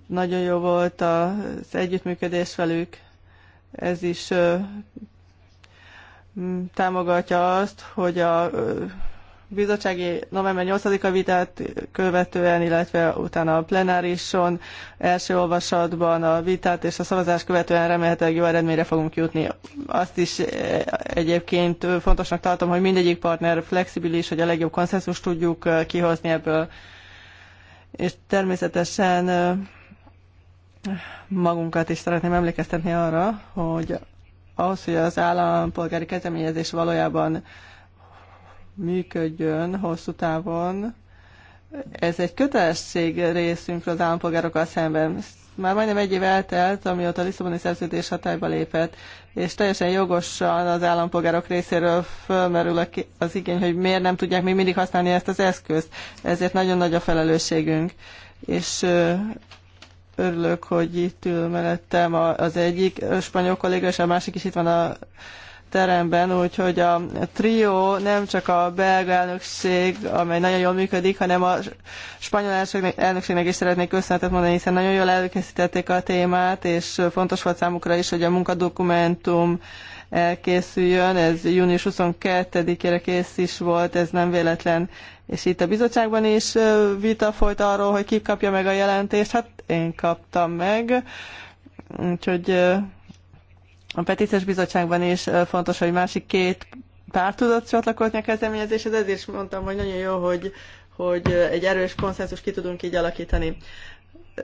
B: nagyon jó volt az együttműködés velük, ez is támogatja azt, hogy a bizottsági november 8-a vitát követően, illetve utána a plenárison, első olvasatban a vitát és a szavazást követően remélhetőleg jó eredményre fogunk jutni. Azt is eh, egyébként fontosnak tartom, hogy mindegyik partner flexibilis, hogy a legjobb konszenzus tudjuk eh, kihozni ebből. És természetesen eh, magunkat is szeretném emlékeztetni arra, hogy ahhoz, hogy az állampolgári kezdeményezés valójában működjön hosszú távon. Ez egy kötelesség részünkről az állampolgárokkal szemben. Már majdnem egy év eltelt, amióta a Lisszaboni szerződés hatályba lépett, és teljesen jogosan az állampolgárok részéről fölmerül az igény, hogy miért nem tudják még mindig használni ezt az eszközt. Ezért nagyon nagy a felelősségünk. És örülök, hogy itt ül mellettem az egyik spanyol kolléga, és a másik is itt van a teremben, úgyhogy a trió nem csak a belga elnökség, amely nagyon jól működik, hanem a spanyol elnökségnek is szeretnék köszönetet mondani, hiszen nagyon jól előkészítették a témát, és fontos volt számukra is, hogy a munkadokumentum elkészüljön. Ez június 22-ére kész is volt, ez nem véletlen. És itt a bizottságban is vita folyt arról, hogy ki kapja meg a jelentést. Hát én kaptam meg, úgyhogy a petíciós bizottságban is fontos, hogy másik két pár tudott csatlakozni a kezdeményezéshez, ezért is mondtam, hogy nagyon jó, hogy, hogy egy erős konszenzus ki tudunk így alakítani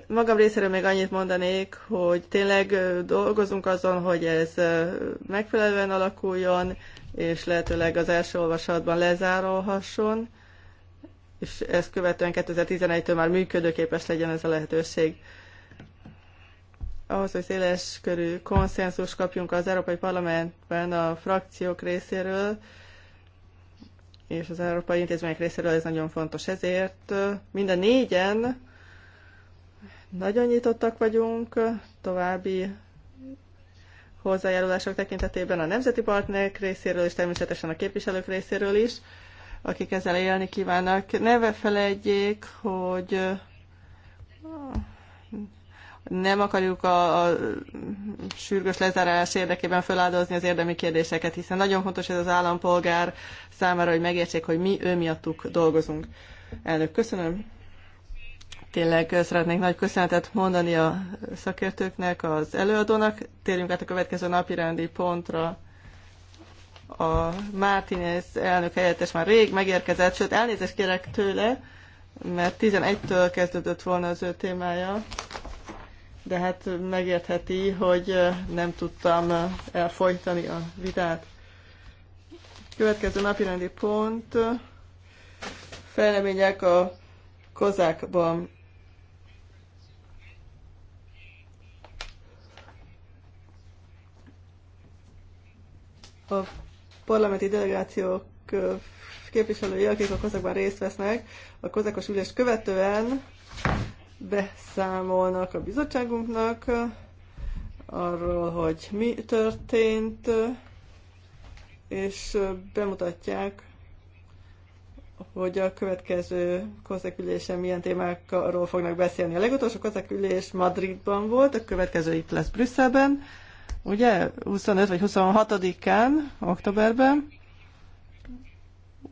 B: magam részéről még annyit mondanék, hogy tényleg dolgozunk azon, hogy ez megfelelően alakuljon, és lehetőleg az első olvasatban lezárolhasson, és ezt követően 2011-től már működőképes legyen ez a lehetőség ahhoz, hogy széles körű konszenzus kapjunk az Európai Parlamentben a frakciók részéről, és az Európai Intézmények részéről ez nagyon fontos. Ezért mind a négyen nagyon nyitottak vagyunk további hozzájárulások tekintetében a nemzeti partnerek részéről, és természetesen a képviselők részéről is, akik ezzel élni kívánnak. Ne felejtjék, hogy nem akarjuk a, a sürgős lezárás érdekében feláldozni az érdemi kérdéseket, hiszen nagyon fontos ez az állampolgár számára, hogy megértsék, hogy mi ő miattuk dolgozunk. Elnök, köszönöm. Tényleg szeretnék nagy köszönetet mondani a szakértőknek, az előadónak. Térjünk át a következő napi rendi pontra. A Mártinez elnök helyettes már rég megérkezett, sőt elnézést kérek tőle, mert 11-től kezdődött volna az ő témája de hát megértheti, hogy nem tudtam elfolytani a vitát. Következő napirendi pont, fejlemények a kozákban. A parlamenti delegációk képviselői, akik a kozákban részt vesznek, a kozákos ülést követően beszámolnak a bizottságunknak arról, hogy mi történt, és bemutatják, hogy a következő kozekülésen milyen témákról fognak beszélni. A legutolsó kozekülés Madridban volt, a következő itt lesz Brüsszelben, ugye 25 vagy 26-án, októberben.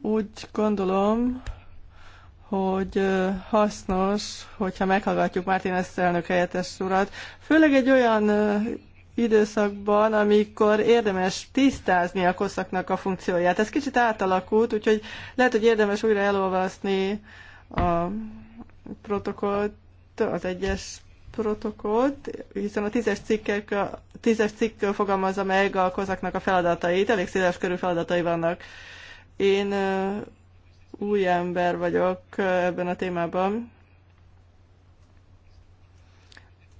B: Úgy gondolom, hogy hasznos, hogyha meghallgatjuk Mártin ezt elnök helyettes urat, főleg egy olyan időszakban, amikor érdemes tisztázni a koszaknak a funkcióját. Ez kicsit átalakult, úgyhogy lehet, hogy érdemes újra elolvasni a protokollt, az egyes protokollt, hiszen a tízes, cikkek, a tízes cikk fogalmazza meg a kozaknak a feladatait, elég széles körű feladatai vannak. Én új ember vagyok ebben a témában.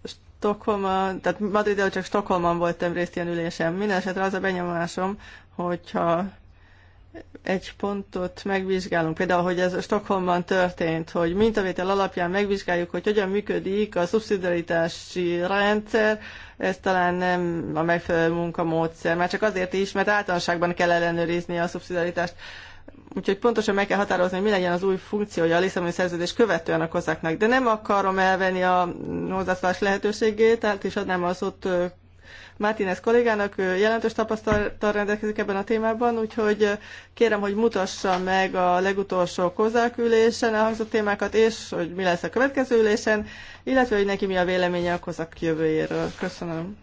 B: Stockholma, tehát Madridel csak Stockholman voltam részt ilyen ülésen. Mindenesetre az a benyomásom, hogyha egy pontot megvizsgálunk, például, hogy ez Stockholmban történt, hogy mintavétel alapján megvizsgáljuk, hogy hogyan működik a szubszidaritási rendszer, ez talán nem a megfelelő munkamódszer, már csak azért is, mert általánosságban kell ellenőrizni a Uh, Úgyhogy pontosan meg kell határozni, hogy mi legyen az új funkciója a Lisszaboni szerződés követően a kozáknak. De nem akarom elvenni a hozzászólás lehetőségét, tehát is adnám az ott Mártinez kollégának, jelentős tapasztalattal rendelkezik ebben a témában, úgyhogy kérem, hogy mutassa meg a legutolsó kozákülésen elhangzott témákat, és hogy mi lesz a következő ülésen, illetve hogy neki mi a véleménye a kozák jövőjéről. Köszönöm.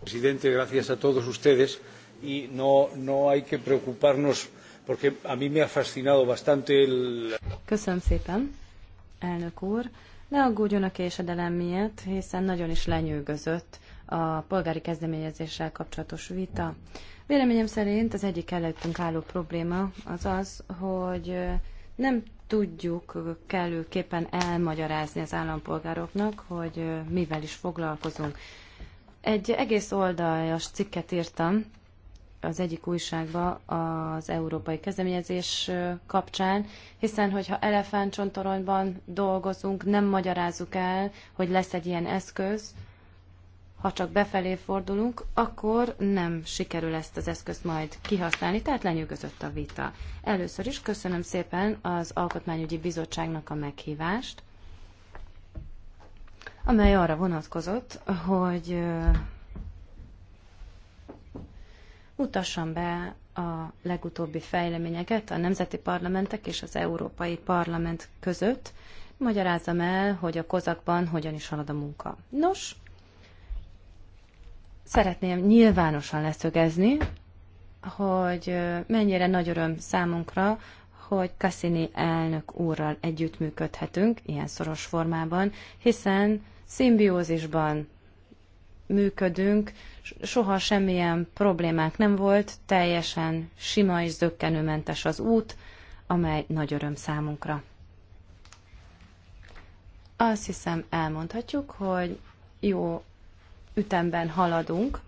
A: Presidente, gracias a todos ustedes y no, no hay que preocuparnos porque a mí me ha fascinado bastante el...
C: Köszönöm szépen, elnök úr. Ne aggódjon a késedelem miatt, hiszen nagyon is lenyűgözött a polgári kezdeményezéssel kapcsolatos vita. Véleményem szerint az egyik előttünk álló probléma az az, hogy nem tudjuk kellőképpen elmagyarázni az állampolgároknak, hogy mivel is foglalkozunk. Egy egész oldaljas cikket írtam az egyik újságba az európai kezdeményezés kapcsán, hiszen hogyha elefántcsontoronyban dolgozunk, nem magyarázzuk el, hogy lesz egy ilyen eszköz, ha csak befelé fordulunk, akkor nem sikerül ezt az eszközt majd kihasználni, tehát lenyűgözött a vita. Először is köszönöm szépen az Alkotmányügyi Bizottságnak a meghívást, amely arra vonatkozott, hogy mutasson be a legutóbbi fejleményeket a nemzeti parlamentek és az Európai Parlament között. Magyarázzam el, hogy a kozakban hogyan is halad a munka. Nos, szeretném nyilvánosan leszögezni, hogy mennyire nagy öröm számunkra, hogy Cassini elnök úrral együttműködhetünk ilyen szoros formában, hiszen szimbiózisban működünk, soha semmilyen problémánk nem volt, teljesen sima és zöggenőmentes az út, amely nagy öröm számunkra. Azt hiszem elmondhatjuk, hogy jó ütemben haladunk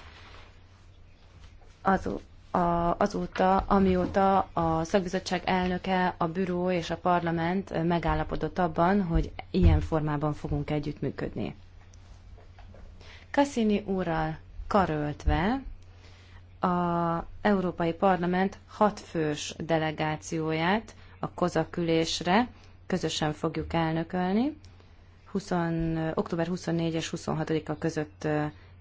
C: az, a, azóta, amióta a szakbizottság elnöke, a büró és a parlament megállapodott abban, hogy ilyen formában fogunk együttműködni. Cassini úrral karöltve a Európai Parlament hatfős delegációját a COZAK ülésre közösen fogjuk elnökölni. 20, október 24 és 26-a között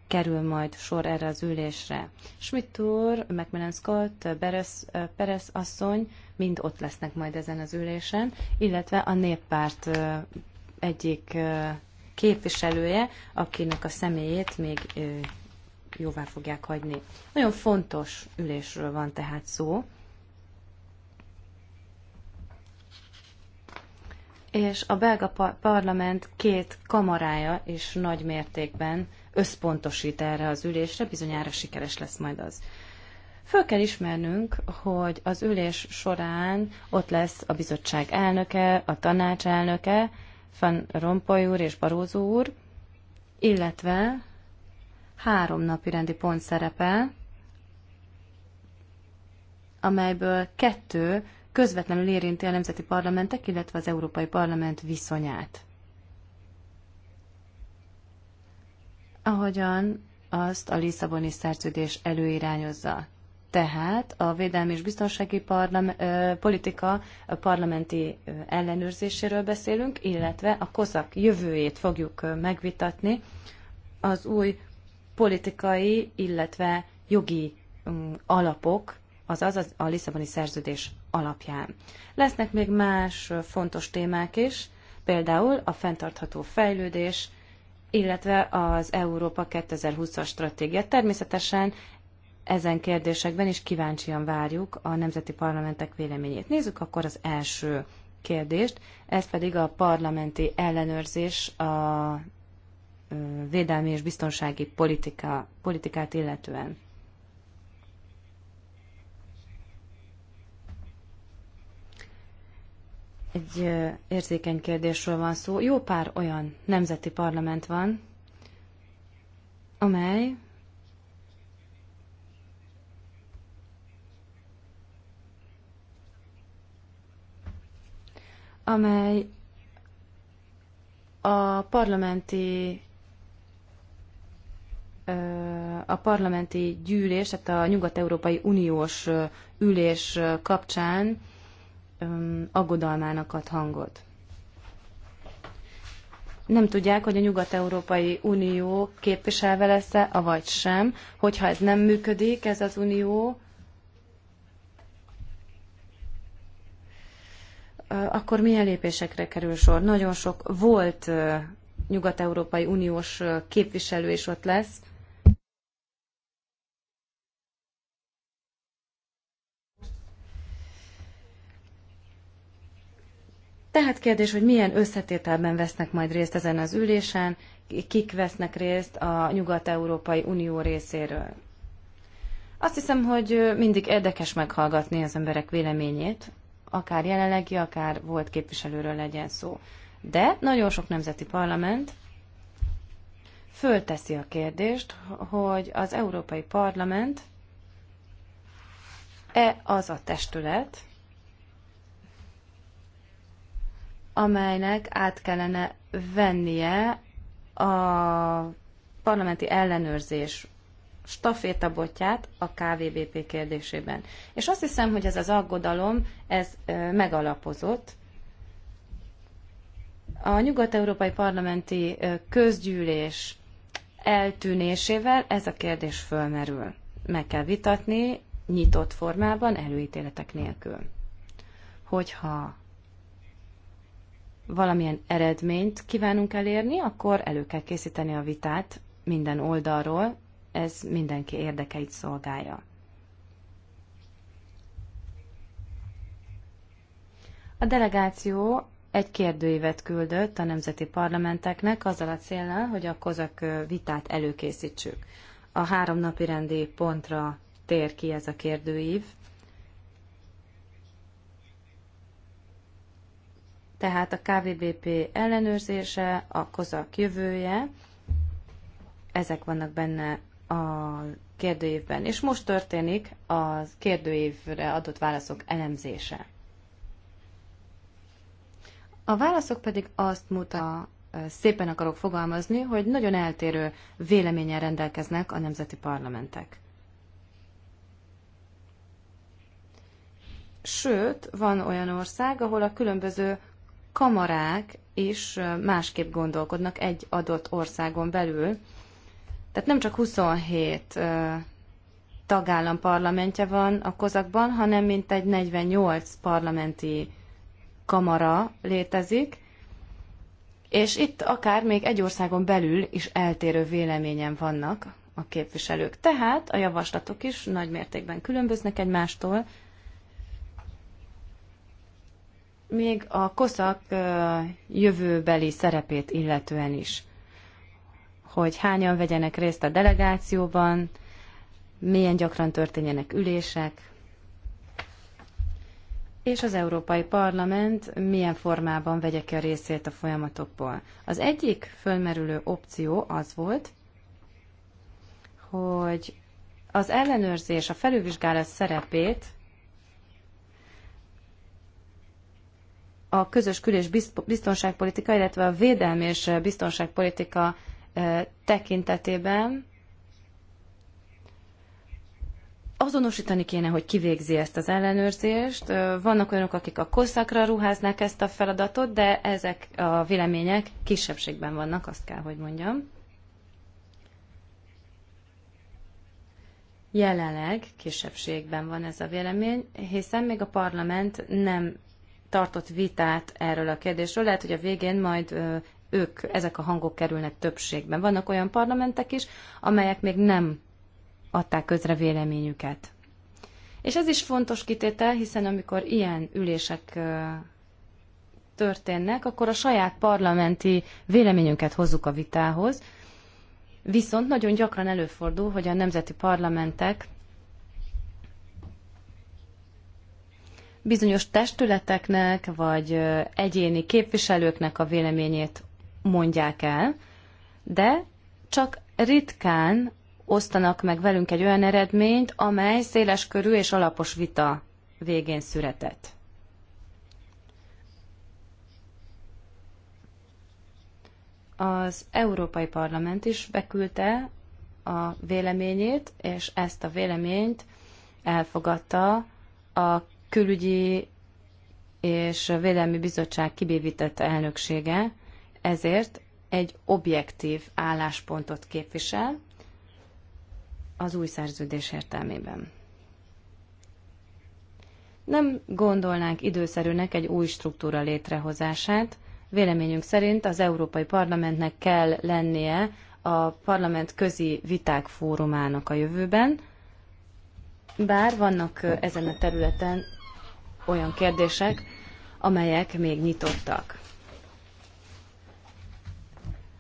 C: kerül majd sor erre az ülésre. Schmidt úr, Macmillan Scott, Beres, Peres asszony mind ott lesznek majd ezen az ülésen, illetve a néppárt egyik képviselője, akinek a személyét még jóvá fogják hagyni. Nagyon fontos ülésről van tehát szó. És a belga parlament két kamarája is nagy mértékben összpontosít erre az ülésre, bizonyára sikeres lesz majd az. Föl kell ismernünk, hogy az ülés során ott lesz a bizottság elnöke, a tanács elnöke, Van Rompuy úr és Barózó úr, illetve három napi rendi pont szerepel, amelyből kettő közvetlenül érinti a nemzeti parlamentek, illetve az Európai Parlament viszonyát. Ahogyan azt a Lisszaboni szerződés előirányozza. Tehát a védelmi és biztonsági parlam, politika a parlamenti ellenőrzéséről beszélünk, illetve a kozak jövőjét fogjuk megvitatni, az új politikai, illetve jogi mm, alapok, azaz a Lisszaboni szerződés alapján. Lesznek még más fontos témák is, például a fenntartható fejlődés, illetve az Európa 2020-as stratégia. Természetesen ezen kérdésekben is kíváncsian várjuk a nemzeti parlamentek véleményét. Nézzük akkor az első kérdést, ez pedig a parlamenti ellenőrzés a védelmi és biztonsági politika, politikát illetően. Egy érzékeny kérdésről van szó. Jó pár olyan nemzeti parlament van, amely amely a parlamenti a parlamenti gyűlés, tehát a Nyugat-Európai Uniós ülés kapcsán aggodalmának ad hangot. Nem tudják, hogy a Nyugat-Európai Unió képviselve lesz-e, avagy sem. Hogyha ez nem működik, ez az unió, akkor milyen lépésekre kerül sor? Nagyon sok volt Nyugat-Európai Uniós képviselő is ott lesz, Tehát kérdés, hogy milyen összetételben vesznek majd részt ezen az ülésen, kik vesznek részt a Nyugat-Európai Unió részéről. Azt hiszem, hogy mindig érdekes meghallgatni az emberek véleményét, akár jelenlegi, akár volt képviselőről legyen szó. De nagyon sok nemzeti parlament fölteszi a kérdést, hogy az Európai Parlament e az a testület, amelynek át kellene vennie a parlamenti ellenőrzés stafétabotját a KVBP kérdésében. És azt hiszem, hogy ez az aggodalom, ez megalapozott. A nyugat-európai parlamenti közgyűlés eltűnésével ez a kérdés fölmerül. Meg kell vitatni nyitott formában, előítéletek nélkül. Hogyha valamilyen eredményt kívánunk elérni, akkor elő kell készíteni a vitát minden oldalról, ez mindenki érdekeit szolgálja. A delegáció egy kérdőívet küldött a nemzeti parlamenteknek azzal a célnal, hogy a kozak vitát előkészítsük. A három napi rendi pontra tér ki ez a kérdőív, tehát a KVBP ellenőrzése, a kozak jövője, ezek vannak benne a kérdőívben. És most történik a kérdőívre adott válaszok elemzése. A válaszok pedig azt mutat, szépen akarok fogalmazni, hogy nagyon eltérő véleményen rendelkeznek a nemzeti parlamentek. Sőt, van olyan ország, ahol a különböző kamarák is másképp gondolkodnak egy adott országon belül. Tehát nem csak 27 tagállam parlamentje van a kozakban, hanem mintegy 48 parlamenti kamara létezik, és itt akár még egy országon belül is eltérő véleményen vannak a képviselők. Tehát a javaslatok is nagy mértékben különböznek egymástól, még a koszak jövőbeli szerepét illetően is, hogy hányan vegyenek részt a delegációban, milyen gyakran történjenek ülések, és az Európai Parlament milyen formában vegye ki a részét a folyamatokból. Az egyik fölmerülő opció az volt, hogy az ellenőrzés, a felülvizsgálat szerepét a közös kül- és biztonságpolitika, illetve a védelmi és eh, biztonságpolitika eh, tekintetében azonosítani kéne, hogy kivégzi ezt az ellenőrzést. Eh, vannak olyanok, akik a koszakra ruháznák ezt a feladatot, de ezek a vélemények kisebbségben vannak, azt kell, hogy mondjam. Jelenleg kisebbségben van ez a vélemény, hiszen még a parlament nem tartott vitát erről a kérdésről. Lehet, hogy a végén majd ők, ezek a hangok kerülnek többségben. Vannak olyan parlamentek is, amelyek még nem adták közre véleményüket. És ez is fontos kitétel, hiszen amikor ilyen ülések történnek, akkor a saját parlamenti véleményünket hozzuk a vitához. Viszont nagyon gyakran előfordul, hogy a nemzeti parlamentek bizonyos testületeknek vagy egyéni képviselőknek a véleményét mondják el, de csak ritkán osztanak meg velünk egy olyan eredményt, amely széles körű és alapos vita végén született. Az Európai Parlament is beküldte a véleményét, és ezt a véleményt elfogadta a külügyi és védelmi bizottság kibévített elnöksége, ezért egy objektív álláspontot képvisel az új szerződés értelmében. Nem gondolnánk időszerűnek egy új struktúra létrehozását. Véleményünk szerint az Európai Parlamentnek kell lennie a parlament közi viták fórumának a jövőben, bár vannak ezen a területen olyan kérdések, amelyek még nyitottak.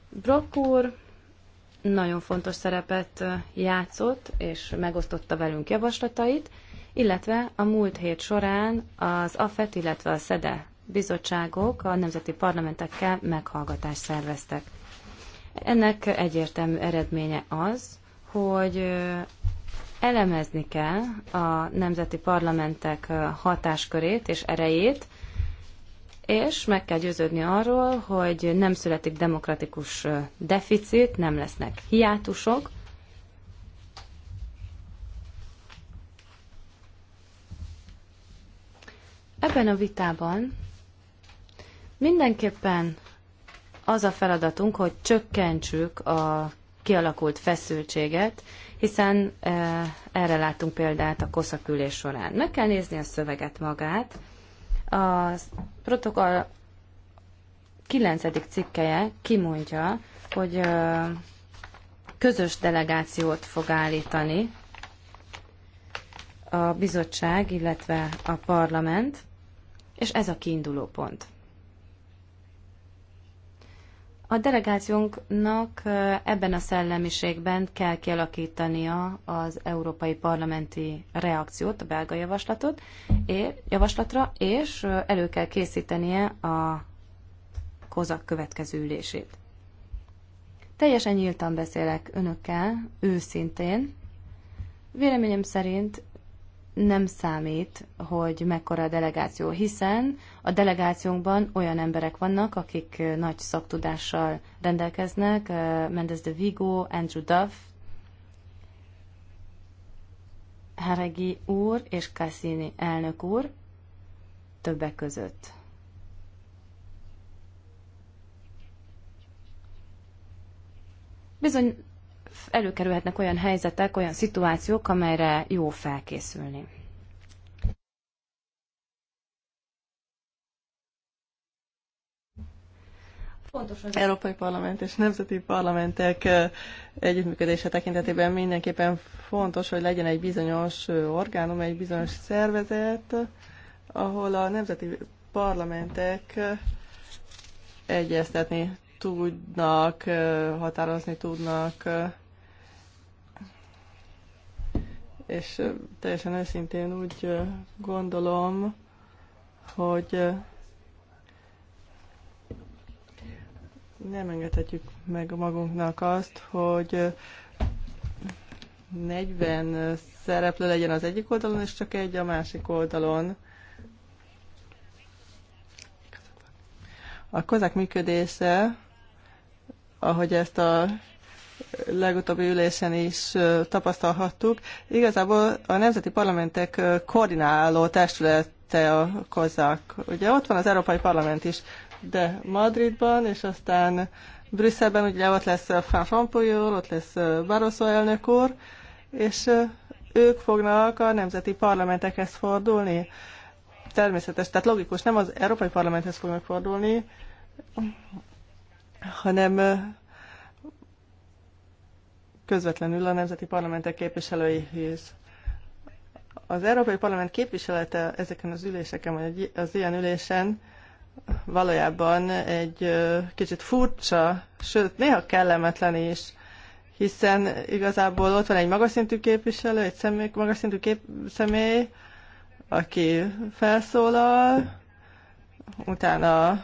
C: Brock úr nagyon fontos szerepet játszott, és megosztotta velünk javaslatait, illetve a múlt hét során az AFET, illetve a SZEDE bizottságok a nemzeti parlamentekkel meghallgatást szerveztek. Ennek egyértelmű eredménye az, hogy Elemezni kell a nemzeti parlamentek hatáskörét és erejét, és meg kell győződni arról, hogy nem születik demokratikus deficit, nem lesznek hiátusok, Ebben a vitában mindenképpen az a feladatunk, hogy csökkentsük a kialakult feszültséget, hiszen erre láttunk példát a koszakülés során. Meg kell nézni a szöveget magát. A protokoll 9. cikkeje kimondja, hogy közös delegációt fog állítani a bizottság, illetve a parlament, és ez a kiinduló pont. A delegációnknak ebben a szellemiségben kell kialakítania az európai parlamenti reakciót, a belga javaslatot, és, javaslatra, és elő kell készítenie a kozak következő ülését. Teljesen nyíltan beszélek önökkel, őszintén. Véleményem szerint nem számít, hogy mekkora a delegáció, hiszen a delegációnkban olyan emberek vannak, akik nagy szaktudással rendelkeznek, Mendes de Vigo, Andrew Duff, Haregi úr és Cassini elnök úr többek között. Bizony előkerülhetnek olyan helyzetek, olyan szituációk, amelyre jó felkészülni. Fontos az Európai
B: Parlament és Nemzeti Parlamentek együttműködése tekintetében mindenképpen fontos, hogy legyen egy bizonyos orgánum, egy bizonyos szervezet, ahol a nemzeti parlamentek egyeztetni tudnak, határozni tudnak és teljesen őszintén úgy gondolom, hogy nem engedhetjük meg magunknak azt, hogy 40 szereplő legyen az egyik oldalon, és csak egy a másik oldalon. A kozák működése, ahogy ezt a legutóbbi ülésen is tapasztalhattuk. Igazából a nemzeti parlamentek koordináló testülete a kozák. Ugye ott van az Európai Parlament is, de Madridban, és aztán Brüsszelben ugye ott lesz Fán Rompuy ott lesz Barroso elnök úr, és ők fognak a nemzeti parlamentekhez fordulni. Természetes, tehát logikus, nem az Európai Parlamenthez fognak fordulni, hanem közvetlenül a nemzeti parlamentek képviselőihez. Az Európai Parlament képviselete ezeken az üléseken, vagy az ilyen ülésen valójában egy kicsit furcsa, sőt néha kellemetlen is, hiszen igazából ott van egy magas szintű képviselő, egy személy, magas szintű kép, személy, aki felszólal, utána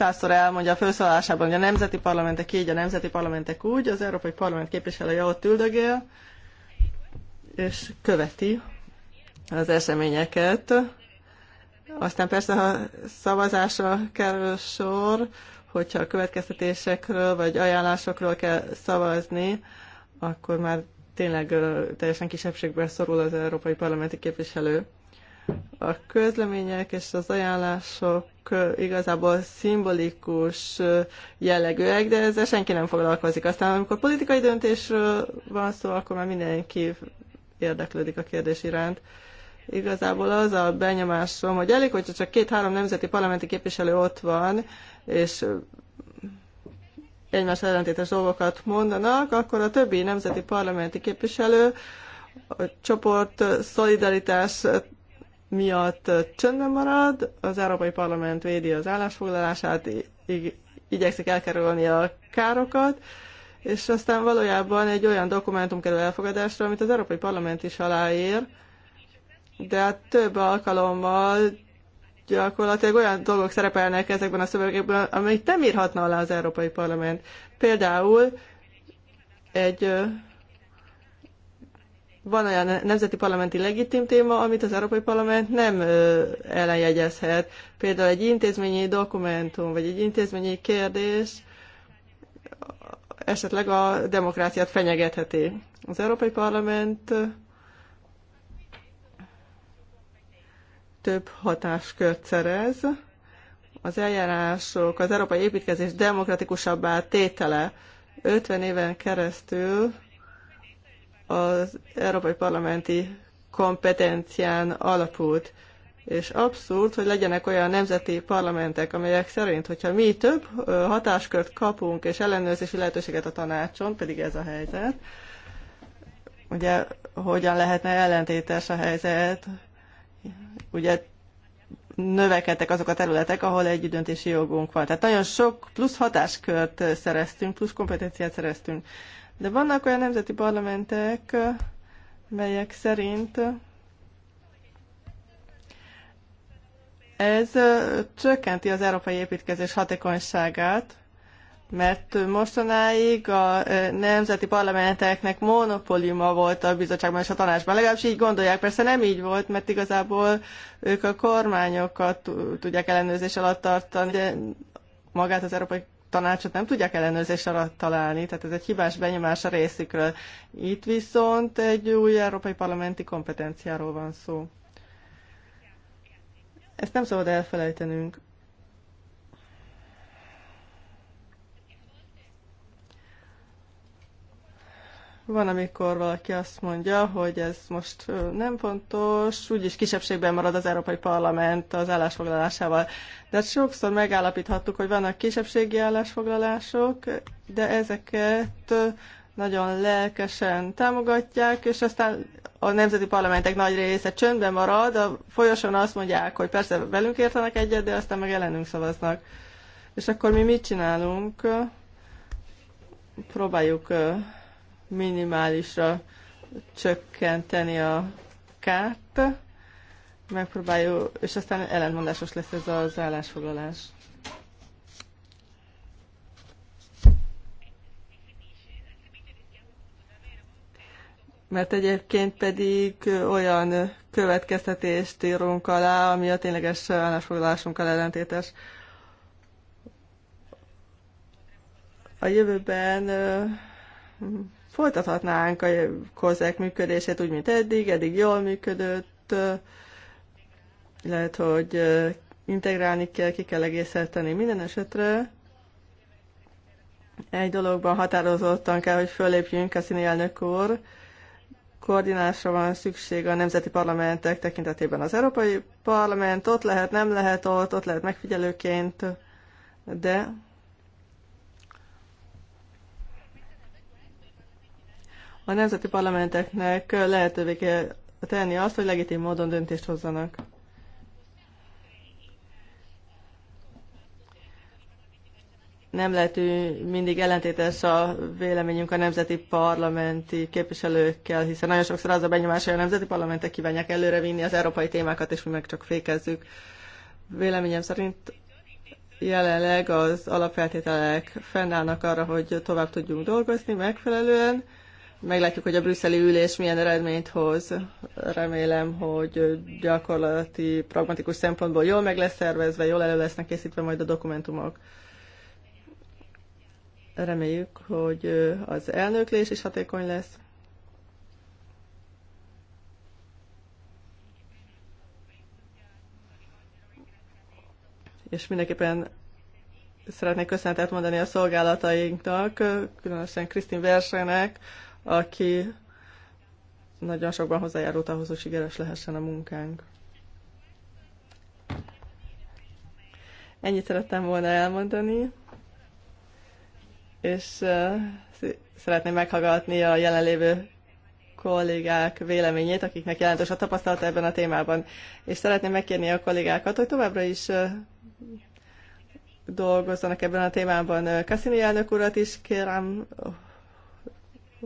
B: százszor elmondja a felszólásában, hogy a nemzeti parlamentek így, a nemzeti parlamentek úgy, az Európai Parlament képviselője ott üldögél, és követi az eseményeket. Aztán persze, ha szavazásra kerül sor, hogyha a következtetésekről vagy ajánlásokról kell szavazni, akkor már tényleg teljesen kisebbségben szorul az európai parlamenti képviselő. A közlemények és az ajánlások igazából szimbolikus jellegűek, de ezzel senki nem foglalkozik. Aztán amikor politikai döntésről van szó, akkor már mindenki érdeklődik a kérdés iránt. Igazából az a benyomásom, hogy elég, hogyha csak két-három nemzeti parlamenti képviselő ott van, és egymás ellentétes dolgokat mondanak, akkor a többi nemzeti parlamenti képviselő a csoport szolidaritás miatt csöndben marad, az Európai Parlament védi az állásfoglalását, így igyekszik elkerülni a károkat, és aztán valójában egy olyan dokumentum kerül elfogadásra, amit az Európai Parlament is aláír, de hát több alkalommal gyakorlatilag olyan dolgok szerepelnek ezekben a szövegekben, amelyik nem írhatna alá az Európai Parlament. Például egy van olyan nemzeti parlamenti legitim téma, amit az Európai Parlament nem ellenjegyezhet. Például egy intézményi dokumentum, vagy egy intézményi kérdés esetleg a demokráciát fenyegetheti. Az Európai Parlament több hatáskört szerez. Az eljárások, az európai építkezés demokratikusabbá tétele 50 éven keresztül az Európai Parlamenti kompetencián alapult. És abszurd, hogy legyenek olyan nemzeti parlamentek, amelyek szerint, hogyha mi több hatáskört kapunk és ellenőrzési lehetőséget a tanácson, pedig ez a helyzet, ugye hogyan lehetne ellentétes a helyzet, ugye növekedtek azok a területek, ahol egy döntési jogunk van. Tehát nagyon sok plusz hatáskört szereztünk, plusz kompetenciát szereztünk. De vannak olyan nemzeti parlamentek, melyek szerint ez csökkenti az európai építkezés hatékonyságát, mert mostanáig a nemzeti parlamenteknek monopóliuma volt a bizottságban és a tanácsban. Legalábbis így gondolják, persze nem így volt, mert igazából ők a kormányokat tudják ellenőrzés alatt tartani, de magát az európai tanácsot nem tudják ellenőrzés alatt találni, tehát ez egy hibás benyomás a részükről. Itt viszont egy új európai parlamenti kompetenciáról van szó. Ezt nem szabad elfelejtenünk. Van, amikor valaki azt mondja, hogy ez most nem fontos, úgyis kisebbségben marad az Európai Parlament az állásfoglalásával. De hát sokszor megállapíthattuk, hogy vannak kisebbségi állásfoglalások, de ezeket nagyon lelkesen támogatják, és aztán a nemzeti parlamentek nagy része csöndben marad, a folyosón azt mondják, hogy persze velünk értenek egyet, de aztán meg ellenünk szavaznak. És akkor mi mit csinálunk? Próbáljuk minimálisra csökkenteni a kárt, megpróbáljuk, és aztán ellentmondásos lesz ez az állásfoglalás. mert egyébként pedig olyan következtetést írunk alá, ami a tényleges állásfoglalásunkkal ellentétes. A jövőben Folytathatnánk a kozák működését úgy, mint eddig, eddig jól működött, lehet, hogy integrálni kell, ki kell egészíteni. Minden esetre egy dologban határozottan kell, hogy fölépjünk, a színi elnök úr, koordinásra van szükség a nemzeti parlamentek tekintetében. Az Európai Parlament ott lehet, nem lehet ott, ott lehet megfigyelőként, de a nemzeti parlamenteknek lehetővé kell tenni azt, hogy legitim módon döntést hozzanak. nem lehet mindig ellentétes a véleményünk a nemzeti parlamenti képviselőkkel, hiszen nagyon sokszor az a benyomás, hogy a nemzeti parlamentek kívánják előrevinni az európai témákat, és mi meg csak fékezzük. Véleményem szerint jelenleg az alapfeltételek fennállnak arra, hogy tovább tudjunk dolgozni megfelelően, Meglátjuk, hogy a brüsszeli ülés milyen eredményt hoz. Remélem, hogy gyakorlati, pragmatikus szempontból jól meg lesz szervezve, jól elő lesznek készítve majd a dokumentumok. Reméljük, hogy az elnöklés is hatékony lesz. és mindenképpen szeretnék köszönetet mondani a szolgálatainknak, különösen Krisztin Versenek, aki nagyon sokban hozzájárult ahhoz, hogy sikeres lehessen a munkánk. Ennyit szerettem volna elmondani, és szeretném meghallgatni a jelenlévő kollégák véleményét, akiknek jelentős a tapasztalata ebben a témában. És szeretném megkérni a kollégákat, hogy továbbra is dolgozzanak ebben a témában. Kaszini elnök urat is kérem,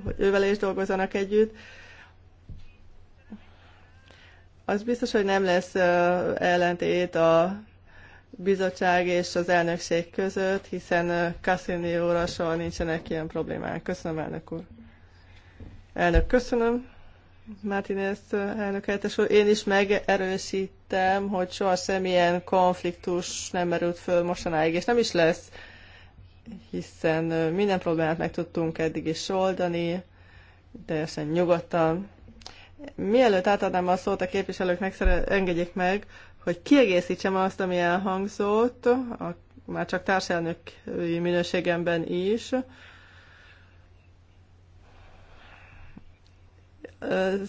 B: hogy ővel is dolgozanak együtt. Az biztos, hogy nem lesz ellentét a bizottság és az elnökség között, hiszen Cassini óra soha nincsenek ilyen problémák. Köszönöm, elnök úr. Elnök, köszönöm. Martinez elnök helyettes úr, én is megerősítem, hogy soha semmilyen konfliktus nem merült föl mostanáig, és nem is lesz hiszen minden problémát meg tudtunk eddig is oldani, teljesen nyugodtan. Mielőtt átadnám a szót a képviselőknek, engedjék meg, hogy kiegészítsem azt, ami elhangzott, a, már csak társelnöki minőségemben is,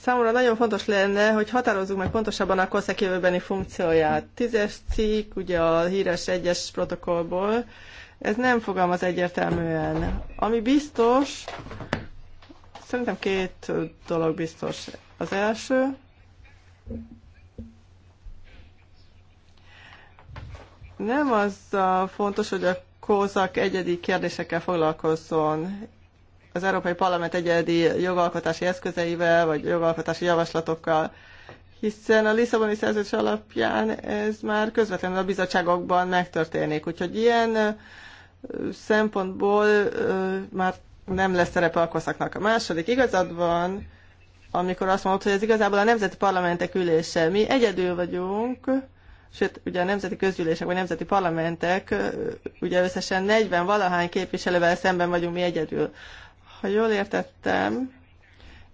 B: számomra nagyon fontos lenne, hogy határozzuk meg pontosabban a COSZEK jövőbeni funkcióját. Tízes cikk, ugye a híres egyes protokollból, ez nem fogalmaz egyértelműen. Ami biztos, szerintem két dolog biztos. Az első, nem az a fontos, hogy a kózak egyedi kérdésekkel foglalkozzon az Európai Parlament egyedi jogalkotási eszközeivel, vagy jogalkotási javaslatokkal, hiszen a Lisszaboni szerződés alapján ez már közvetlenül a bizottságokban megtörténik. Úgyhogy ilyen szempontból már nem lesz szerepe a koszaknak. A második igazad van, amikor azt mondod, hogy ez igazából a nemzeti parlamentek ülése. Mi egyedül vagyunk, sőt, ugye a nemzeti közgyűlések vagy nemzeti parlamentek, ugye összesen 40 valahány képviselővel szemben vagyunk mi egyedül. Ha jól értettem,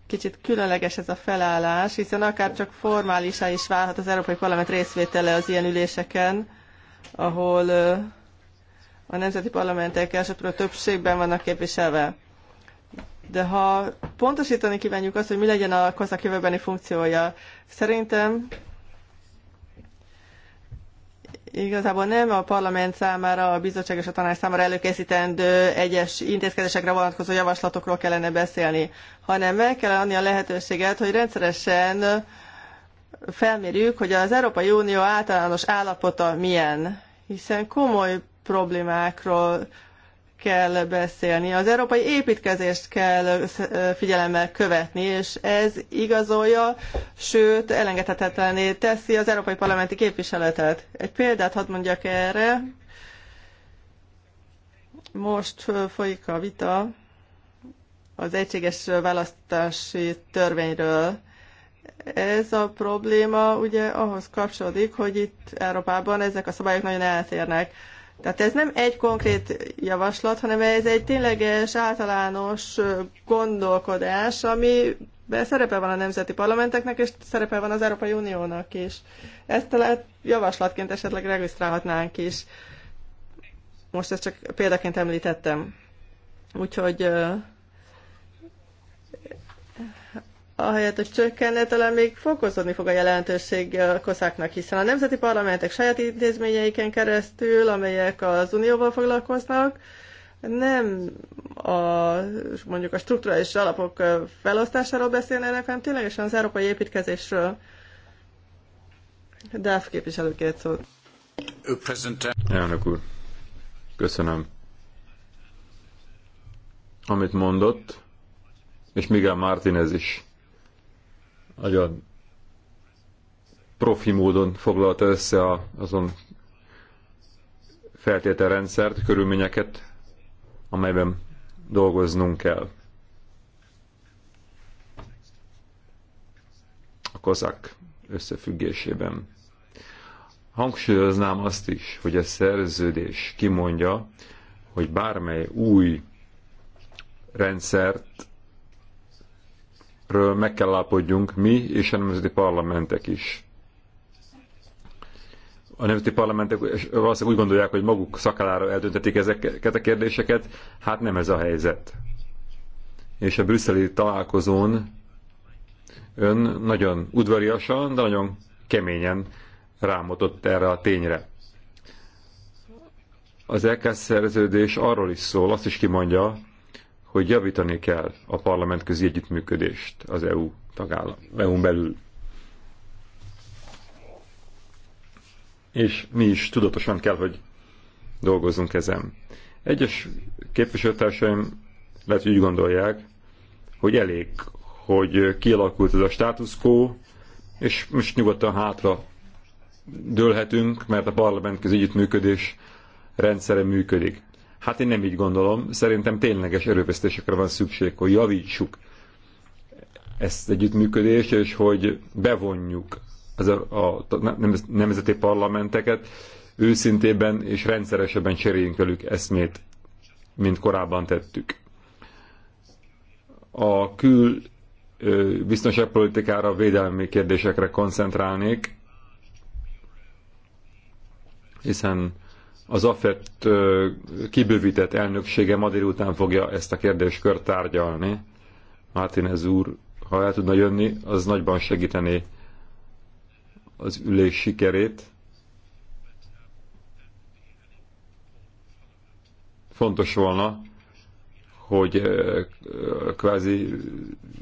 B: kicsit különleges ez a felállás, hiszen akár csak formálisá is válhat az Európai Parlament részvétele az ilyen üléseken, ahol a nemzeti parlamentek elsőprő többségben vannak képviselve. De ha pontosítani kívánjuk azt, hogy mi legyen a kozak jövőbeni funkciója, szerintem Igazából nem a parlament számára, a bizottság és a tanács számára előkészítendő egyes intézkedésekre vonatkozó javaslatokról kellene beszélni, hanem meg kell adni a lehetőséget, hogy rendszeresen felmérjük, hogy az Európai Unió általános állapota milyen, hiszen komoly problémákról kell beszélni. Az európai építkezést kell figyelemmel követni, és ez igazolja, sőt, elengedhetetlené teszi az európai parlamenti képviseletet. Egy példát hadd mondjak erre. Most folyik a vita az egységes választási törvényről. Ez a probléma ugye ahhoz kapcsolódik, hogy itt Európában ezek a szabályok nagyon eltérnek tehát ez nem egy konkrét javaslat, hanem ez egy tényleges általános gondolkodás, ami szerepe van a nemzeti parlamenteknek, és szerepe van az Európai Uniónak is. Ezt talán javaslatként esetleg regisztrálhatnánk is. Most ezt csak példaként említettem. Úgyhogy ahelyett, hogy csökkenne, talán még fokozódni fog a jelentőség a koszáknak, hiszen a nemzeti parlamentek saját intézményeiken keresztül, amelyek az unióval foglalkoznak, nem a, mondjuk a strukturális alapok felosztásáról beszélnének, hanem ténylegesen az európai építkezésről. Dáv képviselő két szót.
D: Elnök úr, köszönöm. Amit mondott, és Miguel Martinez is nagyon profi módon foglalta össze a, azon feltételrendszert, körülményeket, amelyben dolgoznunk kell. A kozák összefüggésében. Hangsúlyoznám azt is, hogy a szerződés kimondja, hogy bármely új rendszert ről meg kell állapodjunk mi és a nemzeti parlamentek is. A nemzeti parlamentek valószínűleg úgy gondolják, hogy maguk szakalára eldöntetik ezeket a kérdéseket, hát nem ez a helyzet. És a brüsszeli találkozón ön nagyon udvariasan, de nagyon keményen rámotott erre a tényre. Az LKS szerződés arról is szól, azt is kimondja, hogy javítani kell a parlamentközi együttműködést az EU tagállam, eu belül. És mi is tudatosan kell, hogy dolgozzunk ezen. Egyes képviselőtársaim lehet, hogy úgy gondolják, hogy elég, hogy kialakult ez a status quo, és most nyugodtan hátra dőlhetünk, mert a parlamentközi együttműködés rendszere működik. Hát én nem így gondolom. Szerintem tényleges erőfeszítésekre van szükség, hogy javítsuk ezt együttműködést, és hogy bevonjuk az a, a, a nemzeti parlamenteket, őszintében és rendszeresebben cseréljünk velük eszmét, mint korábban tettük. A kül biztonságpolitikára, védelmi kérdésekre koncentrálnék, hiszen az AFET kibővített elnöksége ma délután fogja ezt a kérdéskört tárgyalni. Martinez úr, ha el tudna jönni, az nagyban segítené az ülés sikerét. Fontos volna, hogy kvázi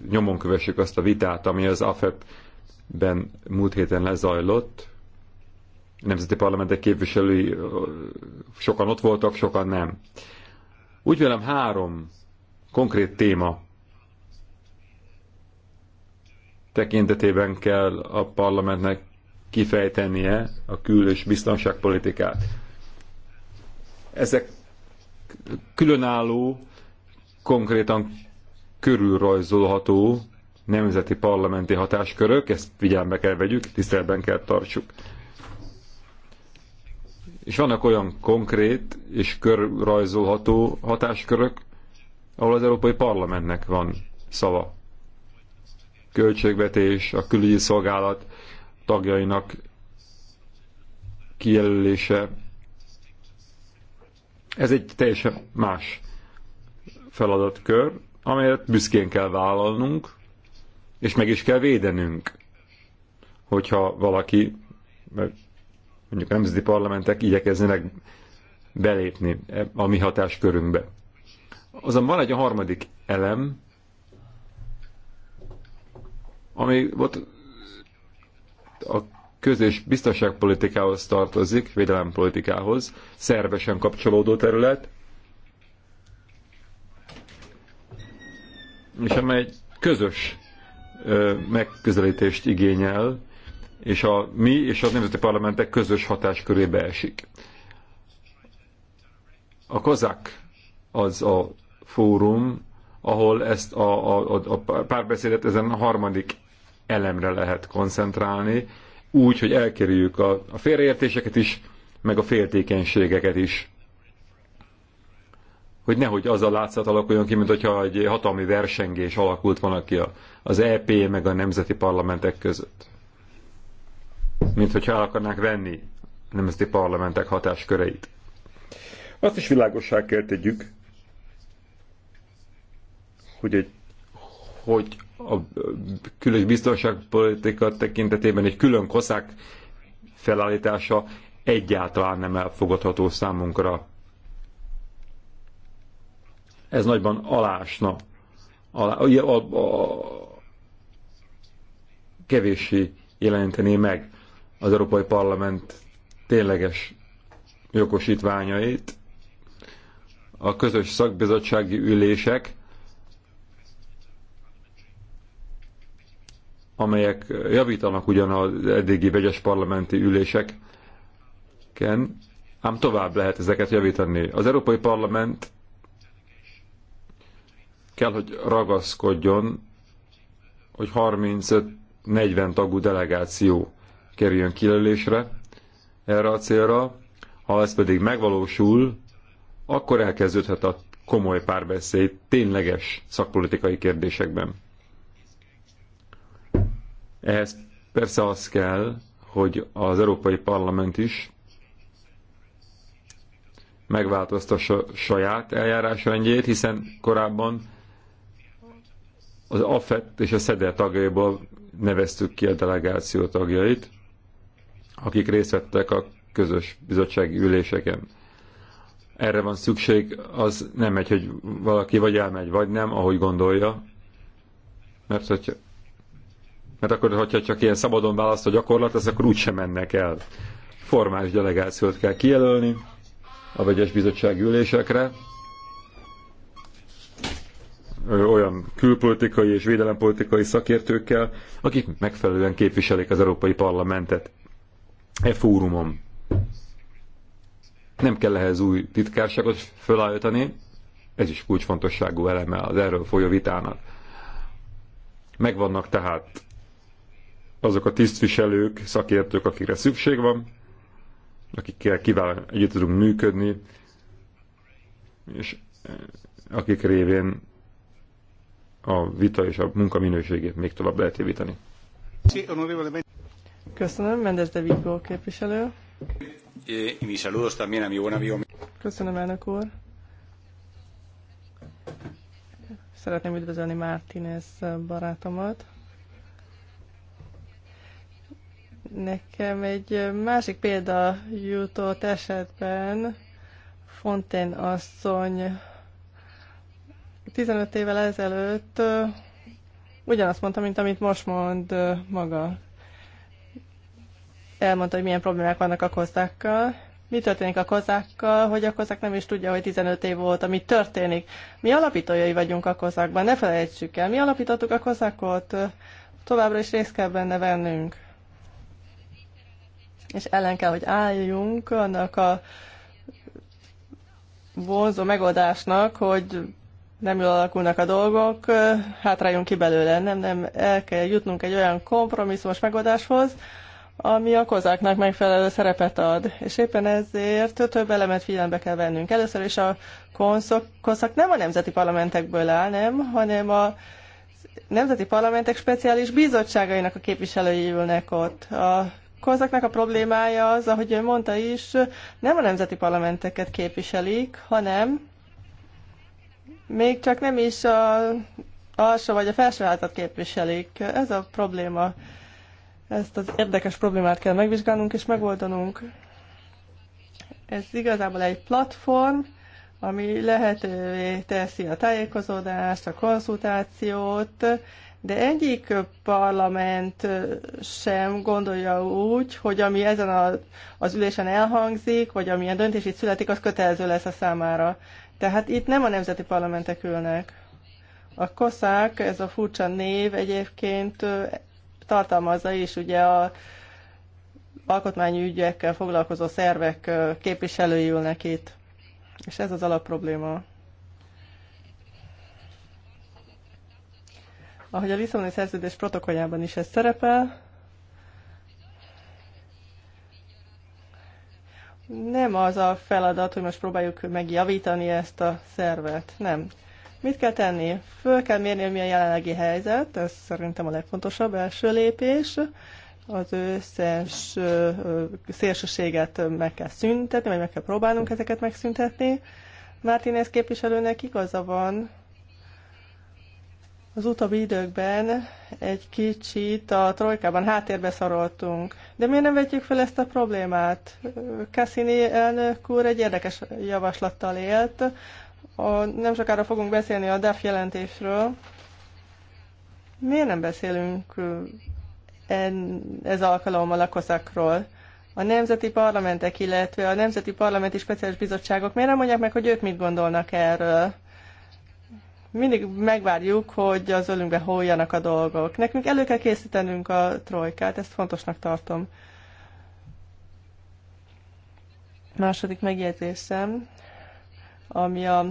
D: nyomon kövessük azt a vitát, ami az afet ben múlt héten lezajlott, nemzeti parlamentek képviselői sokan ott voltak, sokan nem. Úgy vélem három konkrét téma tekintetében kell a parlamentnek kifejtenie a kül- és biztonságpolitikát. Ezek különálló, konkrétan körülrajzolható nemzeti parlamenti hatáskörök, ezt figyelme kell vegyük, tiszteletben kell tartsuk. És vannak olyan konkrét és körrajzolható hatáskörök, ahol az Európai Parlamentnek van szava. Költségvetés, a külügyi szolgálat tagjainak kijelölése. Ez egy teljesen más feladatkör, amelyet büszkén kell vállalnunk, és meg is kell védenünk, hogyha valaki mondjuk a nemzeti parlamentek igyekeznének belépni e, a mi hatáskörünkbe. Azon van egy a harmadik elem, ami volt a közös biztonságpolitikához tartozik, védelempolitikához, szervesen kapcsolódó terület, és amely közös megközelítést igényel, és a mi és a nemzeti parlamentek közös hatáskörébe esik. A kozák az a fórum, ahol ezt a, a, a, a párbeszédet ezen a harmadik elemre lehet koncentrálni, úgy, hogy elkerüljük a, a félreértéseket is, meg a féltékenységeket is. Hogy nehogy az a látszat alakuljon ki, mint hogyha egy hatalmi versengés alakult volna ki az EP meg a nemzeti parlamentek között mint hogyha el akarnák venni a nemzeti parlamentek hatásköreit. Azt is világossá kell tegyük, hogy, egy, hogy a különös biztonságpolitika tekintetében egy külön koszák felállítása egyáltalán nem elfogadható számunkra. Ez nagyban alásna, alá, a, a, a, kevéssé jelenteni meg az Európai Parlament tényleges jogosítványait, a közös szakbizottsági ülések, amelyek javítanak ugyan az eddigi vegyes parlamenti üléseken, ám tovább lehet ezeket javítani. Az Európai Parlament kell, hogy ragaszkodjon, hogy 35-40 tagú delegáció kerüljön kilelésre erre a célra. Ha ez pedig megvalósul, akkor elkezdődhet a komoly párbeszéd tényleges szakpolitikai kérdésekben. Ehhez persze az kell, hogy az Európai Parlament is megváltoztassa saját eljárásrendjét, hiszen korábban az AFET és a SZEDE tagjaiból neveztük ki a delegáció tagjait akik részt vettek a közös bizottsági üléseken. Erre van szükség, az nem megy, hogy valaki vagy elmegy, vagy nem, ahogy gondolja. Mert, hogyha, mert akkor, hogyha csak ilyen szabadon választ a gyakorlat, az akkor úgysem mennek el. Formális delegációt kell kijelölni a vegyes bizottsági ülésekre, olyan külpolitikai és védelempolitikai szakértőkkel, akik megfelelően képviselik az Európai Parlamentet e fórumon. Nem kell ehhez új titkárságot felállítani, ez is kulcsfontosságú eleme az erről folyó vitának. Megvannak tehát azok a tisztviselők, szakértők, akikre szükség van, akikkel kiválóan együtt tudunk működni, és eh, akik révén a vita és a munka minőségét még tovább lehet javítani.
B: Köszönöm, Mendez Vigo képviselő.
A: Mi saludos también a mi buen amigo.
B: Köszönöm, elnök úr. Szeretném üdvözölni Mártinez barátomat. Nekem egy másik példa jutott esetben Fontaine asszony 15 évvel ezelőtt ugyanazt mondta, mint amit most mond maga elmondta, hogy milyen problémák vannak a kozákkal. Mi történik a kozákkal, hogy a kozák nem is tudja, hogy 15 év volt, ami történik. Mi alapítójai vagyunk a kozákban, ne felejtsük el. Mi alapítottuk a kozákot, továbbra is részt kell benne vennünk. És ellen kell, hogy álljunk annak a vonzó megoldásnak, hogy nem jól alakulnak a dolgok, hátráljunk ki belőle. Nem, nem, el kell jutnunk egy olyan kompromisszumos megoldáshoz, ami a kozáknak megfelelő szerepet ad. És éppen ezért több elemet figyelembe kell vennünk. Először is a konszok, konszak nem a nemzeti parlamentekből áll, nem, hanem a nemzeti parlamentek speciális bizottságainak a képviselői ülnek ott. A kozaknak a problémája az, ahogy ön mondta is, nem a nemzeti parlamenteket képviselik, hanem még csak nem is a alsó vagy a felsőházat képviselik. Ez a probléma. Ezt az érdekes problémát kell megvizsgálnunk és megoldanunk. Ez igazából egy platform, ami lehetővé teszi a tájékozódást, a konzultációt, de egyik parlament sem gondolja úgy, hogy ami ezen a, az ülésen elhangzik, vagy amilyen döntés itt születik, az kötelező lesz a számára. Tehát itt nem a nemzeti parlamentek ülnek. A koszák, ez a furcsa név egyébként tartalmazza, is, ugye a ügyekkel foglalkozó szervek képviselői ülnek itt. És ez az alapprobléma. Ahogy a Lisszaboni szerződés protokolljában is ez szerepel, nem az a feladat, hogy most próbáljuk megjavítani ezt a szervet, nem. Mit kell tenni? Föl kell mérni, hogy mi a jelenlegi helyzet, ez szerintem a legfontosabb első lépés. Az összes szélsőséget meg kell szüntetni, vagy meg kell próbálnunk ezeket megszüntetni. Mártinez képviselőnek igaza van, az utóbbi időkben egy kicsit a trojkában háttérbe szoroltunk. De miért nem vetjük fel ezt a problémát? Cassini elnök úr egy érdekes javaslattal élt, a, nem sokára fogunk beszélni a DAF jelentésről. Miért nem beszélünk en, ez alkalommal a koszakról? A nemzeti parlamentek, illetve a nemzeti parlamenti speciális bizottságok miért nem mondják meg, hogy ők mit gondolnak erről? mindig megvárjuk, hogy az ölünkbe hóljanak a dolgok. Nekünk elő kell készítenünk a trojkát, ezt fontosnak tartom. Második megjegyzésem ami a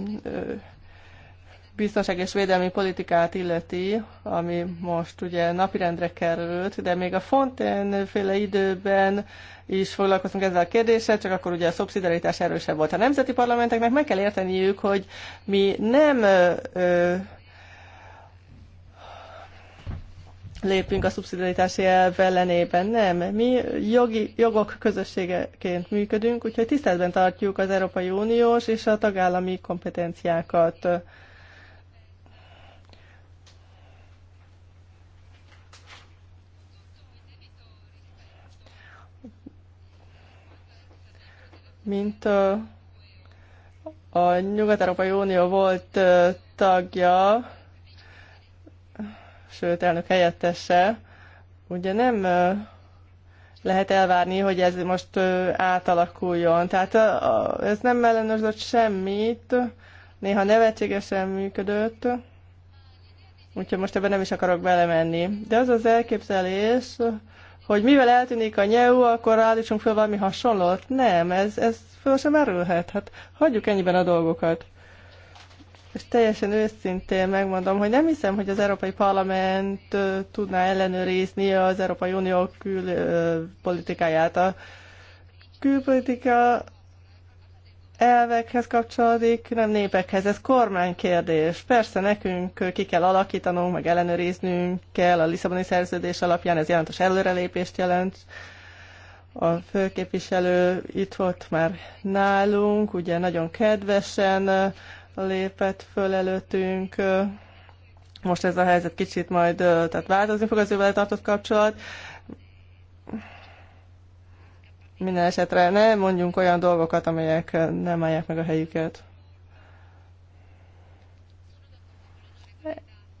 B: biztonság és védelmi politikát illeti, ami most ugye napirendre került, de még a Fontaine féle időben is foglalkoztunk ezzel a kérdéssel, csak akkor ugye a szobszidaritás erősebb volt. A nemzeti parlamenteknek meg kell érteniük, hogy mi nem ö, lépünk a szubszidiaritási elv ellenében. Nem, mi jogi, jogok közösségeként működünk, úgyhogy tiszteletben tartjuk az Európai Uniós és a tagállami kompetenciákat. Mint a Nyugat-Európai Unió volt tagja, sőt elnök helyettessel, ugye nem lehet elvárni, hogy ez most átalakuljon. Tehát ez nem ellenőrzött semmit, néha nevetségesen működött, úgyhogy most ebben nem is akarok belemenni. De az az elképzelés, hogy mivel eltűnik a nyelv, akkor állítsunk fel valami hasonlót. Nem, ez, ez föl sem erülhet. Hát hagyjuk ennyiben a dolgokat. És teljesen őszintén megmondom, hogy nem hiszem, hogy az Európai Parlament tudná ellenőrizni az Európai Unió külpolitikáját. A külpolitika elvekhez kapcsolódik, nem népekhez. Ez kormánykérdés. Persze nekünk ki kell alakítanunk, meg ellenőriznünk kell a Lisszaboni szerződés alapján, ez jelentős előrelépést jelent. A főképviselő itt volt már nálunk, ugye nagyon kedvesen lépett föl előttünk. Most ez a helyzet kicsit majd tehát változni fog az vele tartott kapcsolat. Minden esetre ne mondjunk olyan dolgokat, amelyek nem állják meg a helyüket.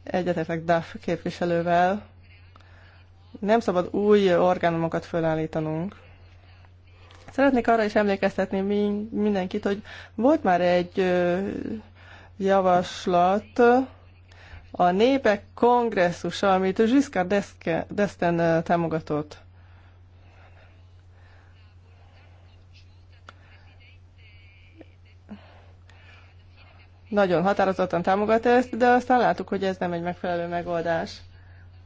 B: Egyetetek DAF képviselővel. Nem szabad új orgánumokat fölállítanunk. Szeretnék arra is emlékeztetni mindenkit, hogy volt már egy javaslat a népek kongresszusa, amit Giscard Deszten támogatott. Nagyon határozottan támogat ezt, de aztán láttuk, hogy ez nem egy megfelelő megoldás.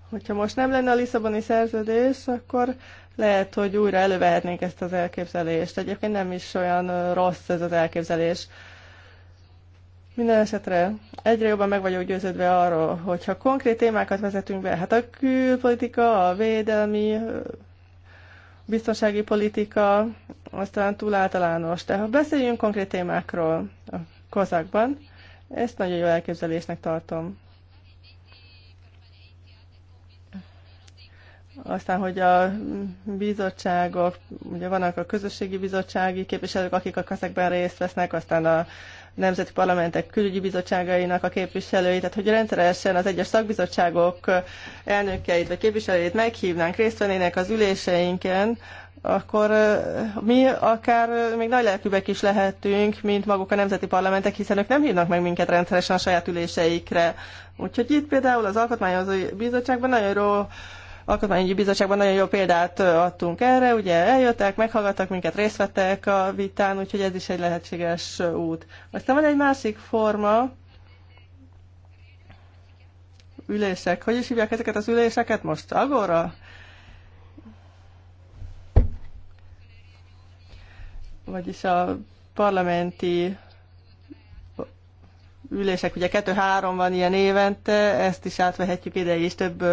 B: Hogyha most nem lenne a Lisszaboni szerződés, akkor lehet, hogy újra elővehetnénk ezt az elképzelést. Egyébként nem is olyan rossz ez az elképzelés. Minden esetre egyre jobban meg vagyok győződve arról, hogyha konkrét témákat vezetünk be, hát a külpolitika, a védelmi, biztonsági politika, aztán túl általános. Tehát ha beszéljünk konkrét témákról a kozákban, ezt nagyon jó elképzelésnek tartom. Aztán, hogy a bizottságok, ugye vannak a közösségi bizottsági képviselők, akik a kaszekben részt vesznek, aztán a nemzeti parlamentek külügyi bizottságainak a képviselői, tehát hogy rendszeresen az egyes szakbizottságok elnökeit vagy képviselőit meghívnánk, részt vennének az üléseinken, akkor mi akár még nagy lelkűbbek is lehetünk, mint maguk a nemzeti parlamentek, hiszen ők nem hívnak meg minket rendszeresen a saját üléseikre. Úgyhogy itt például az Alkotmányozói Bizottságban nagyon jó alkotmányügyi bizottságban nagyon jó példát adtunk erre, ugye eljöttek, meghallgattak minket, részt vettek a vitán, úgyhogy ez is egy lehetséges út. Aztán van egy másik forma, ülések. Hogy is hívják ezeket az üléseket most? Agora? Vagyis a parlamenti ülések, ugye kettő-három van ilyen évente, ezt is átvehetjük ide, és több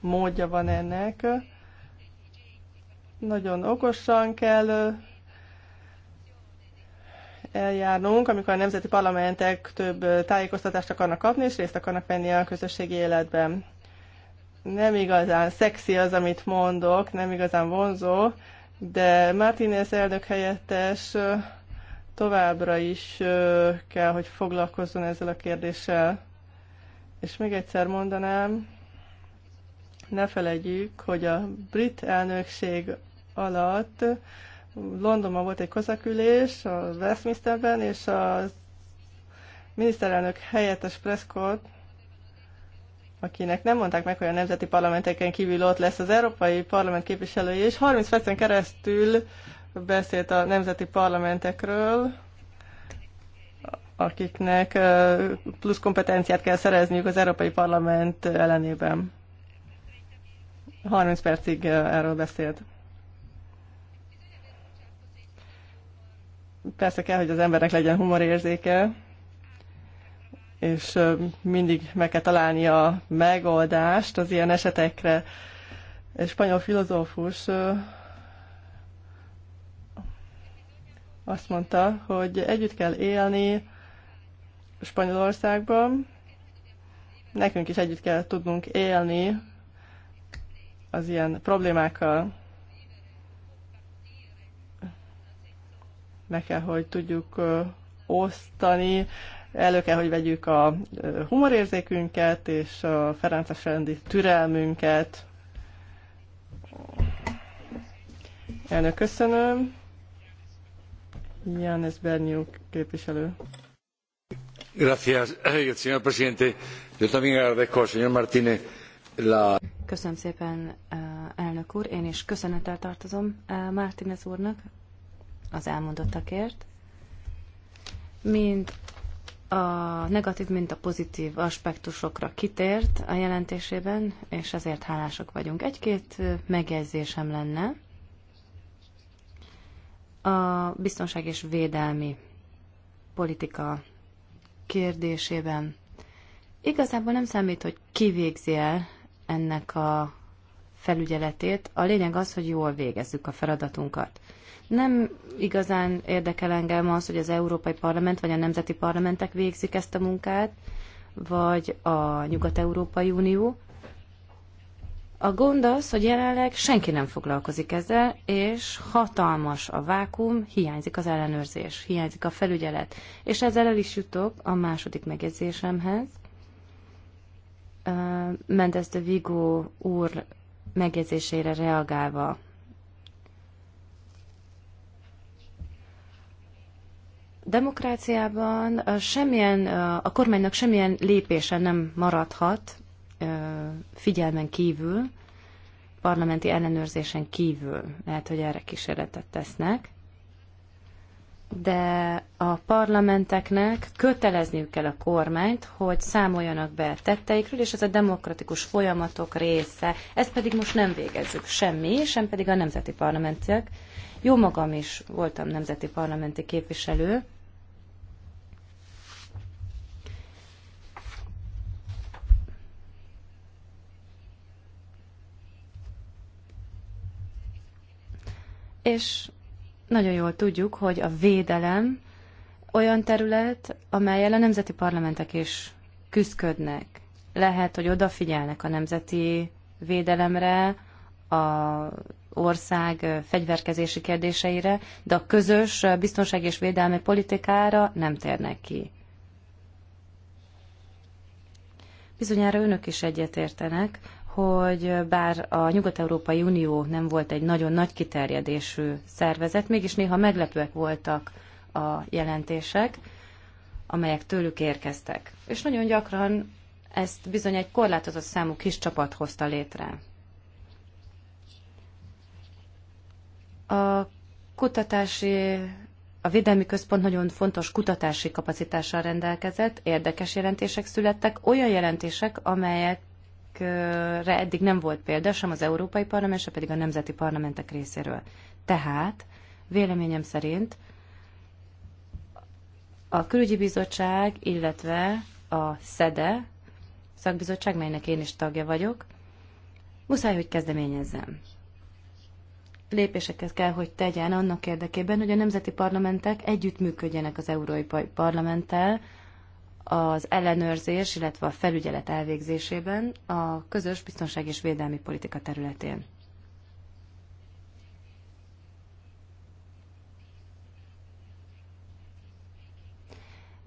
B: módja van ennek. Nagyon okosan kell eljárnunk, amikor a nemzeti parlamentek több tájékoztatást akarnak kapni, és részt akarnak venni a közösségi életben. Nem igazán szexi az, amit mondok, nem igazán vonzó, de Martínez elnök helyettes továbbra is kell, hogy foglalkozzon ezzel a kérdéssel. És még egyszer mondanám, ne felejtjük, hogy a brit elnökség alatt Londonban volt egy kozakülés, a Westminsterben, és a miniszterelnök helyettes Prescott, akinek nem mondták meg, hogy a nemzeti parlamenteken kívül ott lesz az Európai Parlament képviselője, és 30 percen keresztül beszélt a nemzeti parlamentekről, akiknek plusz kompetenciát kell szerezniük az Európai Parlament ellenében. 30 percig erről beszélt. Persze kell, hogy az embernek legyen humorérzéke, és mindig meg kell találni a megoldást az ilyen esetekre. Egy spanyol filozófus azt mondta, hogy együtt kell élni Spanyolországban, nekünk is együtt kell tudnunk élni az ilyen problémákkal. Meg kell, hogy tudjuk osztani, elő kell, hogy vegyük a humorérzékünket és a Ferences rendi türelmünket. Elnök, köszönöm señor
A: presidente. Yo también agradezco al señor Martínez la...
C: Köszönöm szépen, eh, elnök úr. Én is köszönettel tartozom eh, Martínez úrnak az elmondottakért. Mind a negatív, mind a pozitív aspektusokra kitért a jelentésében, és ezért hálásak vagyunk. Egy-két eh, megjegyzésem lenne a biztonság és védelmi politika kérdésében igazából nem számít, hogy ki végzi el ennek a felügyeletét. A lényeg az, hogy jól végezzük a feladatunkat. Nem igazán érdekel engem az, hogy az Európai Parlament vagy a nemzeti parlamentek végzik ezt a munkát, vagy a Nyugat-Európai Unió. A gond az, hogy jelenleg senki nem foglalkozik ezzel, és hatalmas a vákum, hiányzik az ellenőrzés, hiányzik a felügyelet. És ezzel el is jutok a második megjegyzésemhez. Mendez de Vigo úr megjegyzésére reagálva. Demokráciában semmilyen, a kormánynak semmilyen lépése nem maradhat figyelmen kívül, parlamenti ellenőrzésen kívül lehet, hogy erre kísérletet tesznek, de a parlamenteknek kötelezniük kell a kormányt, hogy számoljanak be tetteikről, és ez a demokratikus folyamatok része. Ezt pedig most nem végezzük semmi, sem pedig a nemzeti parlamentek. Jó magam is voltam nemzeti parlamenti képviselő, és nagyon jól tudjuk, hogy a védelem olyan terület, amelyel a nemzeti parlamentek is küzdködnek. Lehet, hogy odafigyelnek a nemzeti védelemre, a ország fegyverkezési kérdéseire, de a közös biztonság és védelmi politikára nem térnek ki. Bizonyára önök is egyetértenek, hogy bár a Nyugat-Európai Unió nem volt egy nagyon nagy kiterjedésű szervezet, mégis néha meglepőek voltak a jelentések, amelyek tőlük érkeztek. És nagyon gyakran ezt bizony egy korlátozott számú kis csapat hozta létre. A kutatási, a Védelmi Központ nagyon fontos kutatási kapacitással rendelkezett, érdekes jelentések születtek, olyan jelentések, amelyek ilyenekre eddig nem volt példa, sem az Európai Parlament, sem pedig a nemzeti parlamentek részéről. Tehát véleményem szerint a külügyi bizottság, illetve a SZEDE szakbizottság, melynek én is tagja vagyok, muszáj, hogy kezdeményezzem. Lépéseket kell, hogy tegyen annak érdekében, hogy a nemzeti parlamentek együttműködjenek az Európai Parlamenttel az ellenőrzés, illetve a felügyelet elvégzésében a közös biztonság és védelmi politika területén.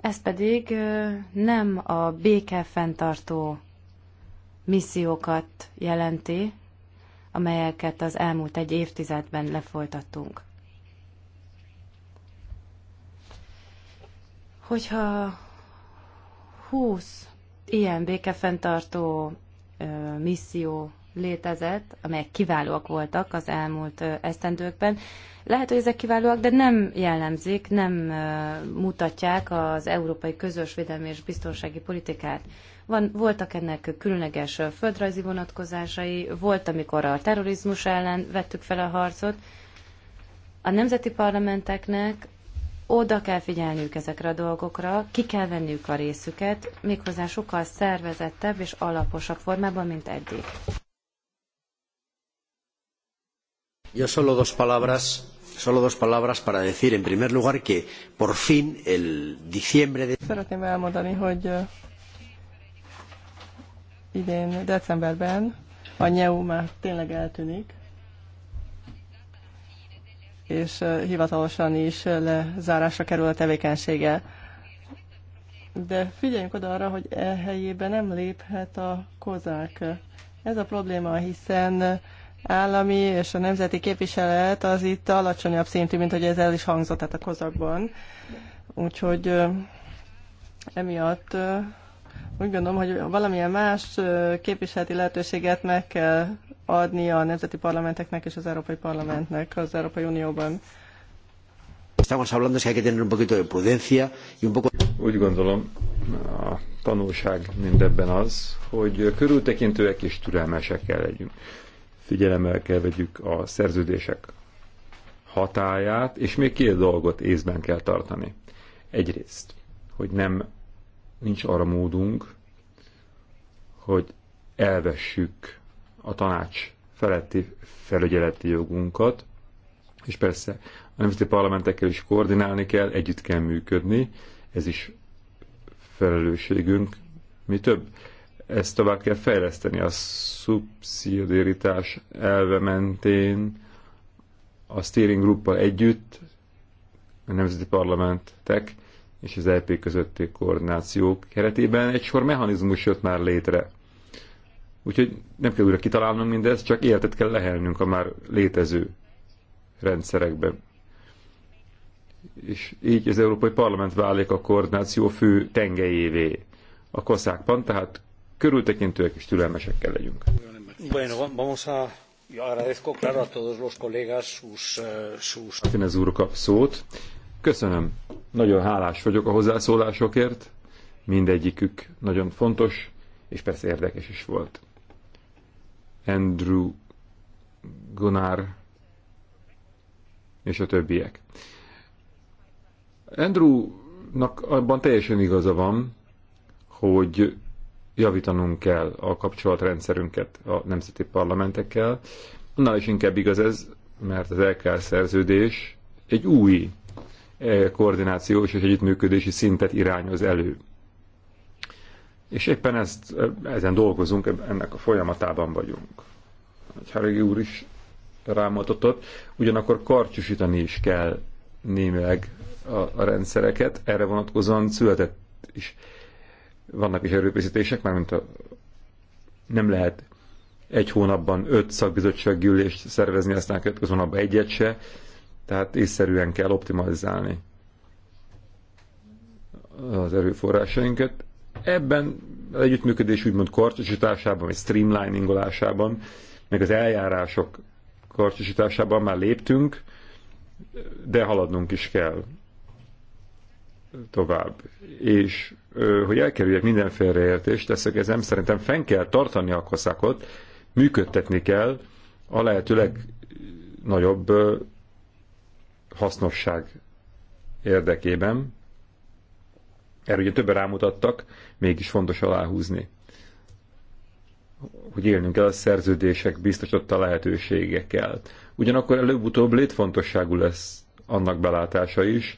C: Ez pedig nem a béke fenntartó missziókat jelenti, amelyeket az elmúlt egy évtizedben lefolytattunk. Hogyha 20 ilyen békefenntartó misszió létezett, amelyek kiválóak voltak az elmúlt esztendőkben. Lehet, hogy ezek kiválóak, de nem jellemzik, nem mutatják az európai közös védelmi és biztonsági politikát. Van, voltak ennek különleges földrajzi vonatkozásai, volt, amikor a terrorizmus ellen vettük fel a harcot. A nemzeti parlamenteknek oda kell figyelniük ezekre a dolgokra, ki kell venniük a részüket, méghozzá sokkal szervezettebb és alaposabb formában, mint eddig.
A: Yo solo dos palabras, solo dos palabras para decir en primer lugar que por fin el diciembre de... Szeretném elmondani, hogy
B: idén decemberben a nyeu már tényleg eltűnik, és hivatalosan is lezárásra kerül a tevékenysége. De figyeljünk oda arra, hogy e helyébe nem léphet a kozák. Ez a probléma, hiszen állami és a nemzeti képviselet az itt alacsonyabb szintű, mint hogy ez el is hangzott tehát a kozakban. Úgyhogy emiatt úgy gondolom, hogy valamilyen más képviseleti lehetőséget meg kell adni a nemzeti parlamenteknek és az Európai Parlamentnek az Európai Unióban.
A: Estamos hablando es hay que tener un poquito de prudencia y un poco... Úgy gondolom, a
D: tanulság mindebben az, hogy körültekintőek és türelmesek kell legyünk. Figyelemmel kell vegyük a szerződések hatáját, és még két dolgot észben kell tartani. Egyrészt, hogy nem nincs arra módunk, hogy elvessük a tanács feletti felügyeleti jogunkat, és persze a nemzeti parlamentekkel is koordinálni kell, együtt kell működni, ez is felelősségünk, mi több. Ezt tovább kell fejleszteni a szubszidiaritás elve mentén, a steering gruppal együtt, a nemzeti parlamentek és az LP e közötti koordináció keretében egy sor mechanizmus jött már létre. Úgyhogy nem kell újra kitalálnunk mindezt, csak életet kell lehelnünk a már létező rendszerekben. És így az Európai Parlament válik a koordináció fő tengelyévé. A koszákban, tehát körültekintőek és türelmesek kell legyünk.
A: Bueno, vamos a... Yo agradezco, claro, a todos los colegas sus... Eh, sus...
D: Martínez úr kap szót. Köszönöm. Nagyon hálás vagyok a hozzászólásokért. Mindegyikük nagyon fontos, és persze érdekes is volt. Andrew Gunnar és a többiek. Andrewnak abban teljesen igaza van, hogy javítanunk kell a kapcsolatrendszerünket a nemzeti parlamentekkel. Annál is inkább igaz ez, mert az LKL szerződés egy új koordinációs és együttműködési szintet irányoz elő. És éppen ezt, ezen dolgozunk, ennek a folyamatában vagyunk. Harigi úr is rámutatott, ugyanakkor karcsúsítani is kell némileg a, a rendszereket, erre vonatkozóan született is. Vannak is erőfeszítések, mert a, nem lehet egy hónapban öt szakbizottsággyűlést szervezni, aztán következő hónapban egyet se, tehát észszerűen kell optimalizálni az erőforrásainkat. Ebben az együttműködés úgymond kartosításában, vagy streamliningolásában, meg az eljárások kartosításában már léptünk, de haladnunk is kell tovább. És hogy elkerüljek minden félreértést, teszek ezem, szerintem fenn kell tartani a koszákot, működtetni kell a lehetőleg nagyobb hasznosság érdekében. Erre ugye többen rámutattak, mégis fontos aláhúzni, hogy élnünk kell a szerződések biztosította lehetőségekkel. Ugyanakkor előbb-utóbb létfontosságú lesz annak belátása is,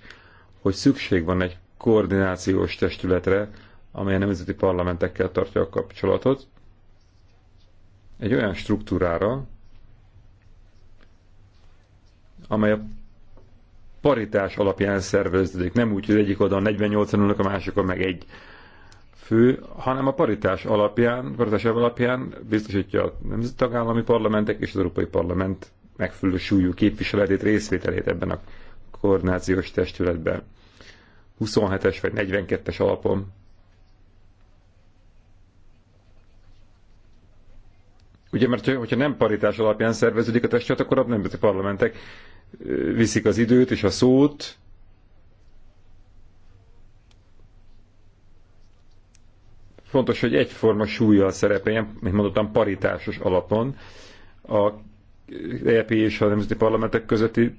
D: hogy szükség van egy koordinációs testületre, amely a nemzeti parlamentekkel tartja a kapcsolatot, egy olyan struktúrára, amely a paritás alapján szerveződik. Nem úgy, hogy egyik oldalon 48-an ülnek, a másikon meg egy fő, hanem a paritás alapján, paritás alapján biztosítja a nemzeti tagállami parlamentek és az Európai Parlament megfelelő súlyú képviseletét, részvételét ebben a koordinációs testületben. 27-es vagy 42-es alapon. Ugye, mert hogyha nem paritás alapján szerveződik a testület, akkor a nemzeti parlamentek viszik az időt és a szót. Fontos, hogy egyforma súlyjal szerepeljen, mint mondottam, paritásos alapon a EP és a Nemzeti Parlamentek közötti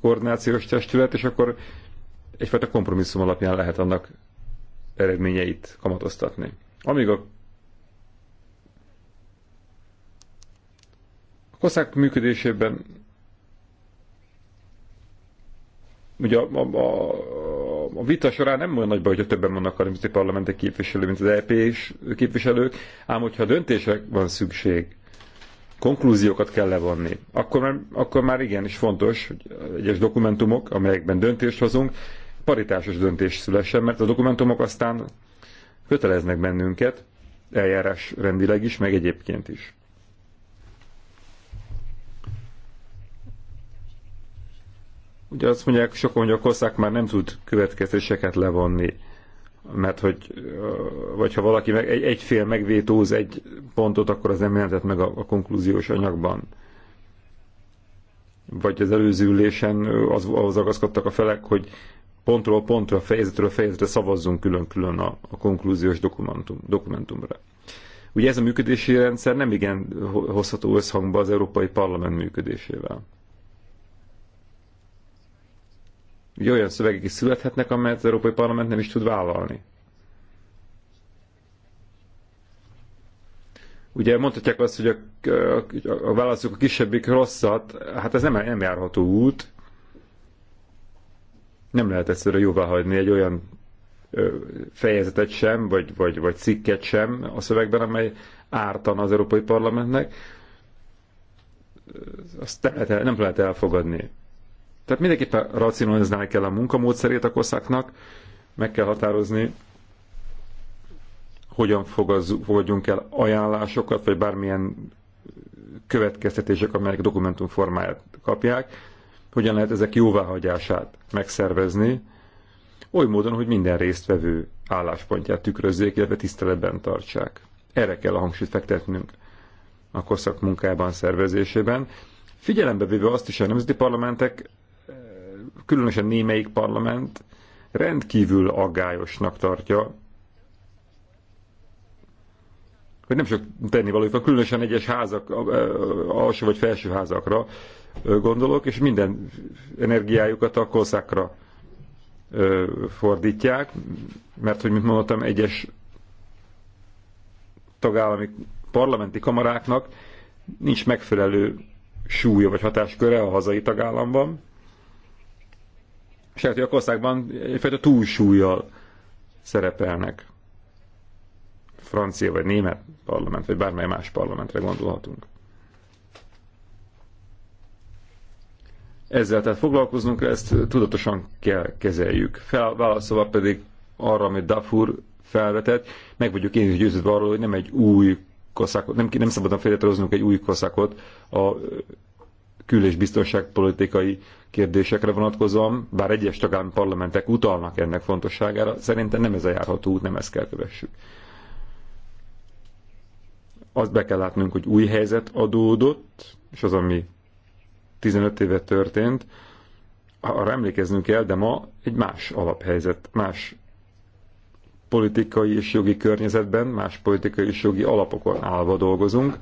D: koordinációs testület, és akkor egyfajta kompromisszum alapján lehet annak eredményeit kamatoztatni. Amíg a a koszák működésében ugye a, a, a, a vita során nem olyan nagy baj, hogyha többen vannak a nemzeti parlamentek képviselők, mint az ep és képviselők, ám hogyha döntések van szükség, konklúziókat kell levonni, akkor már, akkor már is fontos, hogy egyes dokumentumok, amelyekben döntést hozunk, paritásos döntés szülessen, mert a dokumentumok aztán köteleznek bennünket, eljárás rendileg is, meg egyébként is. Ugye azt mondják, sokan hogy a már nem tud következtéseket levonni, mert hogy, vagy ha valaki meg, egy, egy fél megvétóz egy pontot, akkor az nem jelentett meg a, a konklúziós anyagban. Vagy az előző ülésen az, ahhoz agaszkodtak a felek, hogy pontról pontra, fejezetről fejezetre szavazzunk külön-külön a, a konklúziós dokumentum, dokumentumra. Ugye ez a működési rendszer nem igen hozható összhangba az Európai Parlament működésével. hogy olyan szövegek is születhetnek, amelyet az Európai Parlament nem is tud vállalni. Ugye mondhatják azt, hogy a, a, a válaszok a kisebbik rosszat, hát ez nem, nem járható út. Nem lehet egyszerűen jóvá hagyni egy olyan fejezetet sem, vagy, vagy, vagy cikket sem a szövegben, amely ártan az Európai Parlamentnek, azt nem lehet, nem lehet elfogadni. Tehát mindenképpen racionalizálni kell a munkamódszerét a koszáknak, meg kell határozni, hogyan fogadjunk el ajánlásokat, vagy bármilyen következtetések, amelyek dokumentum formáját kapják, hogyan lehet ezek jóváhagyását megszervezni, oly módon, hogy minden résztvevő álláspontját tükrözzék, illetve tiszteletben tartsák. Erre kell a hangsúlyt fektetnünk a koszak munkában, szervezésében. Figyelembe véve azt is, hogy a nemzeti parlamentek különösen némelyik parlament rendkívül aggályosnak tartja, hogy nem sok tennivalójuk, különösen egyes házak, alsó vagy felső házakra gondolok, és minden energiájukat a koszákra fordítják, mert, hogy mint mondtam, egyes tagállami parlamenti kamaráknak nincs megfelelő súlya vagy hatásköre a hazai tagállamban, a országban egyfajta túlsúlyjal szerepelnek. Francia vagy német parlament, vagy bármely más parlamentre gondolhatunk. Ezzel tehát foglalkoznunk, ezt tudatosan kell kezeljük. Felválaszolva pedig arra, amit Dafur felvetett, meg vagyok én is győződve arról, hogy nem egy új koszákot, nem, nem szabadna egy új koszákot a kül- és biztonságpolitikai kérdésekre vonatkozóan, bár egyes tagállami parlamentek utalnak ennek fontosságára, szerintem nem ez a járható út, nem ezt kell kövessük. Azt be kell látnunk, hogy új helyzet adódott, és az, ami 15 éve történt, arra emlékeznünk kell, de ma egy más alaphelyzet, más politikai és jogi környezetben, más politikai és jogi alapokon állva dolgozunk,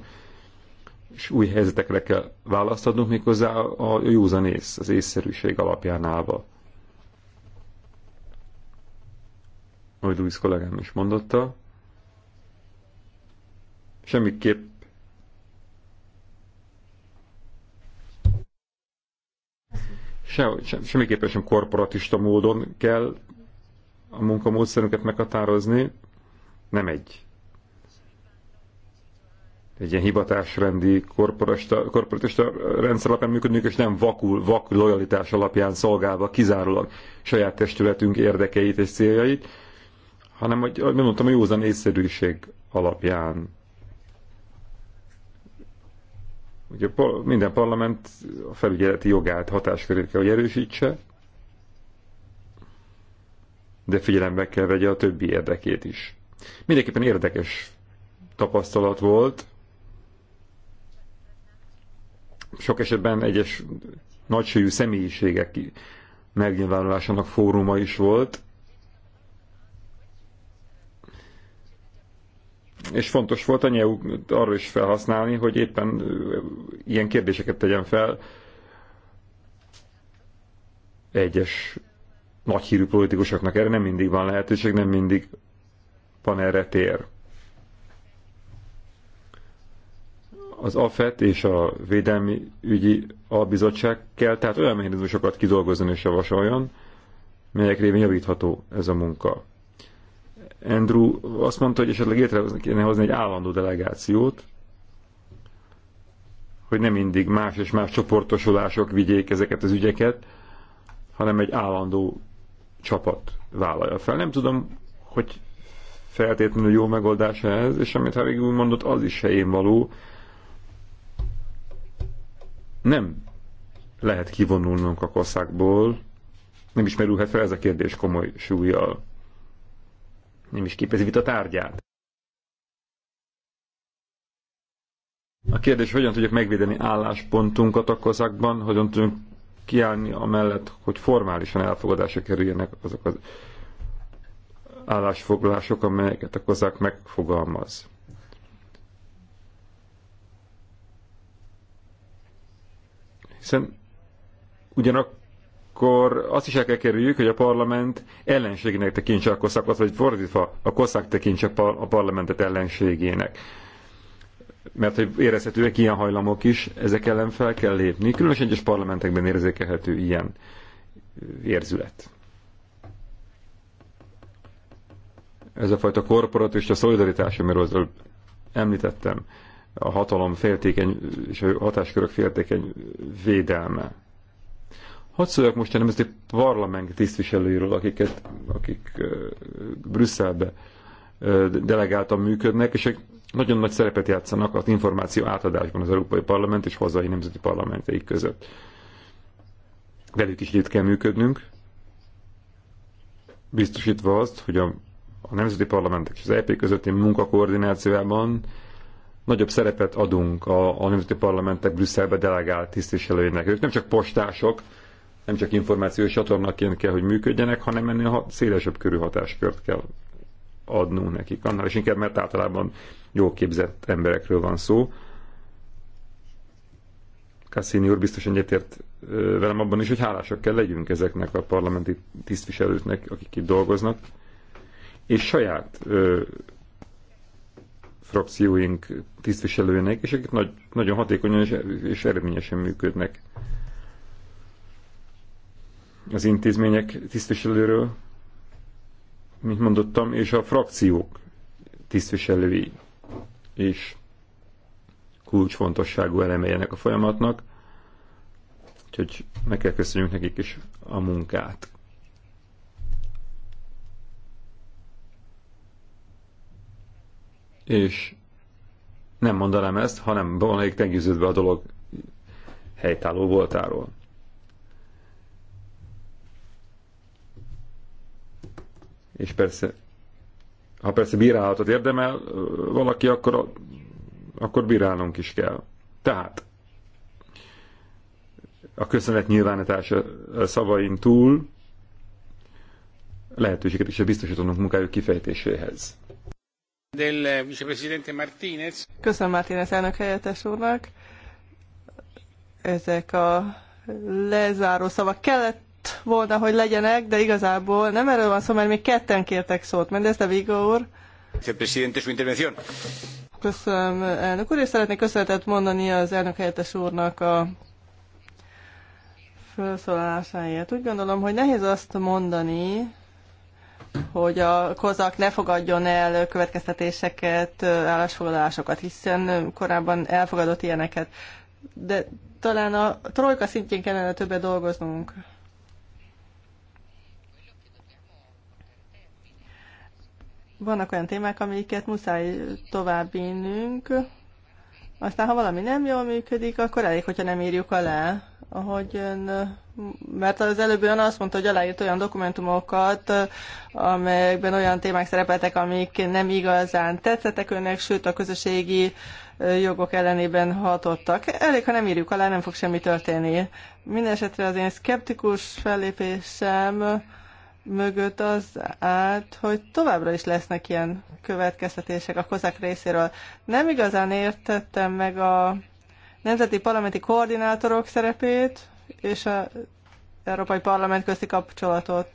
D: és új helyzetekre kell választanunk, méghozzá a józan ész, az észszerűség alapján állva. Ahogy Luis kollégám is mondotta, semmiképp se, se, semmiképpen sem korporatista módon kell a munkamódszerünket meghatározni, nem egy egy ilyen hivatásrendi korporatista rendszer alapján működünk, és nem vakul, vak lojalitás alapján szolgálva kizárólag saját testületünk érdekeit és céljait, hanem, hogy, ahogy mondtam, a józan észszerűség alapján. Ugye minden parlament a felügyeleti jogát, hatáskörét kell, hogy erősítse, de figyelembe kell vegye a többi érdekét is. Mindenképpen érdekes tapasztalat volt, sok esetben egyes nagysőjű személyiségek megnyilvánulásának fóruma is volt. És fontos volt a nyelv arra is felhasználni, hogy éppen ilyen kérdéseket tegyen fel egyes nagyhírű politikusoknak. Erre nem mindig van lehetőség, nem mindig van erre tér. az AFET és a Védelmi Ügyi Albizottság kell tehát olyan mechanizmusokat kidolgozni és javasoljon, melyek révén javítható ez a munka. Andrew azt mondta, hogy esetleg létrehozni kéne hozni egy állandó delegációt, hogy nem mindig más és más csoportosulások vigyék ezeket az ügyeket, hanem egy állandó csapat vállalja fel. Nem tudom, hogy feltétlenül jó megoldása ez, és amit Harry mondott, az is helyén való, nem lehet kivonulnunk a koszákból, nem is merülhet fel ez a kérdés komoly súlyjal. Nem is képezi a tárgyát. A kérdés, hogyan tudjuk megvédeni álláspontunkat a kozákban, hogyan tudunk kiállni amellett, hogy formálisan elfogadásra kerüljenek azok az állásfoglalások, amelyeket a kozák megfogalmaz. Hiszen ugyanakkor azt is el kell kerüljük, hogy a parlament ellenségének tekintse a koszakot, vagy fordítva a koszak tekintse a parlamentet ellenségének. Mert hogy érezhetőek ilyen hajlamok is, ezek ellen fel kell lépni. Különös egyes parlamentekben érzékelhető ilyen érzület. Ez a fajta korporatista szolidaritás, amiről említettem, a hatalom féltékeny és a hatáskörök féltékeny védelme. Hadd szóljak most a nemzeti parlament tisztviselőiről, akiket, akik uh, Brüsszelbe uh, delegáltan működnek, és egy nagyon nagy szerepet játszanak az információ átadásban az Európai Parlament és hazai nemzeti parlamenteik között. Velük is itt kell működnünk, biztosítva azt, hogy a, a nemzeti parlamentek és az EP közötti munkakoordinációjában koordinációjában nagyobb szerepet adunk a, a nemzeti parlamentek Brüsszelbe delegált tisztviselőinek. Ők nem csak postások, nem csak információs csatornaként kell, hogy működjenek, hanem ennél szélesebb körű hatáskört kell adnunk nekik. Annál is inkább, mert általában jó képzett emberekről van szó. Cassini úr biztos egyetért velem abban is, hogy hálásak kell legyünk ezeknek a parlamenti tisztviselőknek, akik itt dolgoznak, és saját ö, frakcióink tisztviselőinek, és akik nagy, nagyon hatékonyan és, és eredményesen működnek az intézmények tisztviselőről, mint mondottam, és a frakciók tisztviselői és kulcsfontosságú eleme ennek a folyamatnak, úgyhogy meg kell köszönjük nekik is a munkát. és nem mondanám ezt, hanem valamelyik meggyőződve a dolog helytálló voltáról. És persze, ha persze bírálatot érdemel valaki, akkor, akkor bírálnunk is kell. Tehát, a köszönet nyilvánítása szavain túl lehetőséget is biztosítanunk munkájuk kifejtéséhez.
B: Köszönöm Martínez elnök helyettes úrnak. Ezek a lezáró szavak kellett volna, hogy legyenek, de igazából nem erről van szó, mert még ketten kértek szót. Mendez de Vigo úr.
A: Vicepresidente, intervención.
B: Köszönöm, elnök úr, és szeretnék köszönetet mondani az elnök helyettes úrnak a felszólalásáért. Úgy gondolom, hogy nehéz azt mondani, hogy a kozak ne fogadjon el következtetéseket, állásfoglalásokat, hiszen korábban elfogadott ilyeneket. De talán a trojka szintjén kellene többet dolgoznunk. Vannak olyan témák, amiket muszáj tovább vinnünk. Aztán, ha valami nem jól működik, akkor elég, hogyha nem írjuk alá. Ahogy ön, mert az előbb ön azt mondta, hogy aláírt olyan dokumentumokat, amelyekben olyan témák szerepeltek, amik nem igazán tetszettek önnek, sőt a közösségi jogok ellenében hatottak. Elég, ha nem írjuk alá, nem fog semmi történni. Mindenesetre az én szkeptikus fellépésem mögött az át, hogy továbbra is lesznek ilyen következtetések a kozák részéről. Nem igazán értettem meg a nemzeti parlamenti koordinátorok szerepét és a Európai Parlament közti kapcsolatot.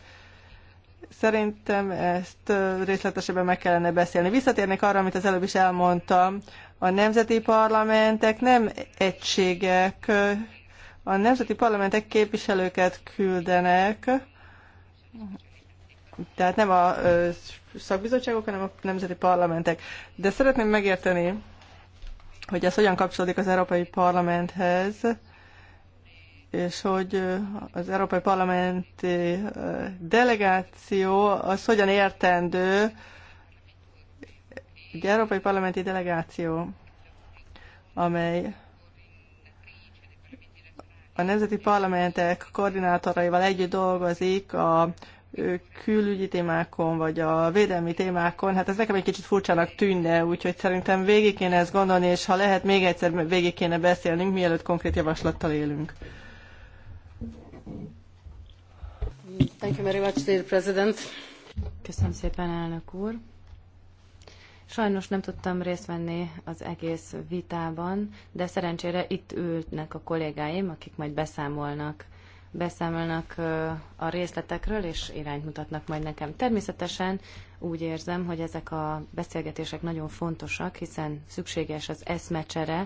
B: Szerintem ezt részletesebben meg kellene beszélni. Visszatérnék arra, amit az előbb is elmondtam. A nemzeti parlamentek nem egységek. A nemzeti parlamentek képviselőket küldenek, tehát nem a szakbizottságok, hanem a nemzeti parlamentek. De szeretném megérteni, hogy ez hogyan kapcsolódik az Európai Parlamenthez, és hogy az Európai Parlamenti delegáció az hogyan értendő, egy Európai Parlamenti delegáció, amely a nemzeti parlamentek koordinátoraival együtt dolgozik a külügyi témákon, vagy a védelmi témákon, hát ez nekem egy kicsit furcsának tűnne, úgyhogy szerintem végig kéne ezt gondolni, és ha lehet, még egyszer végig kéne beszélnünk, mielőtt konkrét javaslattal élünk.
C: Thank you very much, dear President. Köszönöm szépen, elnök úr. Sajnos nem tudtam részt venni az egész vitában, de szerencsére itt ültnek a kollégáim, akik majd beszámolnak beszámolnak a részletekről, és irányt mutatnak majd nekem. Természetesen úgy érzem, hogy ezek a beszélgetések nagyon fontosak, hiszen szükséges az eszmecsere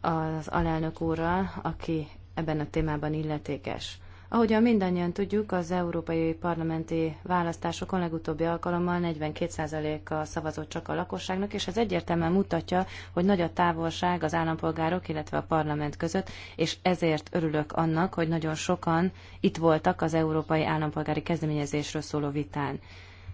C: az alelnök úrral, aki ebben a témában illetékes. Ahogyan mindannyian tudjuk, az európai parlamenti választásokon legutóbbi alkalommal 42%-a szavazott csak a lakosságnak, és ez egyértelműen mutatja, hogy nagy a távolság az állampolgárok, illetve a parlament között, és ezért örülök annak, hogy nagyon sokan itt voltak az európai állampolgári kezdeményezésről szóló vitán.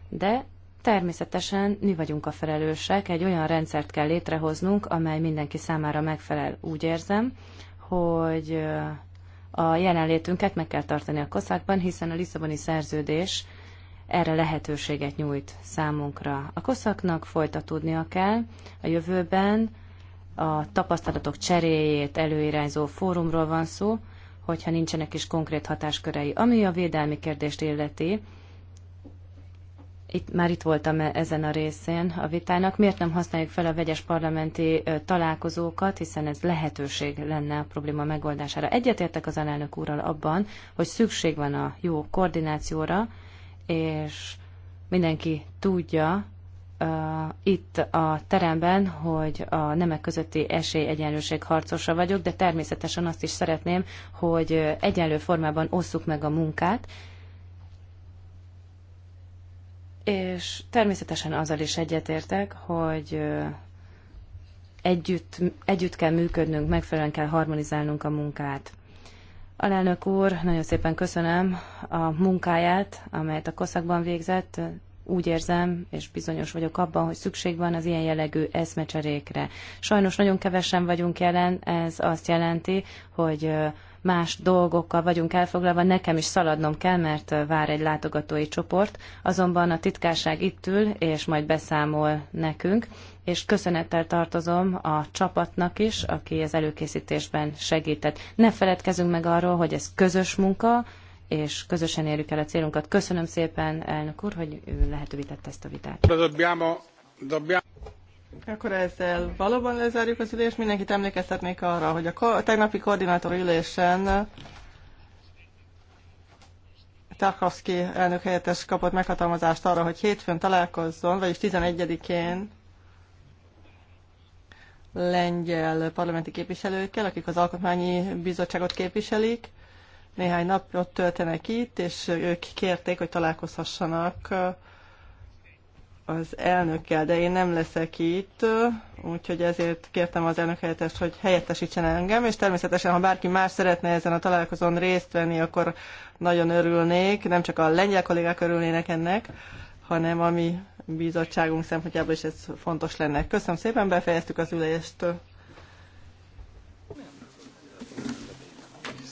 C: De Természetesen mi vagyunk a felelősek, egy olyan rendszert kell létrehoznunk, amely mindenki számára megfelel. Úgy érzem, hogy a jelenlétünket meg kell tartani a koszákban, hiszen a Lisszaboni szerződés erre lehetőséget nyújt számunkra. A koszaknak folytatódnia kell a jövőben, a tapasztalatok cseréjét előirányzó fórumról van szó, hogyha nincsenek is konkrét hatáskörei. Ami a védelmi kérdést illeti, itt, már itt voltam e- ezen a részén a vitának. Miért nem használjuk fel a vegyes parlamenti találkozókat, hiszen ez lehetőség lenne a probléma megoldására. Egyetértek az alelnök úrral abban, hogy szükség van a jó koordinációra, és mindenki tudja uh, itt a teremben, hogy a nemek közötti esélyegyenlőség harcosa vagyok, de természetesen azt is szeretném, hogy egyenlő formában osszuk meg a munkát, és természetesen azzal is egyetértek, hogy együtt, együtt kell működnünk, megfelelően kell harmonizálnunk a munkát. Alelnök úr, nagyon szépen köszönöm a munkáját, amelyet a koszakban végzett. Úgy érzem, és bizonyos vagyok abban, hogy szükség van az ilyen jellegű eszmecserékre. Sajnos nagyon kevesen vagyunk jelen, ez azt jelenti, hogy más dolgokkal vagyunk elfoglalva, nekem is szaladnom kell, mert vár egy látogatói csoport, azonban a titkárság itt ül, és majd beszámol nekünk, és köszönettel tartozom a csapatnak is, aki az előkészítésben segített. Ne feledkezünk meg arról, hogy ez közös munka, és közösen érjük el a célunkat. Köszönöm szépen, elnök úr, hogy lehetővé tette ezt a vitát.
B: Akkor ezzel valóban lezárjuk az ülést. Mindenkit emlékeztetnék arra, hogy a tegnapi koordinátor ülésen Tarkovsky elnök helyettes kapott meghatalmazást arra, hogy hétfőn találkozzon, vagyis 11-én lengyel parlamenti képviselőkkel, akik az alkotmányi bizottságot képviselik. Néhány napot töltenek itt, és ők kérték, hogy találkozhassanak az elnökkel, de én nem leszek itt, úgyhogy ezért kértem az elnök helyettest, hogy helyettesítsen engem, és természetesen, ha bárki más szeretne ezen a találkozón részt venni, akkor nagyon örülnék, nem csak a lengyel kollégák örülnének ennek, hanem a mi bizottságunk szempontjából is ez fontos lenne. Köszönöm szépen, befejeztük az ülést.